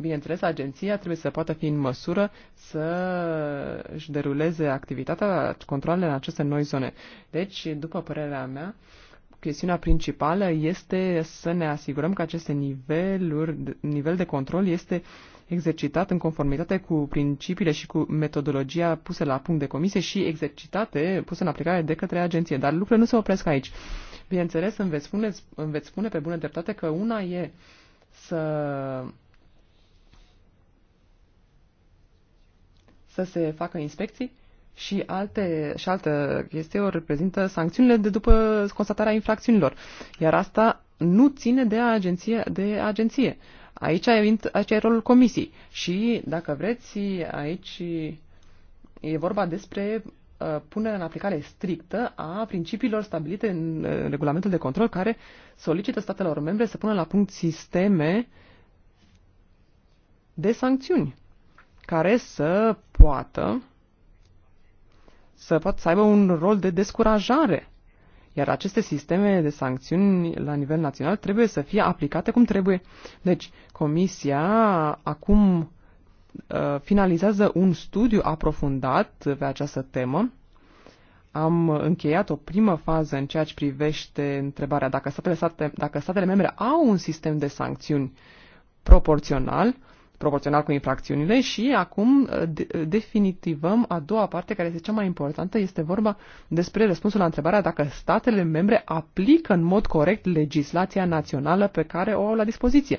bineînțeles, agenția trebuie să poată fi în măsură să își deruleze activitatea, controlele în aceste noi zone. Deci, după părerea mea, chestiunea principală este să ne asigurăm că aceste niveluri, nivel de control este exercitat în conformitate cu principiile și cu metodologia puse la punct de comisie și exercitate, puse în aplicare de către agenție. Dar lucrurile nu se opresc aici. Bineînțeles, îmi veți spune, îmi veți spune pe bună dreptate că una e să să se facă inspecții și, alte, și altă chestie o reprezintă sancțiunile de după constatarea infracțiunilor. Iar asta nu ține de agenție. De agenție. Aici, aici e rolul comisiei. Și, dacă vreți, aici e vorba despre uh, punerea în aplicare strictă a principiilor stabilite în uh, regulamentul de control care solicită statelor membre să pună la punct sisteme de sancțiuni care să poată să, poată să aibă un rol de descurajare. Iar aceste sisteme de sancțiuni la nivel național trebuie să fie aplicate cum trebuie. Deci, Comisia acum uh, finalizează un studiu aprofundat pe această temă. Am încheiat o primă fază în ceea ce privește întrebarea dacă statele, state, dacă statele membre au un sistem de sancțiuni proporțional, proporțional cu infracțiunile și acum uh, uh, definitivăm a doua parte care este cea mai importantă, este vorba despre răspunsul la întrebarea dacă statele membre aplică în mod corect legislația națională pe care o au la dispoziție.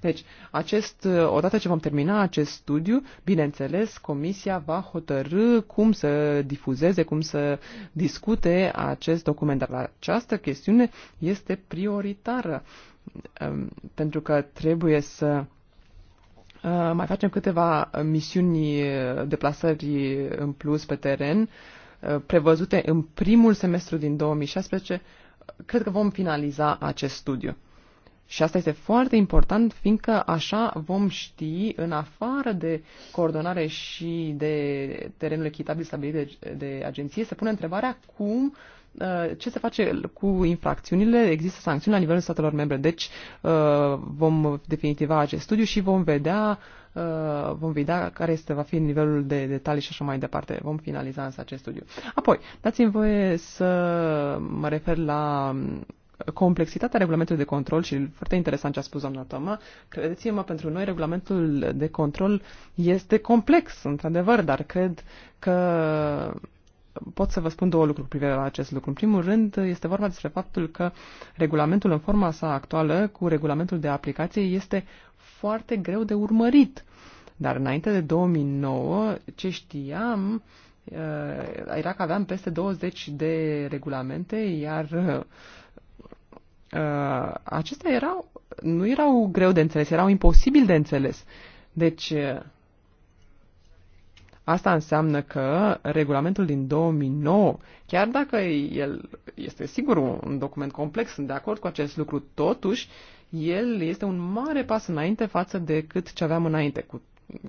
Deci, acest, uh, odată ce vom termina acest studiu, bineînțeles, Comisia va hotărâ cum să difuzeze, cum să discute acest document. Dar această chestiune este prioritară, um, pentru că trebuie să Uh, mai facem câteva misiuni, uh, deplasări în plus pe teren, uh, prevăzute în primul semestru din 2016. Cred că vom finaliza acest studiu. Și asta este foarte important, fiindcă așa vom ști, în afară de coordonare și de terenul echitabil stabilit de, de agenție, să pune întrebarea cum Uh, ce se face cu infracțiunile, există sancțiuni la nivelul statelor membre. Deci uh, vom definitiva acest studiu și vom vedea, uh, vom vedea care este, va fi nivelul de detalii și așa mai departe. Vom finaliza însă acest studiu. Apoi, dați-mi voie să mă refer la complexitatea regulamentului de control și foarte interesant ce a spus doamna Toma, credeți-mă, pentru noi regulamentul de control este complex, într-adevăr, dar cred că pot să vă spun două lucruri cu privire la acest lucru. În primul rând, este vorba despre faptul că regulamentul în forma sa actuală cu regulamentul de aplicație este foarte greu de urmărit. Dar înainte de 2009, ce știam uh, era că aveam peste 20 de regulamente, iar uh, uh, acestea erau, nu erau greu de înțeles, erau imposibil de înțeles. Deci, Asta înseamnă că regulamentul din 2009, chiar dacă el este sigur un document complex, sunt de acord cu acest lucru, totuși el este un mare pas înainte față de cât ce aveam înainte. Cu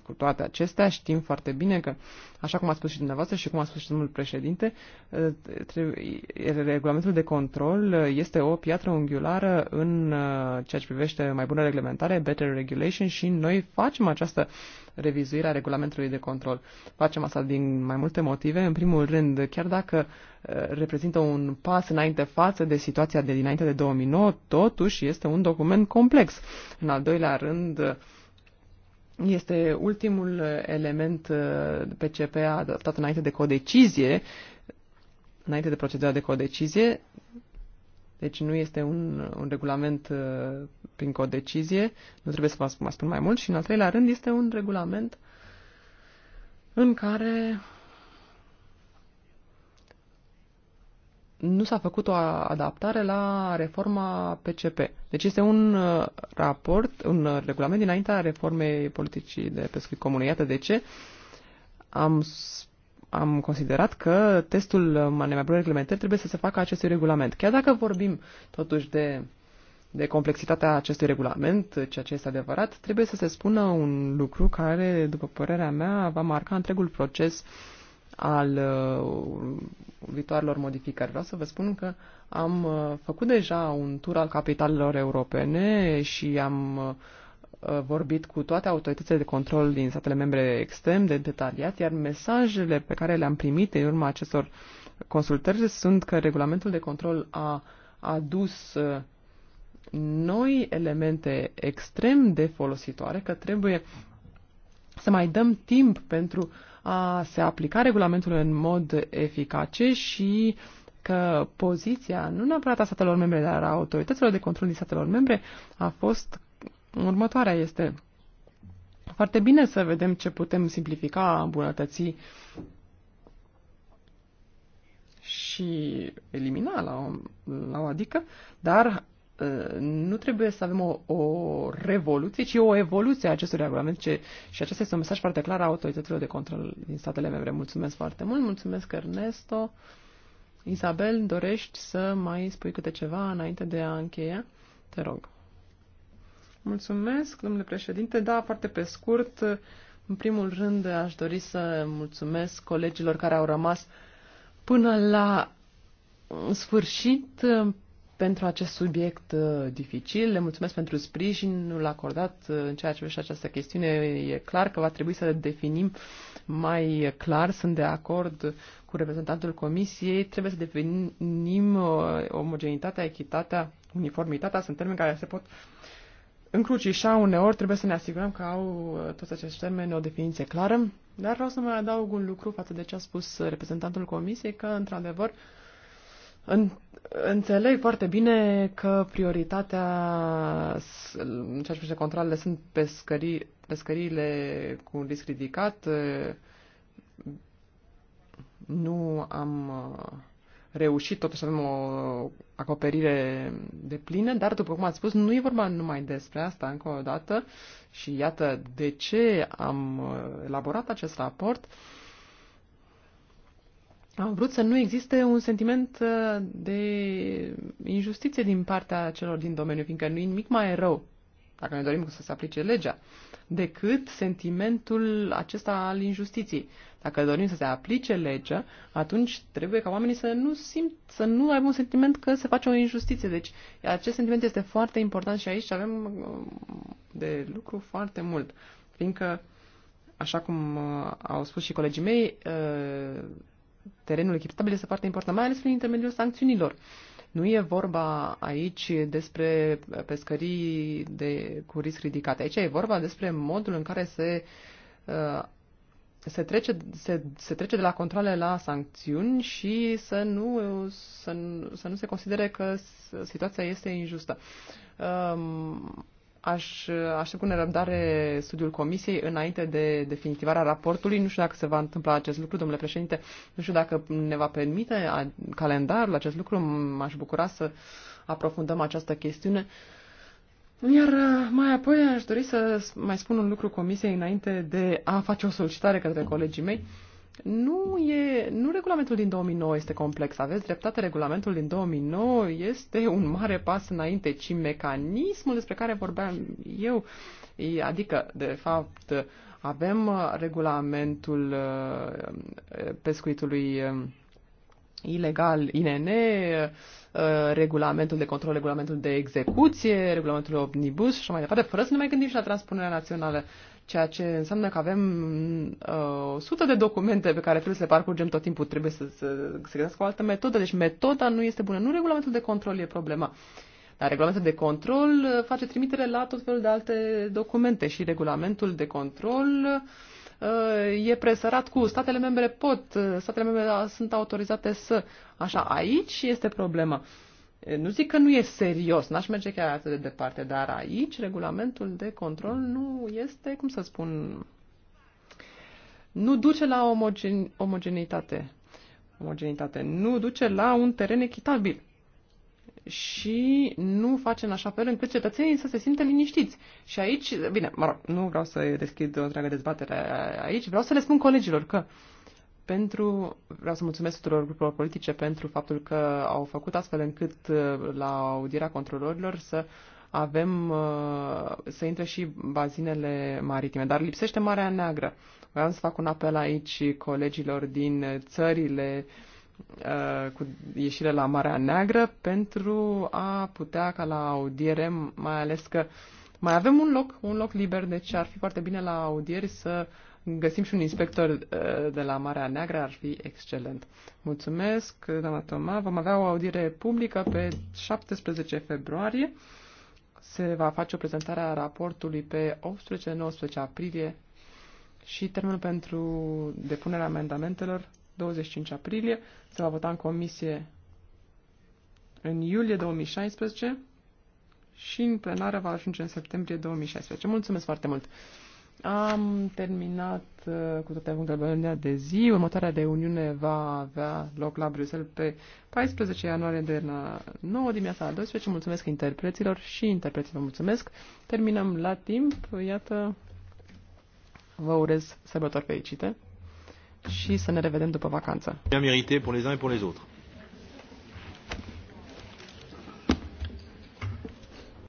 cu toate acestea, știm foarte bine că, așa cum a spus și dumneavoastră și cum a spus și domnul președinte, ă, regulamentul de control ă, este o piatră unghiulară în ă, ceea ce privește mai bună reglementare, better regulation și noi facem această revizuire a regulamentului de control. Facem asta din mai multe motive. În primul rând, chiar dacă reprezintă un pas înainte față de situația de dinainte de 2009, totuși este un document complex. În al doilea rând, este ultimul element uh, pe CPA adoptat înainte de codecizie, înainte de procedura de codecizie, deci nu este un, un regulament uh, prin codecizie, nu trebuie să vă spun, spun mai mult. Și în al treilea rând este un regulament în care nu s-a făcut o adaptare la reforma PCP. Deci este un uh, raport, un uh, regulament dinaintea reformei politicii de pescuit comun. Iată de ce am, am considerat că testul uh, manevrului reglementări trebuie să se facă acestui regulament. Chiar dacă vorbim totuși de, de complexitatea acestui regulament, ceea ce este adevărat, trebuie să se spună un lucru care, după părerea mea, va marca întregul proces uh, al uh, viitoarelor modificări. Vreau să vă spun că am uh, făcut deja un tur al capitalelor europene și am uh, vorbit cu toate autoritățile de control din statele membre extrem de detaliat, iar mesajele pe care le-am primit în urma acestor consultări sunt că regulamentul de control a adus noi elemente extrem de folositoare, că trebuie să mai dăm timp pentru uh, a se aplica regulamentul în mod eficace și că poziția, nu neapărat a statelor membre, dar a autorităților de control din statelor membre, a fost următoarea. Este foarte bine să vedem ce putem simplifica, îmbunătăți și elimina la o, la o adică, dar Uh, nu trebuie să avem o, o revoluție, ci o evoluție a acestui regulament ce, și acesta este un mesaj foarte clar a autorităților de control din statele membre. Mulțumesc foarte mult, mulțumesc Ernesto. Isabel, dorești să mai spui câte ceva înainte de a încheia? Te rog. Mulțumesc, domnule președinte. Da, foarte pe scurt. În primul rând, aș dori să mulțumesc colegilor care au rămas până la sfârșit pentru acest subiect uh, dificil. Le mulțumesc pentru sprijinul acordat uh, în ceea ce privește această chestiune. E clar că va trebui să le definim mai clar. Sunt de acord cu reprezentantul Comisiei. Trebuie să definim uh, omogenitatea, echitatea, uniformitatea. Sunt termeni care se pot încrucișa uneori. Trebuie să ne asigurăm că au toți acești termeni o definiție clară. Dar vreau să mai adaug un lucru față de ce a spus reprezentantul Comisiei, că, într-adevăr, în, înțeleg foarte bine că prioritatea în ceea ce privește controlele sunt pescării, pescăriile cu risc ridicat. Nu am uh, reușit totuși să avem o acoperire de plină, dar după cum ați spus, nu e vorba numai despre asta încă o dată și iată de ce am uh, elaborat acest raport. Uh, am vrut să nu existe un sentiment uh, de injustiție din partea celor din domeniu, fiindcă nu e nimic mai rău, dacă ne dorim să se aplice legea, decât sentimentul acesta al injustiției. Dacă dorim să se aplice legea, atunci trebuie ca oamenii să nu simt, să nu aibă un sentiment că se face o injustiție. Deci acest sentiment este foarte important și aici avem uh, de lucru foarte mult, fiindcă, așa cum uh, au spus și colegii mei, terenul echitabil este foarte important, mai ales prin intermediul sancțiunilor. Nu e vorba aici despre pescării de, cu risc ridicat. Aici e vorba despre modul în care se, uh, se, trece, se, se trece de la controle la sancțiuni și să nu, să, să nu se considere că situația este injustă. Um, Aș aștept cu nerăbdare studiul comisiei înainte de definitivarea raportului. Nu știu dacă se va întâmpla acest lucru, domnule președinte. Nu știu dacă ne va permite calendarul acest lucru. M-aș bucura să aprofundăm această chestiune. Iar uh, mai apoi aș dori să mai spun un lucru comisiei înainte de a face o solicitare către colegii mei. Nu, e, nu regulamentul din 2009 este complex, aveți dreptate, regulamentul din 2009 este un mare pas înainte, ci mecanismul despre care vorbeam eu, adică, de fapt, avem uh, regulamentul uh, uh, pescuitului um, ilegal INN, regulamentul de control, regulamentul de execuție, regulamentul omnibus și așa mai departe, fără să ne mai gândim și la transpunerea națională ceea ce înseamnă că avem uh, sute de documente pe care trebuie să le parcurgem tot timpul, trebuie să, să, să se gândească o altă metodă, deci metoda nu este bună, nu regulamentul de control e problema. Dar regulamentul de control uh, face trimitere la tot felul de alte documente și regulamentul de control uh, e presărat cu statele membre pot, uh, statele membre sunt autorizate să. Așa, aici este problema. Uh, nu zic că nu e serios, n-aș merge chiar atât de departe, dar aici regulamentul de control nu este, cum să spun, nu duce la omogen, omogenitate. Omogenitate. Nu duce la un teren echitabil. Și nu face în așa fel încât cetățenii să se simtă liniștiți. Și aici, bine, mă rog, nu vreau să deschid o întreagă dezbatere aici, vreau să le spun colegilor că uh, pentru, vreau să mulțumesc tuturor grupurilor politice pentru faptul că au făcut astfel încât uh, la audierea controlorilor să avem, uh, să intre și bazinele maritime. Dar lipsește Marea Neagră. Vreau să fac un apel aici colegilor din țările uh, cu ieșire la Marea Neagră pentru a putea ca la audiere, mai ales că mai avem un loc, un loc liber, deci ar fi foarte bine la audieri să uh, găsim și un inspector uh, de la Marea Neagră, ar fi excelent. Mulțumesc, doamna Toma. Vom avea o audiere publică pe 17 februarie. Se va face o prezentare a raportului pe 18-19 aprilie și termenul pentru depunerea amendamentelor 25 aprilie. Se va vota în comisie în iulie 2016 și în plenară va ajunge în septembrie 2016. Mulțumesc foarte mult! Am terminat uh, cu toate punctele ordinea de zi. Următoarea uniune va avea loc la Bruxelles pe 14 ianuarie de la 9 dimineața la 12. Mulțumesc interpreților și interpreților mulțumesc. Terminăm la timp. Iată, vă urez sărbători fericite și să ne revedem după vacanță. Bien mérité pour les uns et pour les autres.